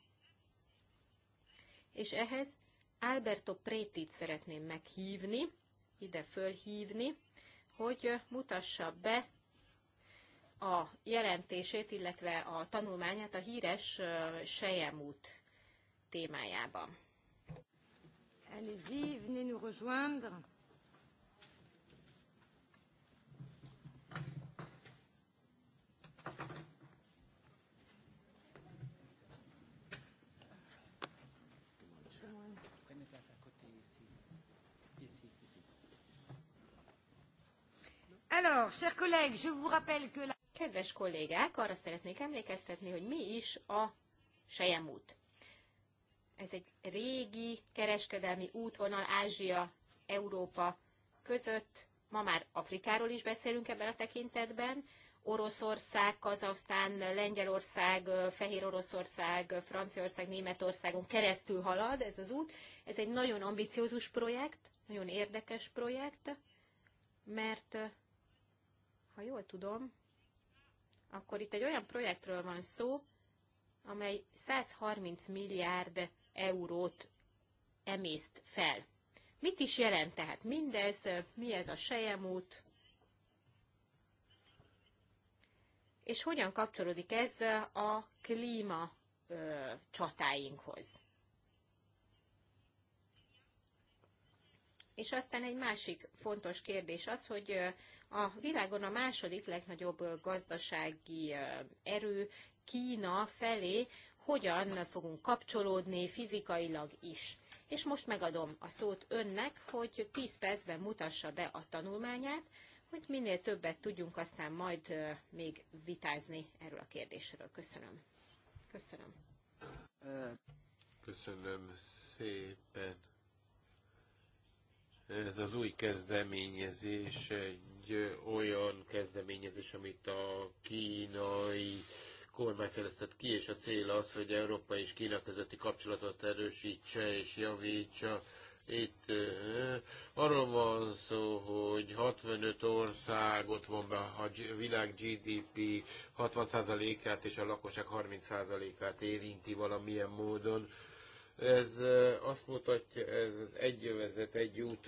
és ehhez Alberto Prétit szeretném meghívni, ide fölhívni, hogy mutassa be a jelentését, illetve a tanulmányát a híres Sejemút témájában. Allez-y, venez nous rejoindre. Kedves kollégák, arra szeretnék emlékeztetni, hogy mi is a Sejemút. Ez egy régi kereskedelmi útvonal Ázsia, Európa között. Ma már Afrikáról is beszélünk ebben a tekintetben. Oroszország, Kazasztán, Lengyelország, Fehér Oroszország, Franciaország, Németországon keresztül halad ez az út. Ez egy nagyon ambiciózus projekt, nagyon érdekes projekt, mert ha jól tudom, akkor itt egy olyan projektről van szó, amely 130 milliárd eurót emészt fel. Mit is jelent tehát mindez, mi ez a sejemút, és hogyan kapcsolódik ez a klíma ö, csatáinkhoz. És aztán egy másik fontos kérdés az, hogy a világon a második legnagyobb gazdasági erő Kína felé hogyan fogunk kapcsolódni fizikailag is. És most megadom a szót önnek, hogy 10 percben mutassa be a tanulmányát, hogy minél többet tudjunk aztán majd még vitázni erről a kérdésről. Köszönöm. Köszönöm. Köszönöm szépen. Ez az új kezdeményezés egy egy olyan kezdeményezés, amit a kínai kormány fejlesztett ki, és a cél az, hogy Európa és Kína közötti kapcsolatot erősítse és javítsa. Itt uh, arról van szó, hogy 65 országot van be a világ GDP 60%-át és a lakosság 30%-át érinti valamilyen módon. Uh, ez azt mutatja, ez az egyövezet, egy út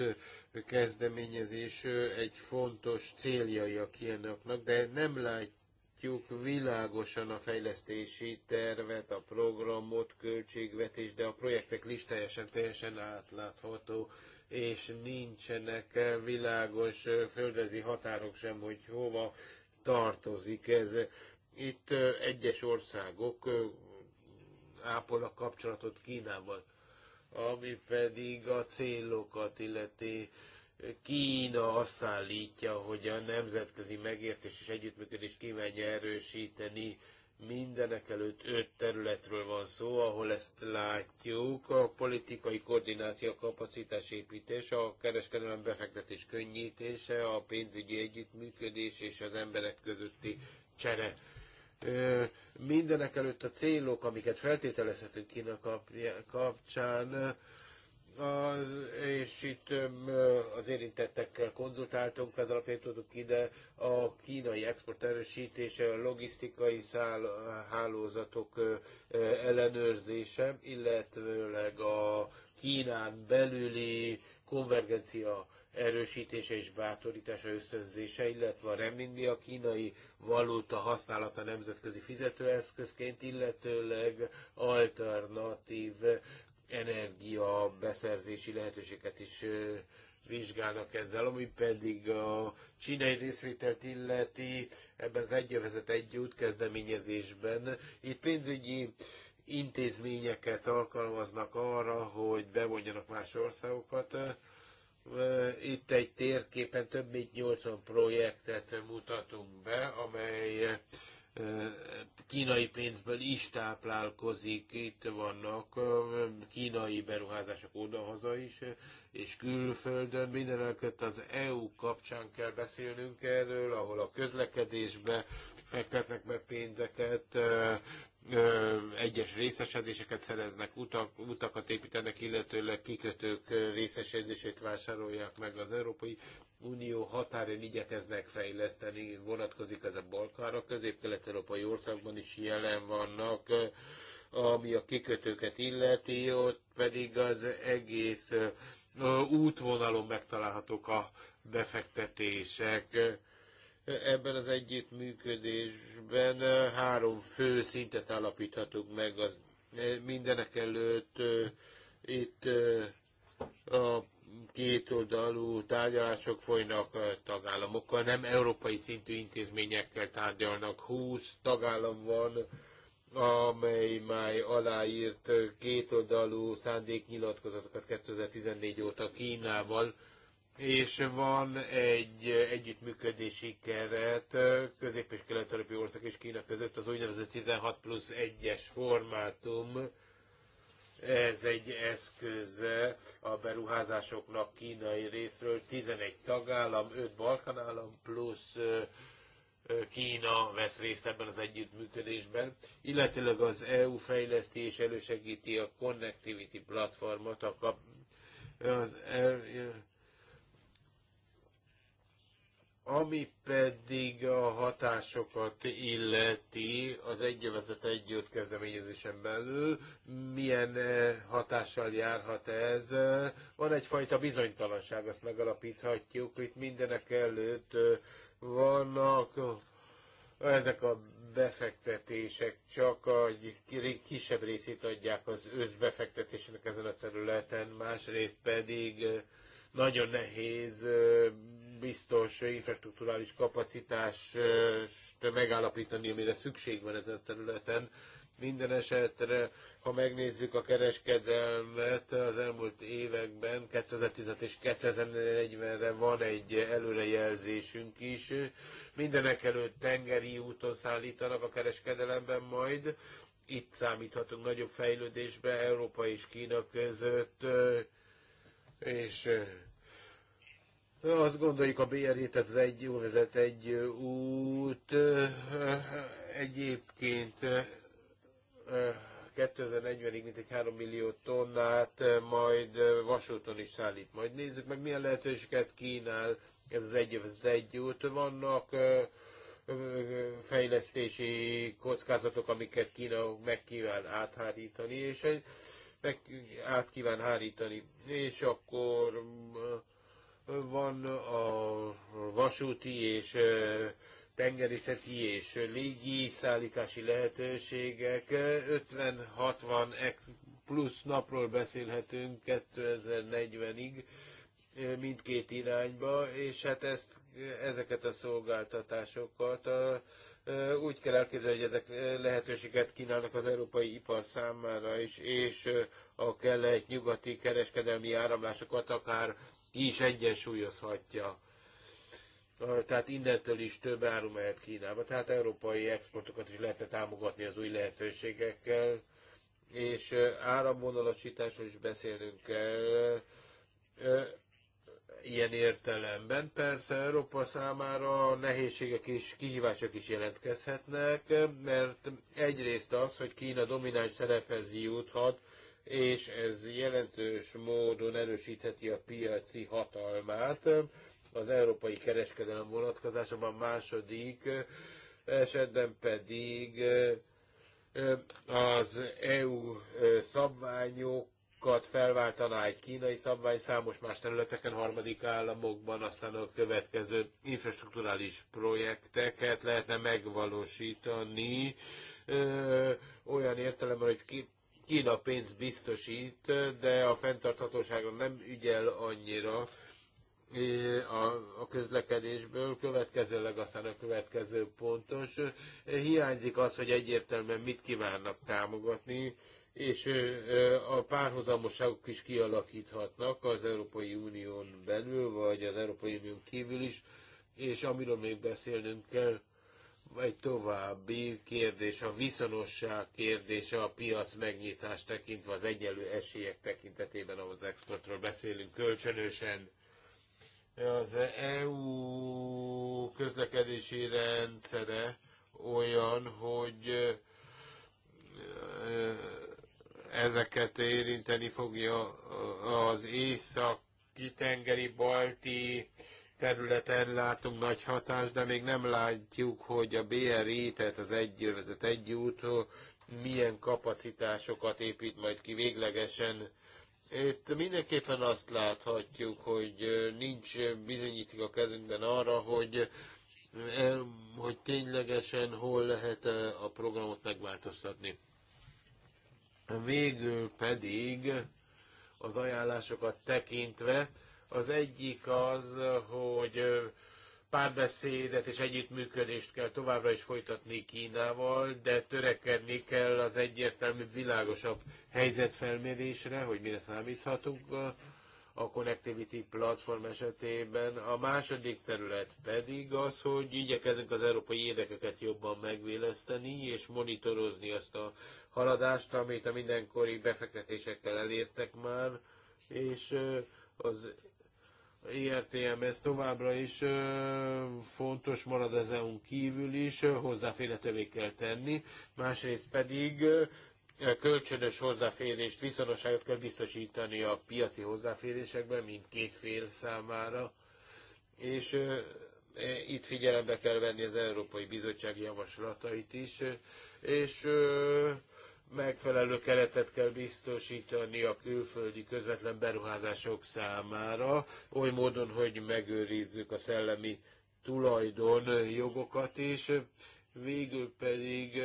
kezdeményezés egy fontos céljai a kienaknak, de nem látjuk világosan a fejlesztési tervet, a programot, költségvetés, de a projektek listája sem teljesen átlátható, és nincsenek világos földrezi határok sem, hogy hova tartozik ez. Itt egyes országok ápol a kapcsolatot Kínával. Ami pedig a célokat illeti, Kína azt állítja, hogy a nemzetközi megértés és együttműködés kívánja erősíteni. Mindenek előtt öt területről van szó, ahol ezt látjuk. A politikai koordináció, kapacitás építése, a kereskedelem befektetés könnyítése, a pénzügyi együttműködés és az emberek közötti csere mindenek előtt a célok, amiket feltételezhetünk Kína kapcsán, az, és itt az érintettekkel konzultáltunk, ez alapján tudunk ide a kínai export erősítése, a logisztikai száll, hálózatok ellenőrzése, illetőleg a Kínán belüli konvergencia erősítése és bátorítása, ösztönzése, illetve a renminbi a kínai valuta használata nemzetközi fizetőeszközként, illetőleg alternatív energia beszerzési lehetőséget is vizsgálnak ezzel, ami pedig a csinai részvételt illeti ebben az egyövezet egy út kezdeményezésben. Itt pénzügyi intézményeket alkalmaznak arra, hogy bevonjanak más országokat. Itt egy térképen több mint 80 projektet mutatunk be, amely kínai pénzből is táplálkozik, itt vannak kínai beruházások odahaza is, és külföldön mindenelkött az EU kapcsán kell beszélnünk erről, ahol a közlekedésbe fektetnek be pénzeket, egyes részesedéseket szereznek, utak, utakat építenek, illetőleg kikötők részesedését vásárolják meg az Európai Unió határin igyekeznek fejleszteni, vonatkozik ez a Balkára, közép-kelet-európai országban is jelen vannak, ami a kikötőket illeti, ott pedig az egész útvonalon megtalálhatók a befektetések Ebben az együttműködésben három fő szintet állapíthatunk meg. Az, mindenek előtt itt a kétoldalú tárgyalások folynak tagállamokkal, nem európai szintű intézményekkel tárgyalnak. 20 tagállam van, amely már aláírt kétoldalú szándéknyilatkozatokat 2014 óta Kínával és van egy együttműködési keret közép- és kelet-európai ország és Kína között az úgynevezett 16 plusz 1-es formátum. Ez egy eszköz a beruházásoknak kínai részről. 11 tagállam, 5 balkanállam plusz Kína vesz részt ebben az együttműködésben, illetőleg az EU fejleszti és elősegíti a Connectivity platformot, a kap, az, e ami pedig a hatásokat illeti az egyövezet együtt kezdeményezésen belül, milyen eh, hatással járhat ez? Van egyfajta bizonytalanság, azt megalapíthatjuk. Itt mindenek előtt eh, vannak eh, ezek a befektetések csak a kisebb részét adják az összbefektetésének ezen a területen, másrészt pedig nagyon nehéz biztos infrastruktúrális kapacitást megállapítani, amire szükség van ezen a területen. Minden esetre, ha megnézzük a kereskedelmet az elmúlt években, 2015 és 2040-re van egy előrejelzésünk is. Mindenek előtt tengeri úton szállítanak a kereskedelemben majd. Itt számíthatunk nagyobb fejlődésbe Európa és Kína között, és azt gondoljuk a BRI, e, tehát az egy vezet egy út eh, egyébként 2040-ig eh, mintegy 3 millió tonnát, eh, majd vasúton is szállít. Majd nézzük meg, milyen lehetőséget kínál ez az egyövezet egy út. Vannak fejlesztési kockázatok, amiket Kína meg kíván áthárítani, és meg át kíván hárítani, és akkor mm, van a vasúti és tengerészeti és légi szállítási lehetőségek. 50-60 plusz napról beszélhetünk 2040-ig mindkét irányba, és hát ezt, ezeket a szolgáltatásokat a, úgy kell elképzelni, hogy ezek lehetőséget kínálnak az európai ipar számára is, és a kellett nyugati kereskedelmi áramlásokat akár ki is egyensúlyozhatja. Tehát innentől is több áru mehet Kínába. Tehát európai exportokat is lehetne támogatni az új lehetőségekkel, és áramvonalasításról is beszélnünk kell ilyen értelemben. Persze Európa számára nehézségek és kihívások is jelentkezhetnek, mert egyrészt az, hogy Kína domináns szerephez juthat, és ez jelentős módon erősítheti a piaci hatalmát. Az európai kereskedelem vonatkozásában második esetben pedig az EU szabványok felváltaná egy kínai szabvány számos más területeken, harmadik államokban, aztán a következő infrastruktúrális projekteket lehetne megvalósítani ö, olyan értelemben, hogy ki, Kína pénzt biztosít, de a fenntarthatóságra nem ügyel annyira a közlekedésből, következőleg aztán a következő pontos. Hiányzik az, hogy egyértelműen mit kívánnak támogatni, és a párhuzamosságok is kialakíthatnak az Európai Unión belül, vagy az Európai Unión kívül is, és amiről még beszélnünk kell, egy további kérdés, a viszonosság kérdése a piac megnyitás tekintve, az egyenlő esélyek tekintetében, ahol az exportról beszélünk kölcsönösen. Az EU közlekedési rendszere olyan, hogy ezeket érinteni fogja az északi tengeri balti területen látunk nagy hatást, de még nem látjuk, hogy a BRI, tehát az egyövezet egy út, milyen kapacitásokat épít majd ki véglegesen. Itt mindenképpen azt láthatjuk, hogy nincs bizonyíték a kezünkben arra, hogy, hogy ténylegesen hol lehet a programot megváltoztatni. Végül pedig az ajánlásokat tekintve, az egyik az, hogy párbeszédet és együttműködést kell továbbra is folytatni Kínával, de törekedni kell az egyértelmű, világosabb helyzetfelmérésre, hogy mire számíthatunk a, Connectivity platform esetében. A második terület pedig az, hogy igyekezünk az európai érdekeket jobban megvéleszteni és monitorozni azt a haladást, amit a mindenkori befektetésekkel elértek már, és az IRTMS továbbra is ö, fontos marad az EU-n kívül is, hozzáférhetővé kell tenni, másrészt pedig ö, kölcsönös hozzáférést, viszonosságot kell biztosítani a piaci hozzáférésekben két fél számára, és ö, e, itt figyelembe kell venni az Európai Bizottság javaslatait is, és ö, megfelelő keretet kell biztosítani a külföldi közvetlen beruházások számára, oly módon, hogy megőrizzük a szellemi tulajdon jogokat, és végül pedig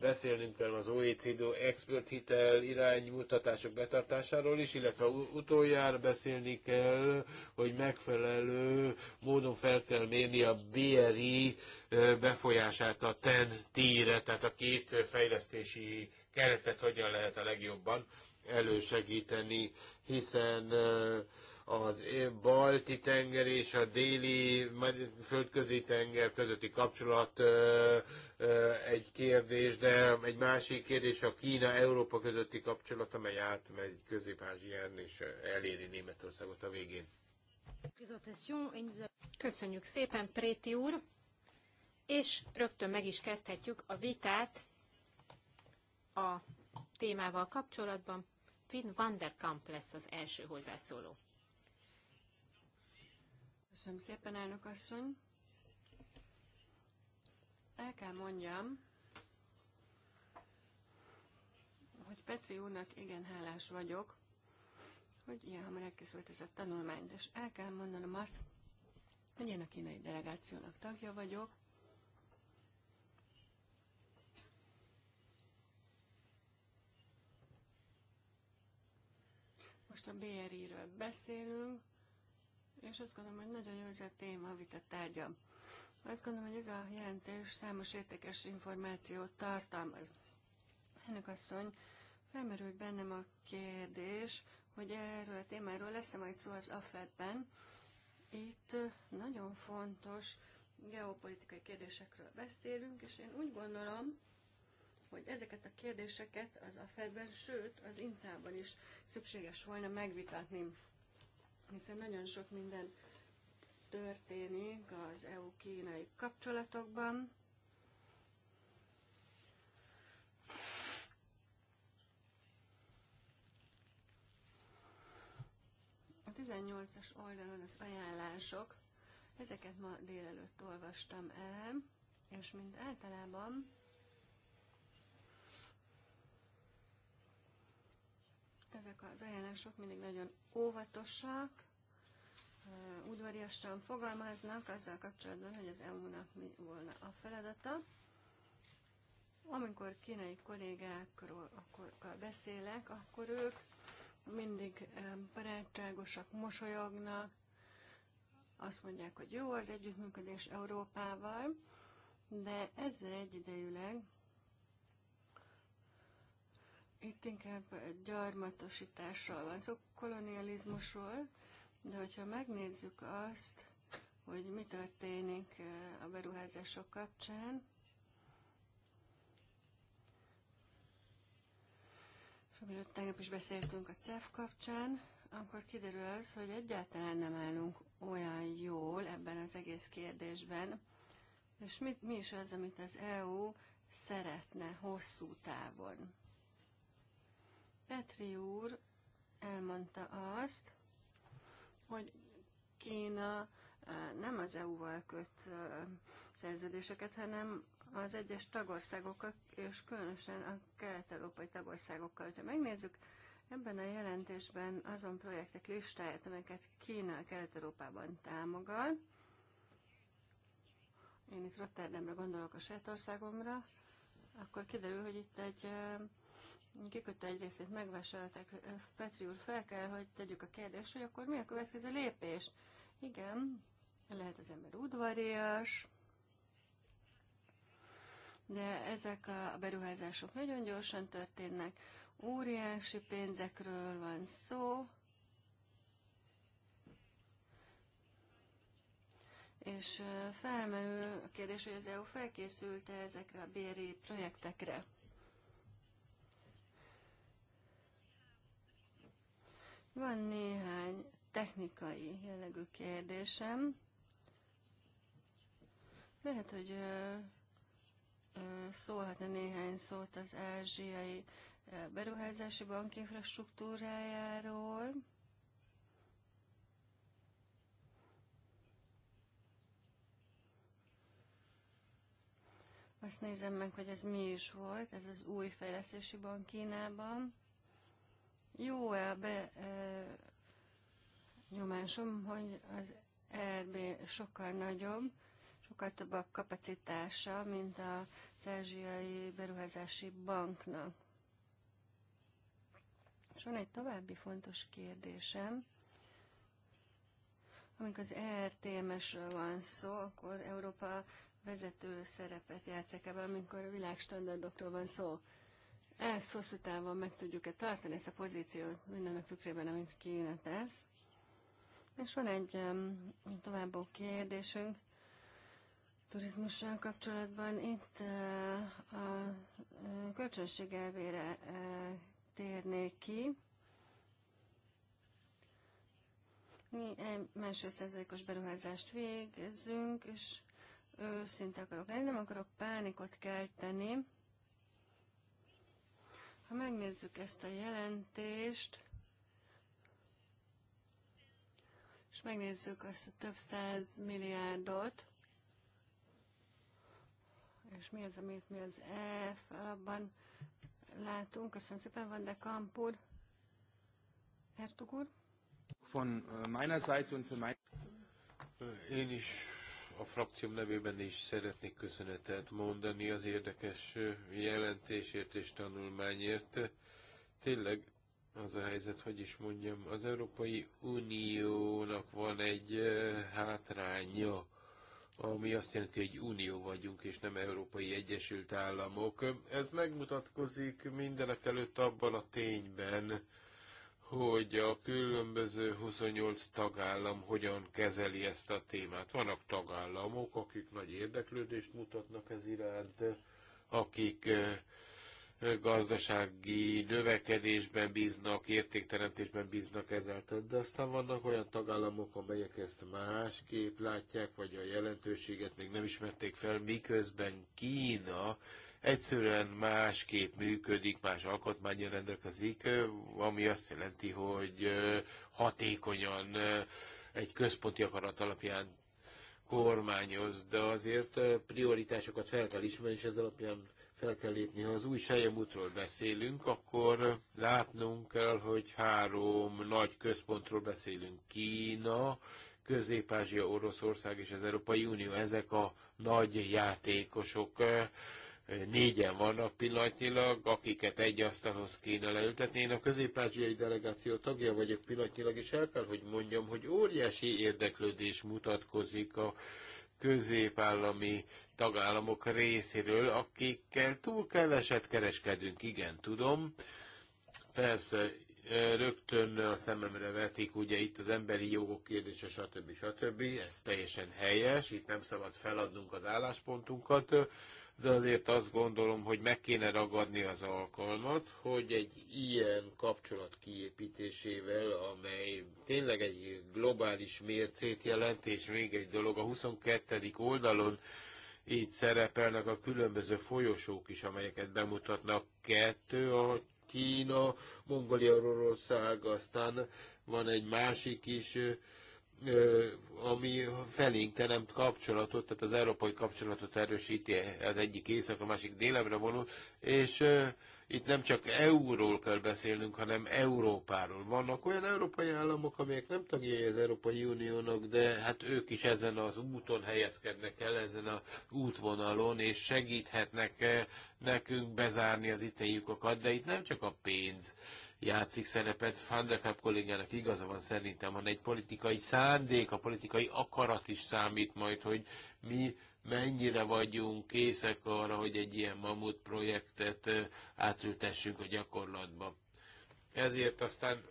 beszélnünk kell az OECD expert hitel iránymutatások betartásáról is, illetve utoljára beszélni kell, hogy megfelelő módon fel kell mérni a BRI befolyását a TEN-T-re, tehát a két fejlesztési keretet hogyan lehet a legjobban elősegíteni, hiszen az balti tenger és a déli földközi tenger közötti kapcsolat egy kérdés, de egy másik kérdés a Kína-Európa közötti kapcsolat, amely átmegy Közép-Ázsián és eléri Németországot a végén. Köszönjük szépen, Préti úr! És rögtön meg is kezdhetjük a vitát a témával kapcsolatban. Finn Vanderkamp lesz az első hozzászóló. Köszönöm szépen, elnök asszony. El kell mondjam, hogy Petri úrnak igen hálás vagyok, hogy ilyen hamar elkészült ez a tanulmány, és el kell mondanom azt, hogy én a kínai delegációnak tagja vagyok, Most a BRI-ről beszélünk, és azt gondolom, hogy nagyon jó ez a téma, a vita tárgya. Azt gondolom, hogy ez a jelentés számos értékes információt tartalmaz. Ennek asszony, felmerült bennem a kérdés, hogy erről a témáról lesz-e majd szó az AFED-ben. Itt nagyon fontos geopolitikai kérdésekről beszélünk, és én úgy gondolom, hogy ezeket a kérdéseket az AFED-ben, sőt az Intában is szükséges volna megvitatni hiszen nagyon sok minden történik az EU-kínai kapcsolatokban. A 18-as oldalon az ajánlások, ezeket ma délelőtt olvastam el, és mint általában ezek az ajánlások mindig nagyon óvatosak, udvariasan fogalmaznak azzal kapcsolatban, hogy az EU-nak mi volna a feladata. Amikor kínai kollégákról akkor beszélek, akkor ők mindig barátságosak, mosolyognak, azt mondják, hogy jó az együttműködés Európával, de ezzel egyidejűleg itt inkább gyarmatosításról van szó, kolonializmusról, de hogyha megnézzük azt, hogy mi történik eh, a beruházások kapcsán, és amiről tegnap is beszéltünk a CEF kapcsán, akkor kiderül az, hogy egyáltalán nem állunk olyan jól ebben az egész kérdésben, és mit, mi is az, amit az EU szeretne hosszú távon. Petri úr elmondta azt, hogy Kína eh, nem az EU-val köt eh, szerződéseket, hanem az egyes tagországokkal, és különösen a kelet-európai tagországokkal. Ha megnézzük ebben a jelentésben azon projektek listáját, amelyeket Kína kelet-európában támogat, én itt Rotterdamra gondolok a saját országomra, akkor kiderül, hogy itt egy eh, kikötő egy részét megvásárolták, Petri úr, fel kell, hogy tegyük a kérdést, hogy akkor mi a következő lépés? Igen, lehet az ember udvarias, de ezek a beruházások nagyon gyorsan történnek, óriási pénzekről van szó, és felmerül a kérdés, hogy az EU felkészült -e ezekre a béri projektekre. Van néhány technikai jellegű kérdésem. Lehet, hogy szólhatna néhány szót az ázsiai beruházási bank infrastruktúrájáról. Azt nézem meg, hogy ez mi is volt, ez az új fejlesztési bank Kínában jó elbe. nyomásom, hogy az ERB sokkal nagyobb, sokkal több a kapacitása, mint a Ázsiai Beruházási Banknak. És van egy további fontos kérdésem. Amikor az ERTMS-ről van szó, akkor Európa vezető szerepet játszik ebben, amikor a világstandardokról van szó ezt hosszú távon meg tudjuk-e tartani, ezt a pozíciót mindennek tükrében, amit Kína tesz. És van egy um, további kérdésünk turizmussal kapcsolatban. Itt uh, a eh, kölcsönség elvére uh, térnék ki. Mi egy másfél százalékos beruházást végzünk, és őszinte akarok lenni, nem akarok pánikot kelteni ha megnézzük ezt a jelentést, és megnézzük azt a több száz milliárdot, és mi az, amit mi az EF alapban látunk. Köszönöm szépen, Van de Kampur. Hertug úr? Von äh, meiner Seite und für mein... Én is a frakcióm nevében is szeretnék köszönetet mondani az érdekes jelentésért és tanulmányért. Tényleg az a helyzet, hogy is mondjam, az Európai Uniónak van egy hátránya, ami azt jelenti, hogy unió vagyunk, és nem Európai Egyesült Államok. Ez megmutatkozik mindenek előtt abban a tényben, hogy a különböző 28 tagállam hogyan kezeli ezt a témát. Vannak tagállamok, akik nagy érdeklődést mutatnak ez iránt, akik gazdasági növekedésben bíznak, értékteremtésben bíznak ezáltal, de aztán vannak olyan tagállamok, amelyek ezt másképp látják, vagy a jelentőséget még nem ismerték fel, miközben Kína egyszerűen másképp működik, más alkotmányra rendelkezik, ami azt jelenti, hogy hatékonyan egy központi akarat alapján kormányoz, de azért prioritásokat fel kell ismerni, és ez alapján fel kell lépni. Ha az új útról beszélünk, akkor látnunk kell, hogy három nagy központról beszélünk. Kína, Közép-Ázsia, Oroszország és az Európai Unió, ezek a nagy játékosok négyen vannak pillanatnyilag, akiket egy asztalhoz kéne leültetni. Én a közép delegáció tagja vagyok pillanatnyilag, és el kell, hogy mondjam, hogy óriási érdeklődés mutatkozik a középállami tagállamok részéről, akikkel túl keveset kereskedünk, igen, tudom. Persze, rögtön a szememre vetik, ugye itt az emberi jogok kérdése, stb. stb. Ez teljesen helyes, itt nem szabad feladnunk az álláspontunkat de azért azt gondolom, hogy meg kéne ragadni az alkalmat, hogy egy ilyen kapcsolat kiépítésével, amely tényleg egy globális mércét jelent, és még egy dolog, a 22. oldalon így szerepelnek a különböző folyosók is, amelyeket bemutatnak. Kettő a Kína, Mongolia, Oroszország, aztán van egy másik is, ami felénk teremt kapcsolatot, tehát az európai kapcsolatot erősíti az egyik észak, a másik délebre vonul, és itt nem csak euróról kell beszélnünk, hanem Európáról. Vannak olyan európai államok, amelyek nem tagjai az Európai Uniónak, de hát ők is ezen az úton helyezkednek el, ezen a útvonalon, és segíthetnek nekünk bezárni az itt de itt nem csak a pénz játszik szerepet. Kapp kollégának igaza van szerintem, hanem egy politikai szándék, a politikai akarat is számít majd, hogy mi mennyire vagyunk készek arra, hogy egy ilyen mamut projektet átültessünk a gyakorlatba. Ezért aztán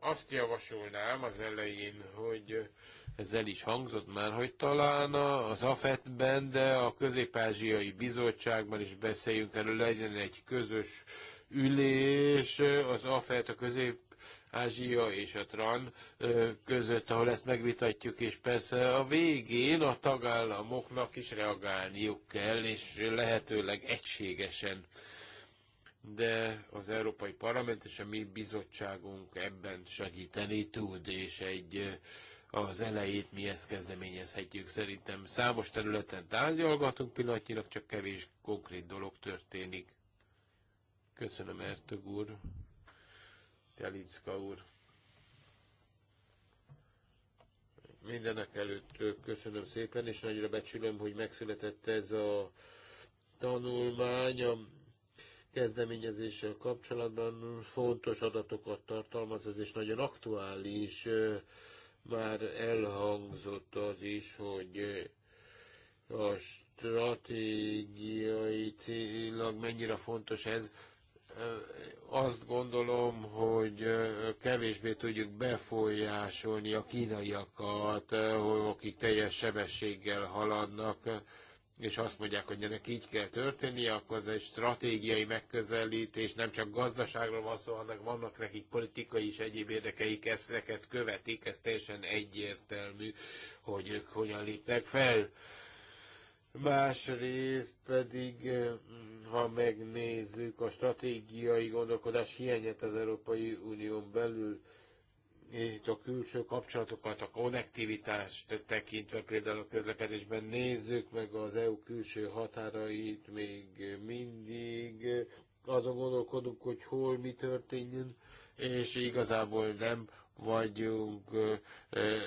azt javasolnám az elején, hogy ezzel is hangzott már, hogy talán az AFET-ben, de a Közép-Ázsiai Bizottságban is beszéljünk erről, legyen egy közös ülés az AFET, a közép Ázsia és a TRAN között, ahol ezt megvitatjuk, és persze a végén a tagállamoknak is reagálniuk kell, és lehetőleg egységesen. De az Európai Parlament és a mi bizottságunk ebben segíteni tud, és egy az elejét mi ezt kezdeményezhetjük. Szerintem számos területen tárgyalgatunk, pillanatnyilag csak kevés konkrét dolog történik. Köszönöm, Ertög úr, Telicka úr. Mindenek előtt köszönöm szépen, és nagyra becsülöm, hogy megszületett ez a tanulmány a kezdeményezéssel kapcsolatban. Fontos adatokat tartalmaz, ez és nagyon aktuális. Már elhangzott az is, hogy a stratégiai célag mennyire fontos ez azt gondolom, hogy kevésbé tudjuk befolyásolni a kínaiakat, akik teljes sebességgel haladnak, és azt mondják, hogy ennek így kell történnie, akkor ez egy stratégiai megközelítés, nem csak gazdaságról van szó, hanem vannak nekik politikai és egyéb érdekeik, ezt követik, ez teljesen egyértelmű, hogy ők hogyan lépnek fel Másrészt pedig, eh, ha megnézzük a stratégiai gondolkodás hiányát az Európai Unión belül, itt a külső kapcsolatokat, a konnektivitást tekintve például a közlekedésben nézzük meg az EU külső határait, még mindig azon gondolkodunk, hogy hol mi történjen, és igazából nem vagyunk eh, eh,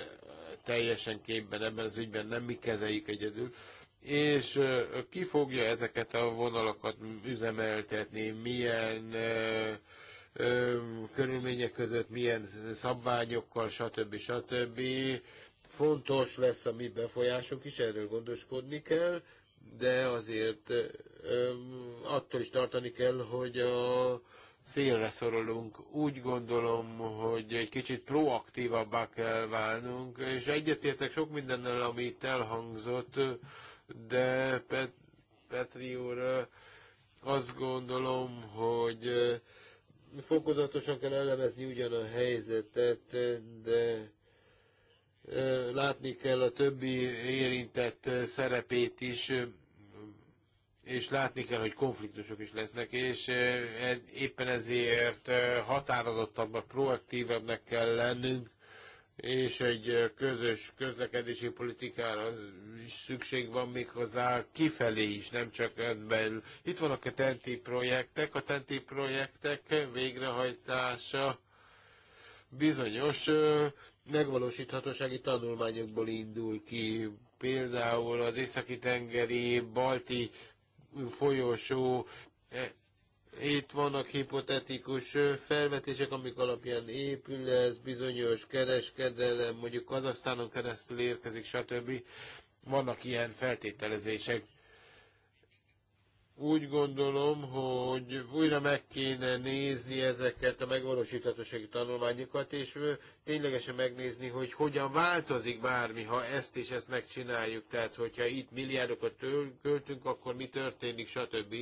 teljesen képben ebben az ügyben, nem mi kezeljük egyedül és ki fogja ezeket a vonalakat üzemeltetni, milyen ö, ö, körülmények között, milyen szabványokkal, stb. stb. Fontos lesz a mi befolyásunk is, erről gondoskodni kell, de azért ö, attól is tartani kell, hogy a szélre szorulunk. Úgy gondolom, hogy egy kicsit proaktívabbá kell válnunk, és egyetértek sok mindennel, amit elhangzott, de Pet, Petri úr azt gondolom, hogy fokozatosan kell elemezni ugyan a helyzetet, de látni kell a többi érintett szerepét is, és látni kell, hogy konfliktusok is lesznek, és e, éppen ezért határozottabbnak, proaktívebbnek kell lennünk, és egy közös közlekedési politikára is szükség van méghozzá kifelé is, nem csak belül. Itt vannak a tenti projektek, a tenti projektek végrehajtása bizonyos megvalósíthatósági tanulmányokból indul ki. Például az északi tengeri, balti folyosó itt vannak hipotetikus felvetések, amik alapján épül ez, bizonyos kereskedelem, mondjuk Kazasztánon keresztül érkezik, stb. Vannak ilyen feltételezések. Úgy gondolom, hogy újra meg kéne nézni ezeket a megvalósíthatósági tanulmányokat, és ténylegesen megnézni, hogy hogyan változik bármi, ha ezt és ezt megcsináljuk. Tehát, hogyha itt milliárdokat költünk, akkor mi történik, stb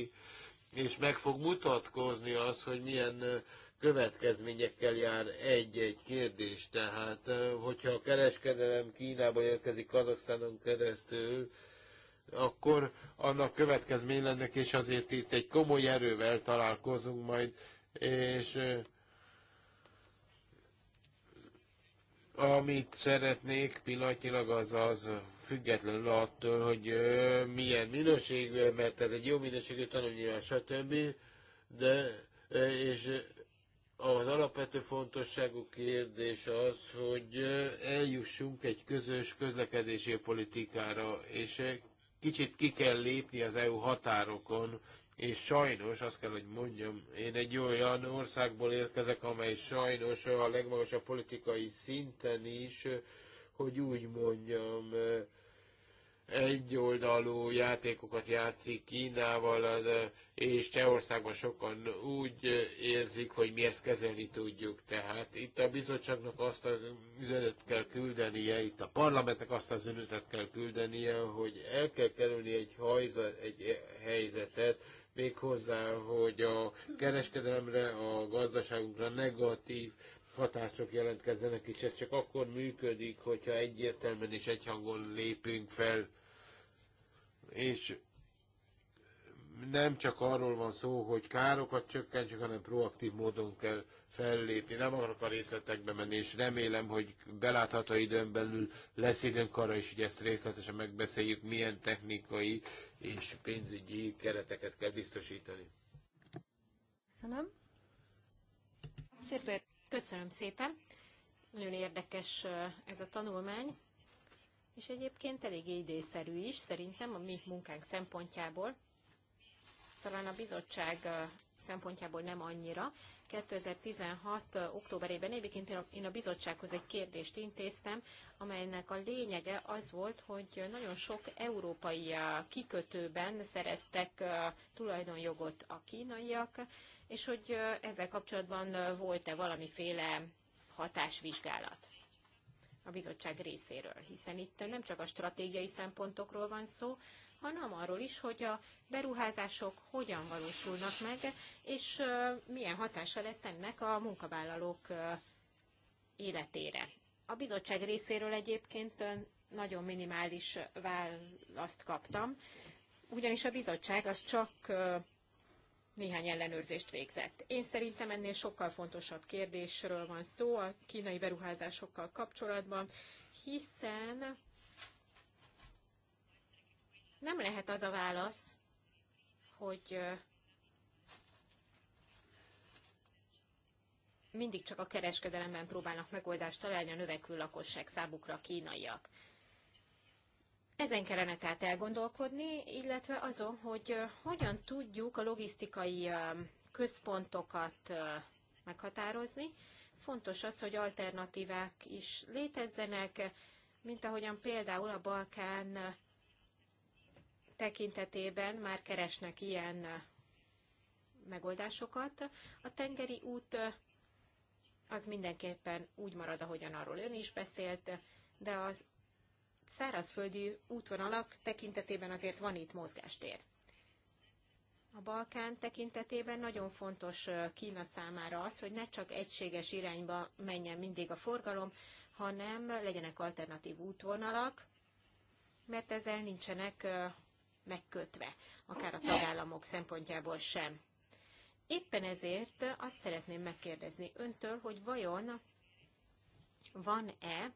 és meg fog mutatkozni az, hogy milyen következményekkel jár egy-egy kérdés. Tehát, hogyha a kereskedelem Kínába érkezik Kazaksztánon keresztül, akkor annak következmény lennek, és azért itt egy komoly erővel találkozunk majd, és Amit szeretnék pillanatnyilag az az, függetlenül attól, hogy ö, milyen minőségű, mert ez egy jó minőségű tanulmány, stb. De, ö, és az alapvető fontosságú kérdés az, hogy eljussunk egy közös közlekedési politikára, és kicsit ki kell lépni az EU határokon, és sajnos azt kell, hogy mondjam, én egy olyan országból érkezek, amely sajnos a legmagasabb politikai szinten is, hogy úgy mondjam, egyoldalú játékokat játszik Kínával, és Csehországban sokan úgy érzik, hogy mi ezt kezelni tudjuk. Tehát itt a bizottságnak azt az üzenet kell küldenie, itt a parlamentnek azt az üzenetet kell küldenie, hogy el kell kerülni egy, hajza, egy helyzetet, méghozzá, hogy a kereskedelemre, a gazdaságunkra negatív hatások jelentkezzenek, és ez csak akkor működik, hogyha egyértelműen és egyhangon lépünk fel. És nem csak arról van szó, hogy károkat csökkentsük, hanem proaktív módon kell fellépni. Nem akarok a részletekbe menni, és remélem, hogy belátható időn belül lesz időnk arra is, hogy ezt részletesen megbeszéljük, milyen technikai és pénzügyi kereteket kell biztosítani. Köszönöm. Szépen. Köszönöm szépen. Nagyon érdekes ez a tanulmány, és egyébként eléggé idészerű is, szerintem a mi munkánk szempontjából talán a bizottság szempontjából nem annyira. 2016. októberében egyébként én a bizottsághoz egy kérdést intéztem, amelynek a lényege az volt, hogy nagyon sok európai kikötőben szereztek tulajdonjogot a kínaiak, és hogy ezzel kapcsolatban volt-e valamiféle hatásvizsgálat a bizottság részéről, hiszen itt nem csak a stratégiai szempontokról van szó, hanem arról is, hogy a beruházások hogyan valósulnak meg, és milyen hatása lesz ennek a munkavállalók életére. A bizottság részéről egyébként nagyon minimális választ kaptam, ugyanis a bizottság az csak néhány ellenőrzést végzett. Én szerintem ennél sokkal fontosabb kérdésről van szó a kínai beruházásokkal kapcsolatban, hiszen nem lehet az a válasz, hogy mindig csak a kereskedelemben próbálnak megoldást találni a növekvő lakosság számukra a kínaiak. Ezen kellene tehát elgondolkodni, illetve azon, hogy hogyan tudjuk a logisztikai központokat meghatározni. Fontos az, hogy alternatívák is létezzenek, mint ahogyan például a Balkán tekintetében már keresnek ilyen megoldásokat. A tengeri út az mindenképpen úgy marad, ahogyan arról ön is beszélt, de az szárazföldi útvonalak tekintetében azért van itt mozgástér. A Balkán tekintetében nagyon fontos Kína számára az, hogy ne csak egységes irányba menjen mindig a forgalom, hanem legyenek alternatív útvonalak, mert ezzel nincsenek megkötve, akár a tagállamok szempontjából sem. Éppen ezért azt szeretném megkérdezni öntől, hogy vajon van-e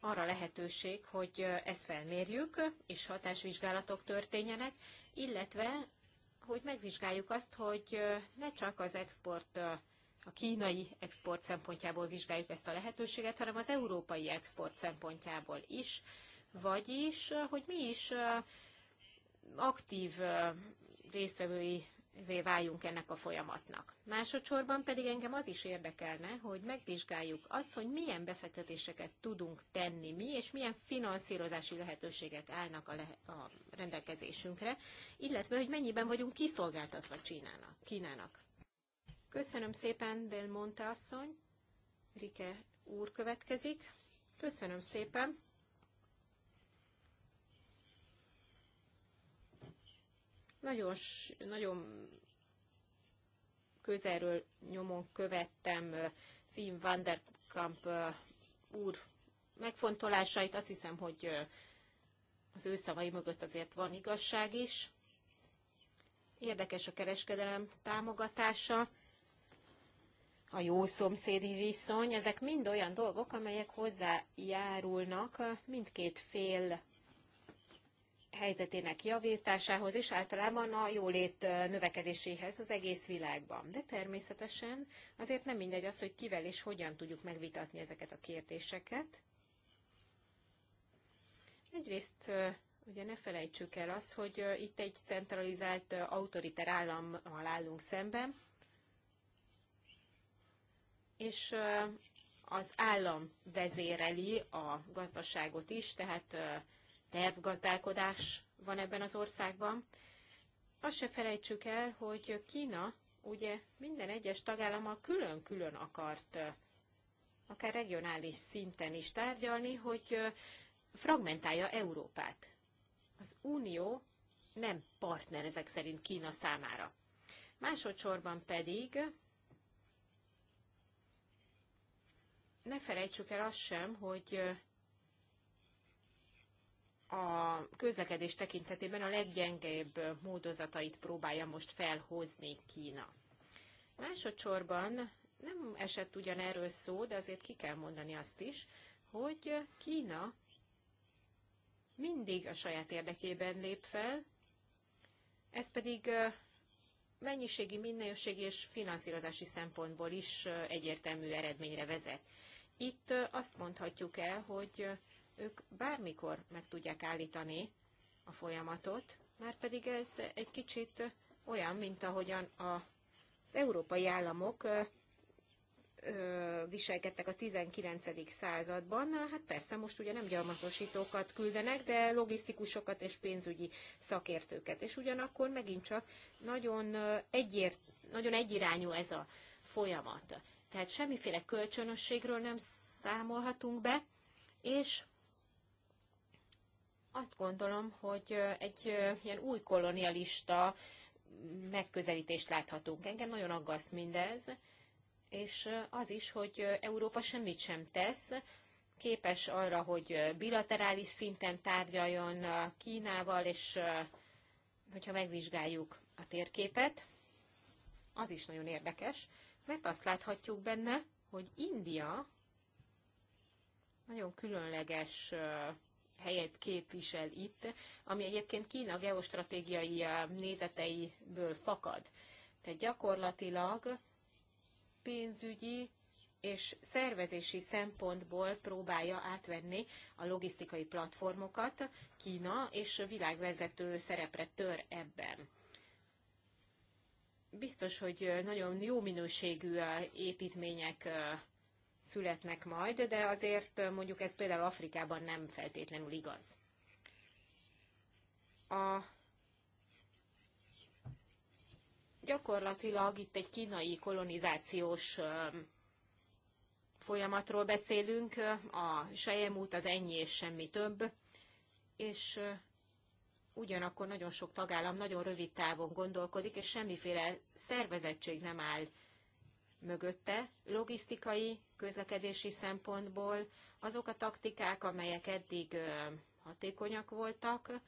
arra lehetőség, hogy ezt felmérjük, és hatásvizsgálatok történjenek, illetve hogy megvizsgáljuk azt, hogy ne csak az export, a kínai export szempontjából vizsgáljuk ezt a lehetőséget, hanem az európai export szempontjából is, vagyis, hogy mi is aktív résztvevői váljunk ennek a folyamatnak. Másodszorban pedig engem az is érdekelne, hogy megvizsgáljuk azt, hogy milyen befektetéseket tudunk tenni mi, és milyen finanszírozási lehetőségek állnak a, le- a rendelkezésünkre, illetve hogy mennyiben vagyunk kiszolgáltatva Kínának. Kínának. Köszönöm szépen, Del Monte asszony. Rike úr következik. Köszönöm szépen. Nagyon, nagyon közelről nyomon követtem Finn van der Kamp úr megfontolásait. Azt hiszem, hogy az ő szavai mögött azért van igazság is. Érdekes a kereskedelem támogatása, a jó szomszédi viszony, ezek mind olyan dolgok, amelyek hozzájárulnak mindkét fél helyzetének javításához és általában a jólét növekedéséhez az egész világban. De természetesen azért nem mindegy az, hogy kivel és hogyan tudjuk megvitatni ezeket a kérdéseket. Egyrészt ugye ne felejtsük el azt, hogy itt egy centralizált autoriter állammal állunk szemben, és az állam vezéreli a gazdaságot is, tehát tervgazdálkodás van ebben az országban. Azt se felejtsük el, hogy Kína ugye minden egyes tagállama külön-külön akart akár regionális szinten is tárgyalni, hogy fragmentálja Európát. Az Unió nem partner ezek szerint Kína számára. Másodszorban pedig ne felejtsük el azt sem, hogy a közlekedés tekintetében a leggyengébb módozatait próbálja most felhozni Kína. Másodszorban nem esett ugyan erről szó, de azért ki kell mondani azt is, hogy Kína mindig a saját érdekében lép fel, ez pedig mennyiségi, minőségi és finanszírozási szempontból is egyértelmű eredményre vezet. Itt azt mondhatjuk el, hogy ők bármikor meg tudják állítani a folyamatot, már pedig ez egy kicsit olyan, mint ahogyan az európai államok viselkedtek a 19. században. Hát persze, most ugye nem gyarmatosítókat küldenek, de logisztikusokat és pénzügyi szakértőket. És ugyanakkor megint csak nagyon, egyért, nagyon egyirányú ez a folyamat. Tehát semmiféle kölcsönösségről nem számolhatunk be, és azt gondolom, hogy egy ilyen új kolonialista megközelítést láthatunk. Engem nagyon aggaszt mindez, és az is, hogy Európa semmit sem tesz, képes arra, hogy bilaterális szinten tárgyaljon Kínával, és hogyha megvizsgáljuk a térképet, az is nagyon érdekes, mert azt láthatjuk benne, hogy India nagyon különleges helyet képvisel itt, ami egyébként Kína geostratégiai eh, nézeteiből fakad. Tehát gyakorlatilag pénzügyi és szervezési szempontból próbálja átvenni a logisztikai platformokat Kína, és világvezető szerepre tör ebben biztos, hogy eh, nagyon jó minőségű eh, építmények születnek majd, de azért mondjuk ez például Afrikában nem feltétlenül igaz. A gyakorlatilag itt egy kínai kolonizációs folyamatról beszélünk, a sejemút az ennyi és semmi több, és ugyanakkor nagyon sok tagállam nagyon rövid távon gondolkodik, és semmiféle szervezettség nem áll mögötte logisztikai, közlekedési szempontból azok a taktikák, amelyek eddig hatékonyak voltak,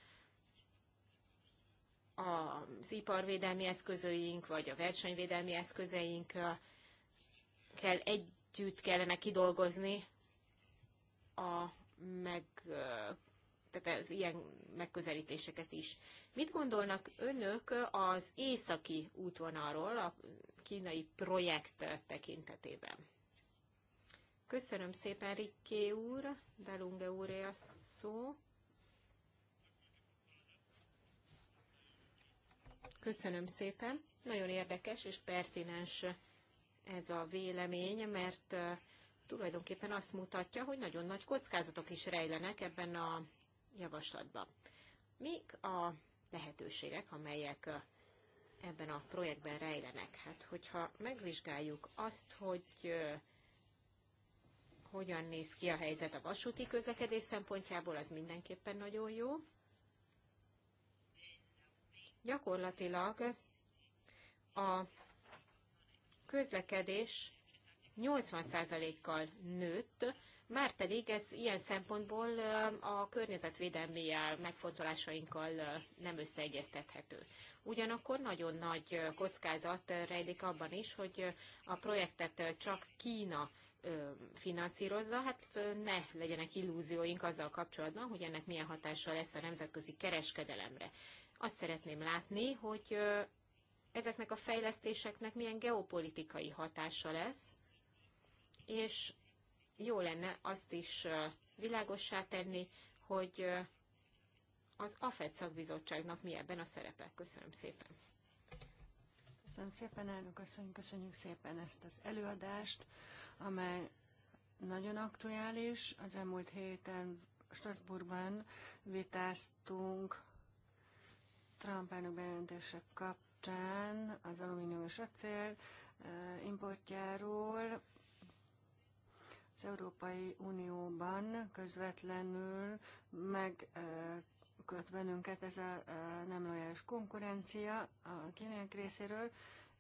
az iparvédelmi eszközöink, vagy a versenyvédelmi eszközeink kell együtt kellene kidolgozni a meg, tehát az ilyen megközelítéseket is. Mit gondolnak önök az északi útvonalról, kínai projekt tekintetében. Köszönöm szépen, Rikké úr, Belunge úré a szó. Köszönöm szépen. Nagyon érdekes és pertinens ez a vélemény, mert tulajdonképpen azt mutatja, hogy nagyon nagy kockázatok is rejlenek ebben a javaslatban. Mik a lehetőségek, amelyek ebben a projektben rejlenek. Hát, hogyha megvizsgáljuk azt, hogy hogyan néz ki a helyzet a vasúti közlekedés szempontjából, az mindenképpen nagyon jó. Gyakorlatilag a közlekedés 80%-kal nőtt, már pedig ez ilyen szempontból a környezetvédelmi megfontolásainkkal nem összeegyeztethető. Ugyanakkor nagyon nagy kockázat rejlik abban is, hogy a projektet csak Kína finanszírozza, hát ne legyenek illúzióink azzal kapcsolatban, hogy ennek milyen hatással lesz a nemzetközi kereskedelemre. Azt szeretném látni, hogy ezeknek a fejlesztéseknek milyen geopolitikai hatása lesz, és jó lenne azt is világossá tenni, hogy az AFED szakbizottságnak mi ebben a szerepe. Köszönöm szépen. Köszönöm szépen, elnök asszony, köszönjük szépen ezt az előadást, amely nagyon aktuális. Az elmúlt héten Strasbourgban vitáztunk Trump elnök bejelentése kapcsán az alumínium és acél eh, importjáról. Az Európai Unióban közvetlenül meg eh, köt bennünket ez a, nem lojális konkurencia a kínaiak részéről,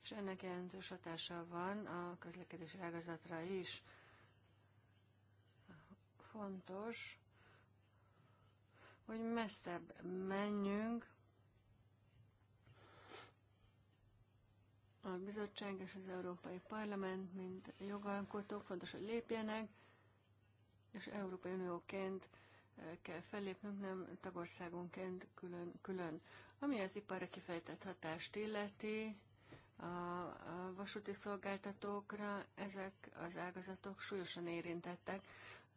és ennek jelentős hatása van a közlekedési ágazatra is. Fontos, hogy messzebb menjünk a bizottság és az Európai Parlament, mint jogalkotók, fontos, hogy lépjenek, és Európai Unióként kell fellépnünk, nem tagországonként külön-külön. Ami az iparra kifejtett hatást illeti, a, a vasúti szolgáltatókra ezek az ágazatok súlyosan érintettek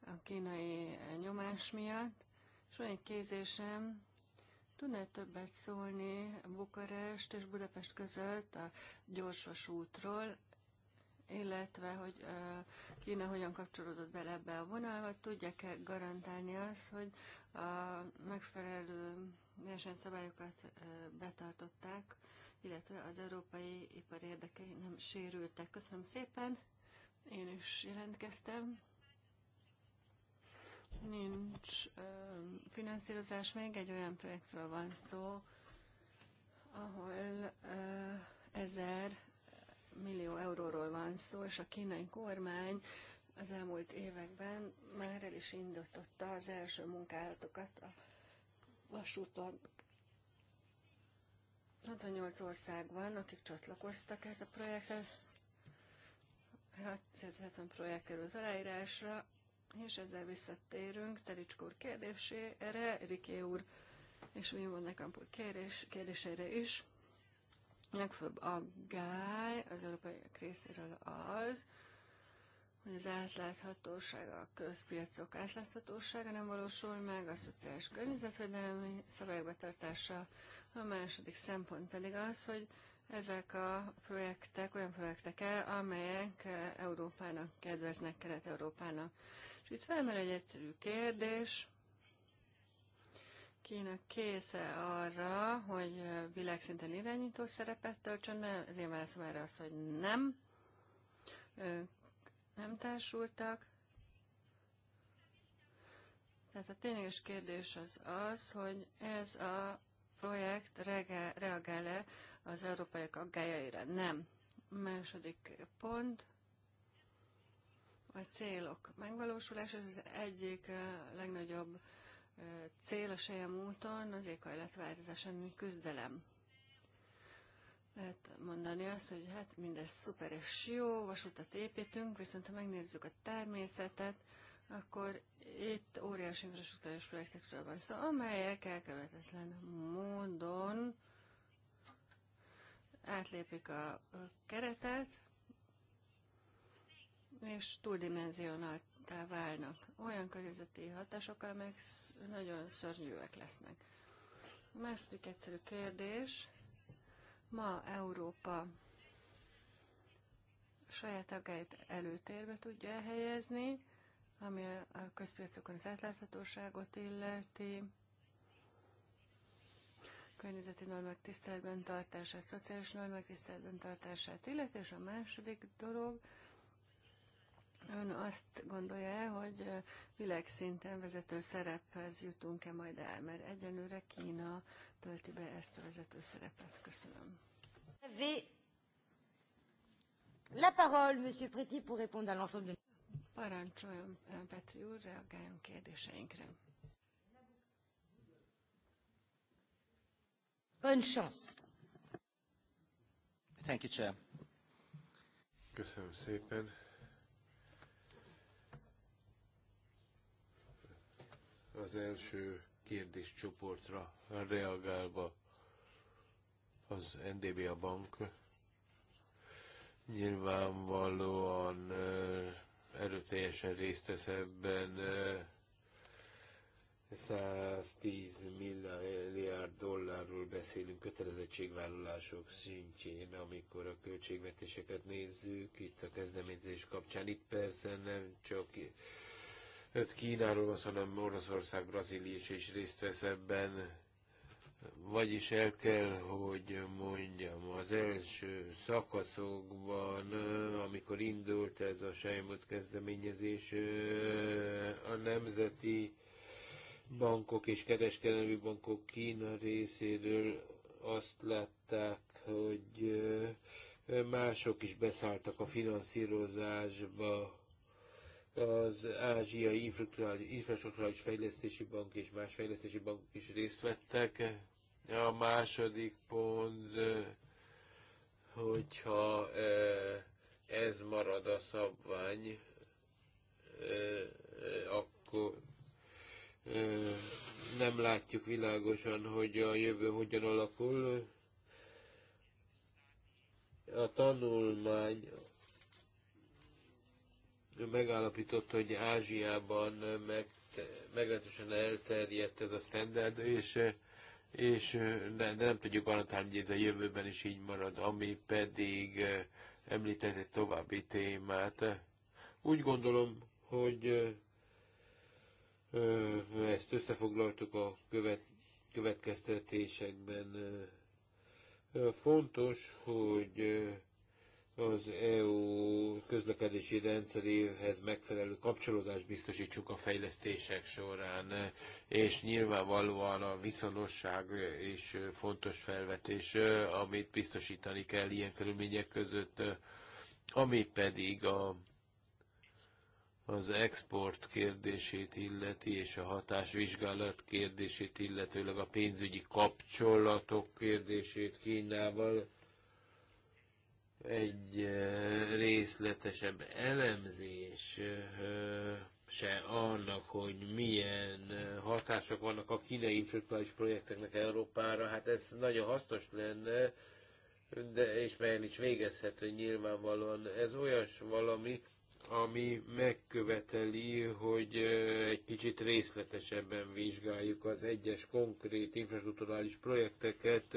a kínai nyomás miatt, és van egy kézésem, tudnál többet szólni Bukarest és Budapest között a gyorsvasútról, illetve hogy Kína hogyan kapcsolódott bele ebbe a vonalba, tudják-e garantálni azt, hogy a megfelelő versenyszabályokat betartották, illetve az európai ipar érdekei nem sérültek. Köszönöm szépen, én is jelentkeztem. Nincs finanszírozás, még egy olyan projektről van szó, ahol ezer millió euróról van szó, és a kínai kormány az elmúlt években már el is indította az első munkálatokat a vasúton. 68 ország van, akik csatlakoztak ez a projekthez. 670 projekt került aláírásra, és ezzel visszatérünk Tericskó úr kérdésére, Riké úr és Wim van kérdés, kérdésére is legfőbb aggály az európaiak részéről az, hogy az átláthatóság, a közpiacok átláthatósága nem valósul meg, a szociális környezetvédelmi szabályok betartása, a második szempont pedig az, hogy ezek a projektek olyan projektek el, amelyek Európának kedveznek, Kelet-Európának. És itt felmer egy egyszerű kérdés, kinek késze arra, hogy világszinten irányító szerepet töltsön mert Az én válaszom erre az, hogy nem. Ők nem társultak. Tehát a tényleges kérdés az az, hogy ez a projekt reagál-e az európaiak aggájaira? Nem. A második pont, a célok megvalósulása, az egyik legnagyobb cél a Sejem úton az éghajlatváltozás elleni küzdelem. Lehet mondani azt, hogy hát mindez szuper és jó, vasutat építünk, viszont ha megnézzük a természetet, akkor itt óriási infrastruktúrás projektekről van szó, amelyek elkerülhetetlen módon átlépik a keretet, és túldimenzionáltá válnak olyan környezeti hatásokkal, amelyek nagyon szörnyűek lesznek. A második egyszerű kérdés, Ma Európa saját tagjait előtérbe tudja helyezni, ami a közpiacokon az átláthatóságot illeti, környezeti normák tiszteletben tartását, szociális normák tiszteletben tartását illeti, és a második dolog, Ön azt gondolja el, hogy világszinten vezető szerephez jutunk-e majd el? Mert egyenlőre Kína tölti be ezt a vezető szerepet. Köszönöm. La parole, Monsieur Preti, pour répondre à l'ensemble de... Parancsoljon, Petri úr, reagáljon kérdéseinkre. Bonne chance. Thank you, Chair. Köszönöm szépen. az első kérdéscsoportra reagálva az NDB a bank nyilvánvalóan eh, erőteljesen részt vesz ebben 110 eh, milliárd dollárról beszélünk kötelezettségvállalások szintjén, amikor a költségvetéseket nézzük itt a kezdeményezés kapcsán. Itt persze nem csak öt hát Kínáról van, hanem Oroszország, Brazília is, részt vesz ebben. Vagyis el kell, hogy mondjam, az első szakaszokban, amikor indult ez a Sejmut kezdeményezés, a nemzeti bankok és kereskedelmi bankok Kína részéről azt látták, hogy mások is beszálltak a finanszírozásba, az Ázsiai Infrastruktúrális Fejlesztési Bank és más fejlesztési bank is részt vettek. A második pont, hogyha e, ez marad a szabvány, e, e, akkor nem látjuk világosan, hogy a jövő hogyan alakul. A tanulmány megállapította, hogy Ázsiában meg, meglehetősen elterjedt ez a standard, és, és de, de nem tudjuk garantálni, hogy ez a jövőben is így marad, ami pedig eh, említett egy további témát. Úgy gondolom, hogy eh, ezt összefoglaltuk a követ, következtetésekben. Eh, fontos, hogy az EU közlekedési rendszeréhez megfelelő kapcsolódást biztosítsuk a fejlesztések során, és nyilvánvalóan a viszonosság is fontos felvetés, amit biztosítani kell ilyen körülmények között, ami pedig a, az export kérdését illeti, és a hatásvizsgálat kérdését, illetőleg a pénzügyi kapcsolatok kérdését Kínával, egy részletesebb elemzés se annak, hogy milyen hatások vannak a kínai infrastruktúrális projekteknek Európára, hát ez nagyon hasznos lenne, de, és meg is végezhető nyilvánvalóan. Ez olyas valami, ami megköveteli, hogy egy kicsit részletesebben vizsgáljuk az egyes konkrét infrastruktúrális projekteket,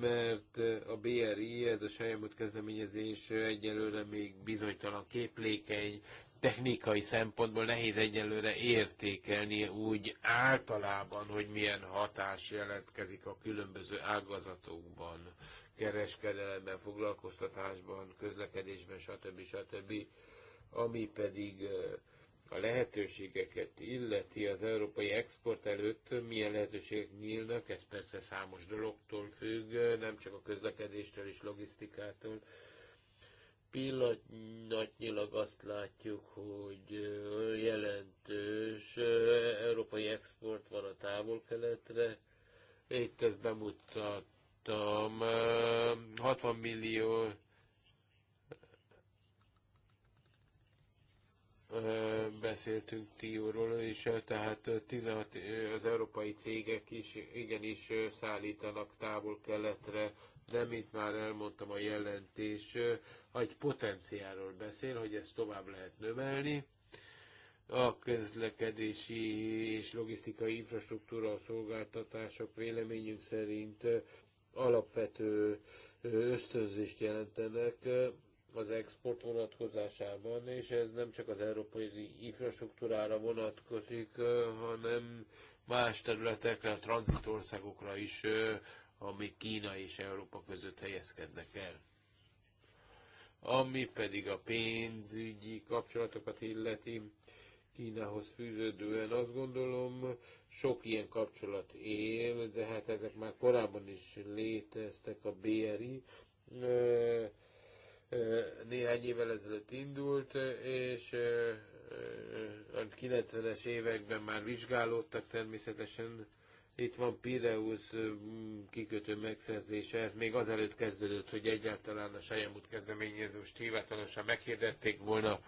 mert a BRI, ez a Sajamut kezdeményezés egyelőre még bizonytalan képlékeny, technikai szempontból nehéz egyelőre értékelni úgy általában, hogy milyen hatás jelentkezik a különböző ágazatokban, kereskedelemben, foglalkoztatásban, közlekedésben, stb. stb. Ami pedig a lehetőségeket illeti az európai export előtt, milyen lehetőségek nyílnak, ez persze számos dologtól függ, nem csak a közlekedéstől és logisztikától. Pillanatnyilag azt látjuk, hogy jelentős európai export van a távol-keletre. Itt ezt bemutattam, 60 millió beszéltünk Tióról is, tehát 16 az európai cégek is igenis szállítanak távol-keletre, de mint már elmondtam a jelentés, egy potenciáról beszél, hogy ezt tovább lehet növelni. A közlekedési és logisztikai infrastruktúra szolgáltatások véleményünk szerint alapvető ösztönzést jelentenek az export vonatkozásában, és ez nem csak az európai infrastruktúrára vonatkozik, hanem más területekre, a tranzitországokra is, ami Kína és Európa között helyezkednek el. Ami pedig a pénzügyi kapcsolatokat illeti, Kínához fűződően azt gondolom, sok ilyen kapcsolat él, de hát ezek már korábban is léteztek a BRI, néhány évvel ezelőtt indult, és a 90-es években már vizsgálódtak természetesen. Itt van Pireus kikötő megszerzése, ez még azelőtt kezdődött, hogy egyáltalán a Sejemút kezdeményezést hivatalosan meghirdették volna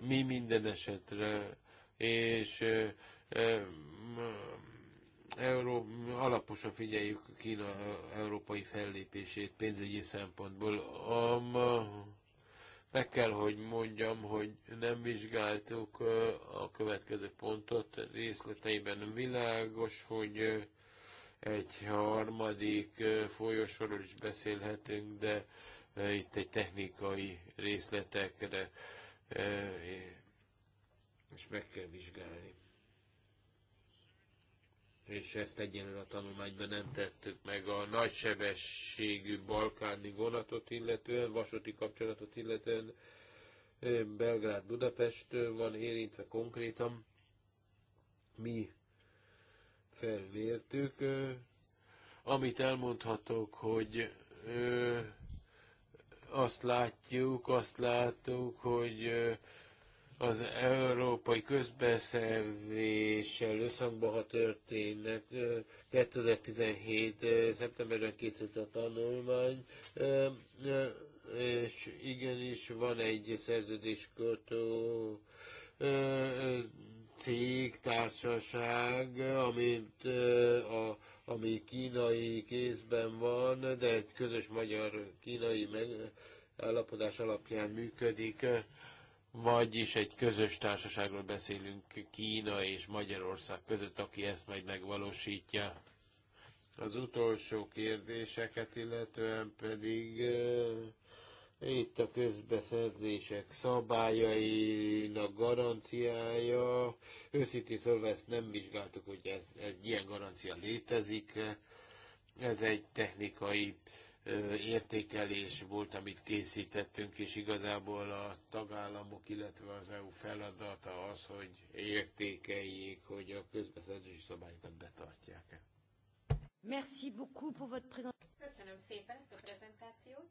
mi minden esetre, és Euró, alaposan figyeljük Kína európai fellépését pénzügyi szempontból. Um, meg kell, hogy mondjam, hogy nem vizsgáltuk a következő pontot részleteiben. Világos, hogy egy harmadik folyosóról is beszélhetünk, de itt egy technikai részletekre és meg kell vizsgálni és ezt egyenlőre a tanulmányban nem tettük meg a nagysebességű balkáni vonatot illetően, vasúti kapcsolatot illetően Belgrád-Budapest van érintve konkrétan. Mi felvértük. Amit elmondhatok, hogy azt látjuk, azt látunk, hogy az európai közbeszerzéssel összhangban, ha történnek. 2017. szeptemberben készült a tanulmány, és igenis van egy szerződéskötő cég, társaság, amit, a, ami kínai kézben van, de egy közös magyar-kínai megállapodás alapján működik. Vagyis egy közös társaságról beszélünk Kína és Magyarország között, aki ezt majd megvalósítja. Az utolsó kérdéseket illetően pedig e, itt a közbeszerzések szabályainak garanciája. Őszintén szólva ezt nem vizsgáltuk, hogy ez, ez ilyen garancia létezik. Ez egy technikai értékelés volt, amit készítettünk, és igazából a tagállamok, illetve az EU feladata az, hogy értékeljék, hogy a közbeszerzési szabályokat betartják-e. Merci beaucoup pour votre présentation. Köszönöm szépen ezt a prezentációt.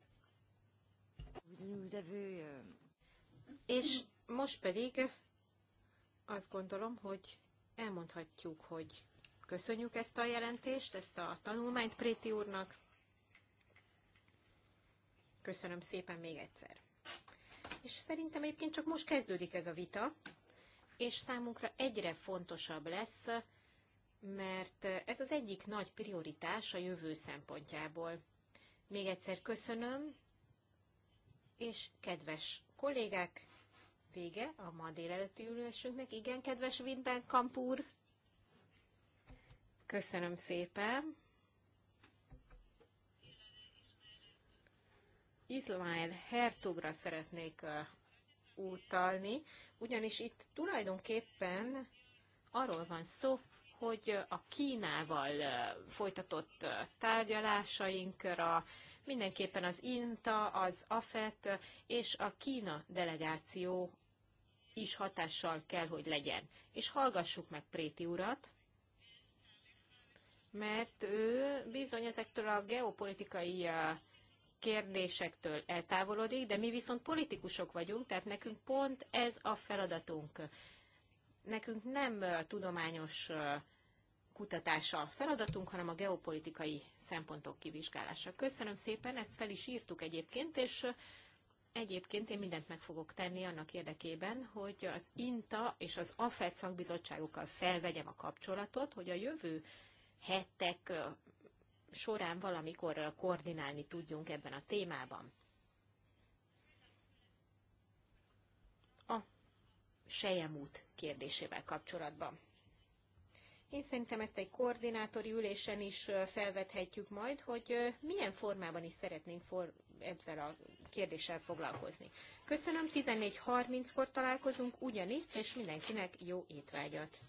Vous avez, euh, És most pedig azt gondolom, hogy elmondhatjuk, hogy köszönjük ezt a jelentést, ezt a tanulmányt Préti úrnak. Köszönöm szépen még egyszer. És szerintem egyébként csak most kezdődik ez a vita, és számunkra egyre fontosabb lesz, mert ez az egyik nagy prioritás a jövő szempontjából. Még egyszer köszönöm, és kedves kollégák, vége a ma délelőtti ülésünknek. Igen, kedves Windberg Kampúr, köszönöm szépen. Ismael Hertogra szeretnék utalni, ugyanis itt tulajdonképpen arról van szó, hogy a Kínával folytatott tárgyalásainkra mindenképpen az INTA, az AFET és a Kína delegáció is hatással kell, hogy legyen. És hallgassuk meg Préti urat, mert ő bizony ezektől a geopolitikai kérdésektől eltávolodik, de mi viszont politikusok vagyunk, tehát nekünk pont ez a feladatunk. Nekünk nem tudományos kutatása a feladatunk, hanem a geopolitikai szempontok kivizsgálása. Köszönöm szépen, ezt fel is írtuk egyébként, és egyébként én mindent meg fogok tenni annak érdekében, hogy az INTA és az AFED szakbizottságokkal felvegyem a kapcsolatot, hogy a jövő hetek során valamikor uh, koordinálni tudjunk ebben a témában. A sejemút kérdésével kapcsolatban. Én szerintem ezt egy koordinátori ülésen is uh, felvethetjük majd, hogy uh, milyen formában is szeretnénk for ezzel a kérdéssel foglalkozni. Köszönöm, 14.30-kor találkozunk ugyanitt, és mindenkinek jó étvágyat!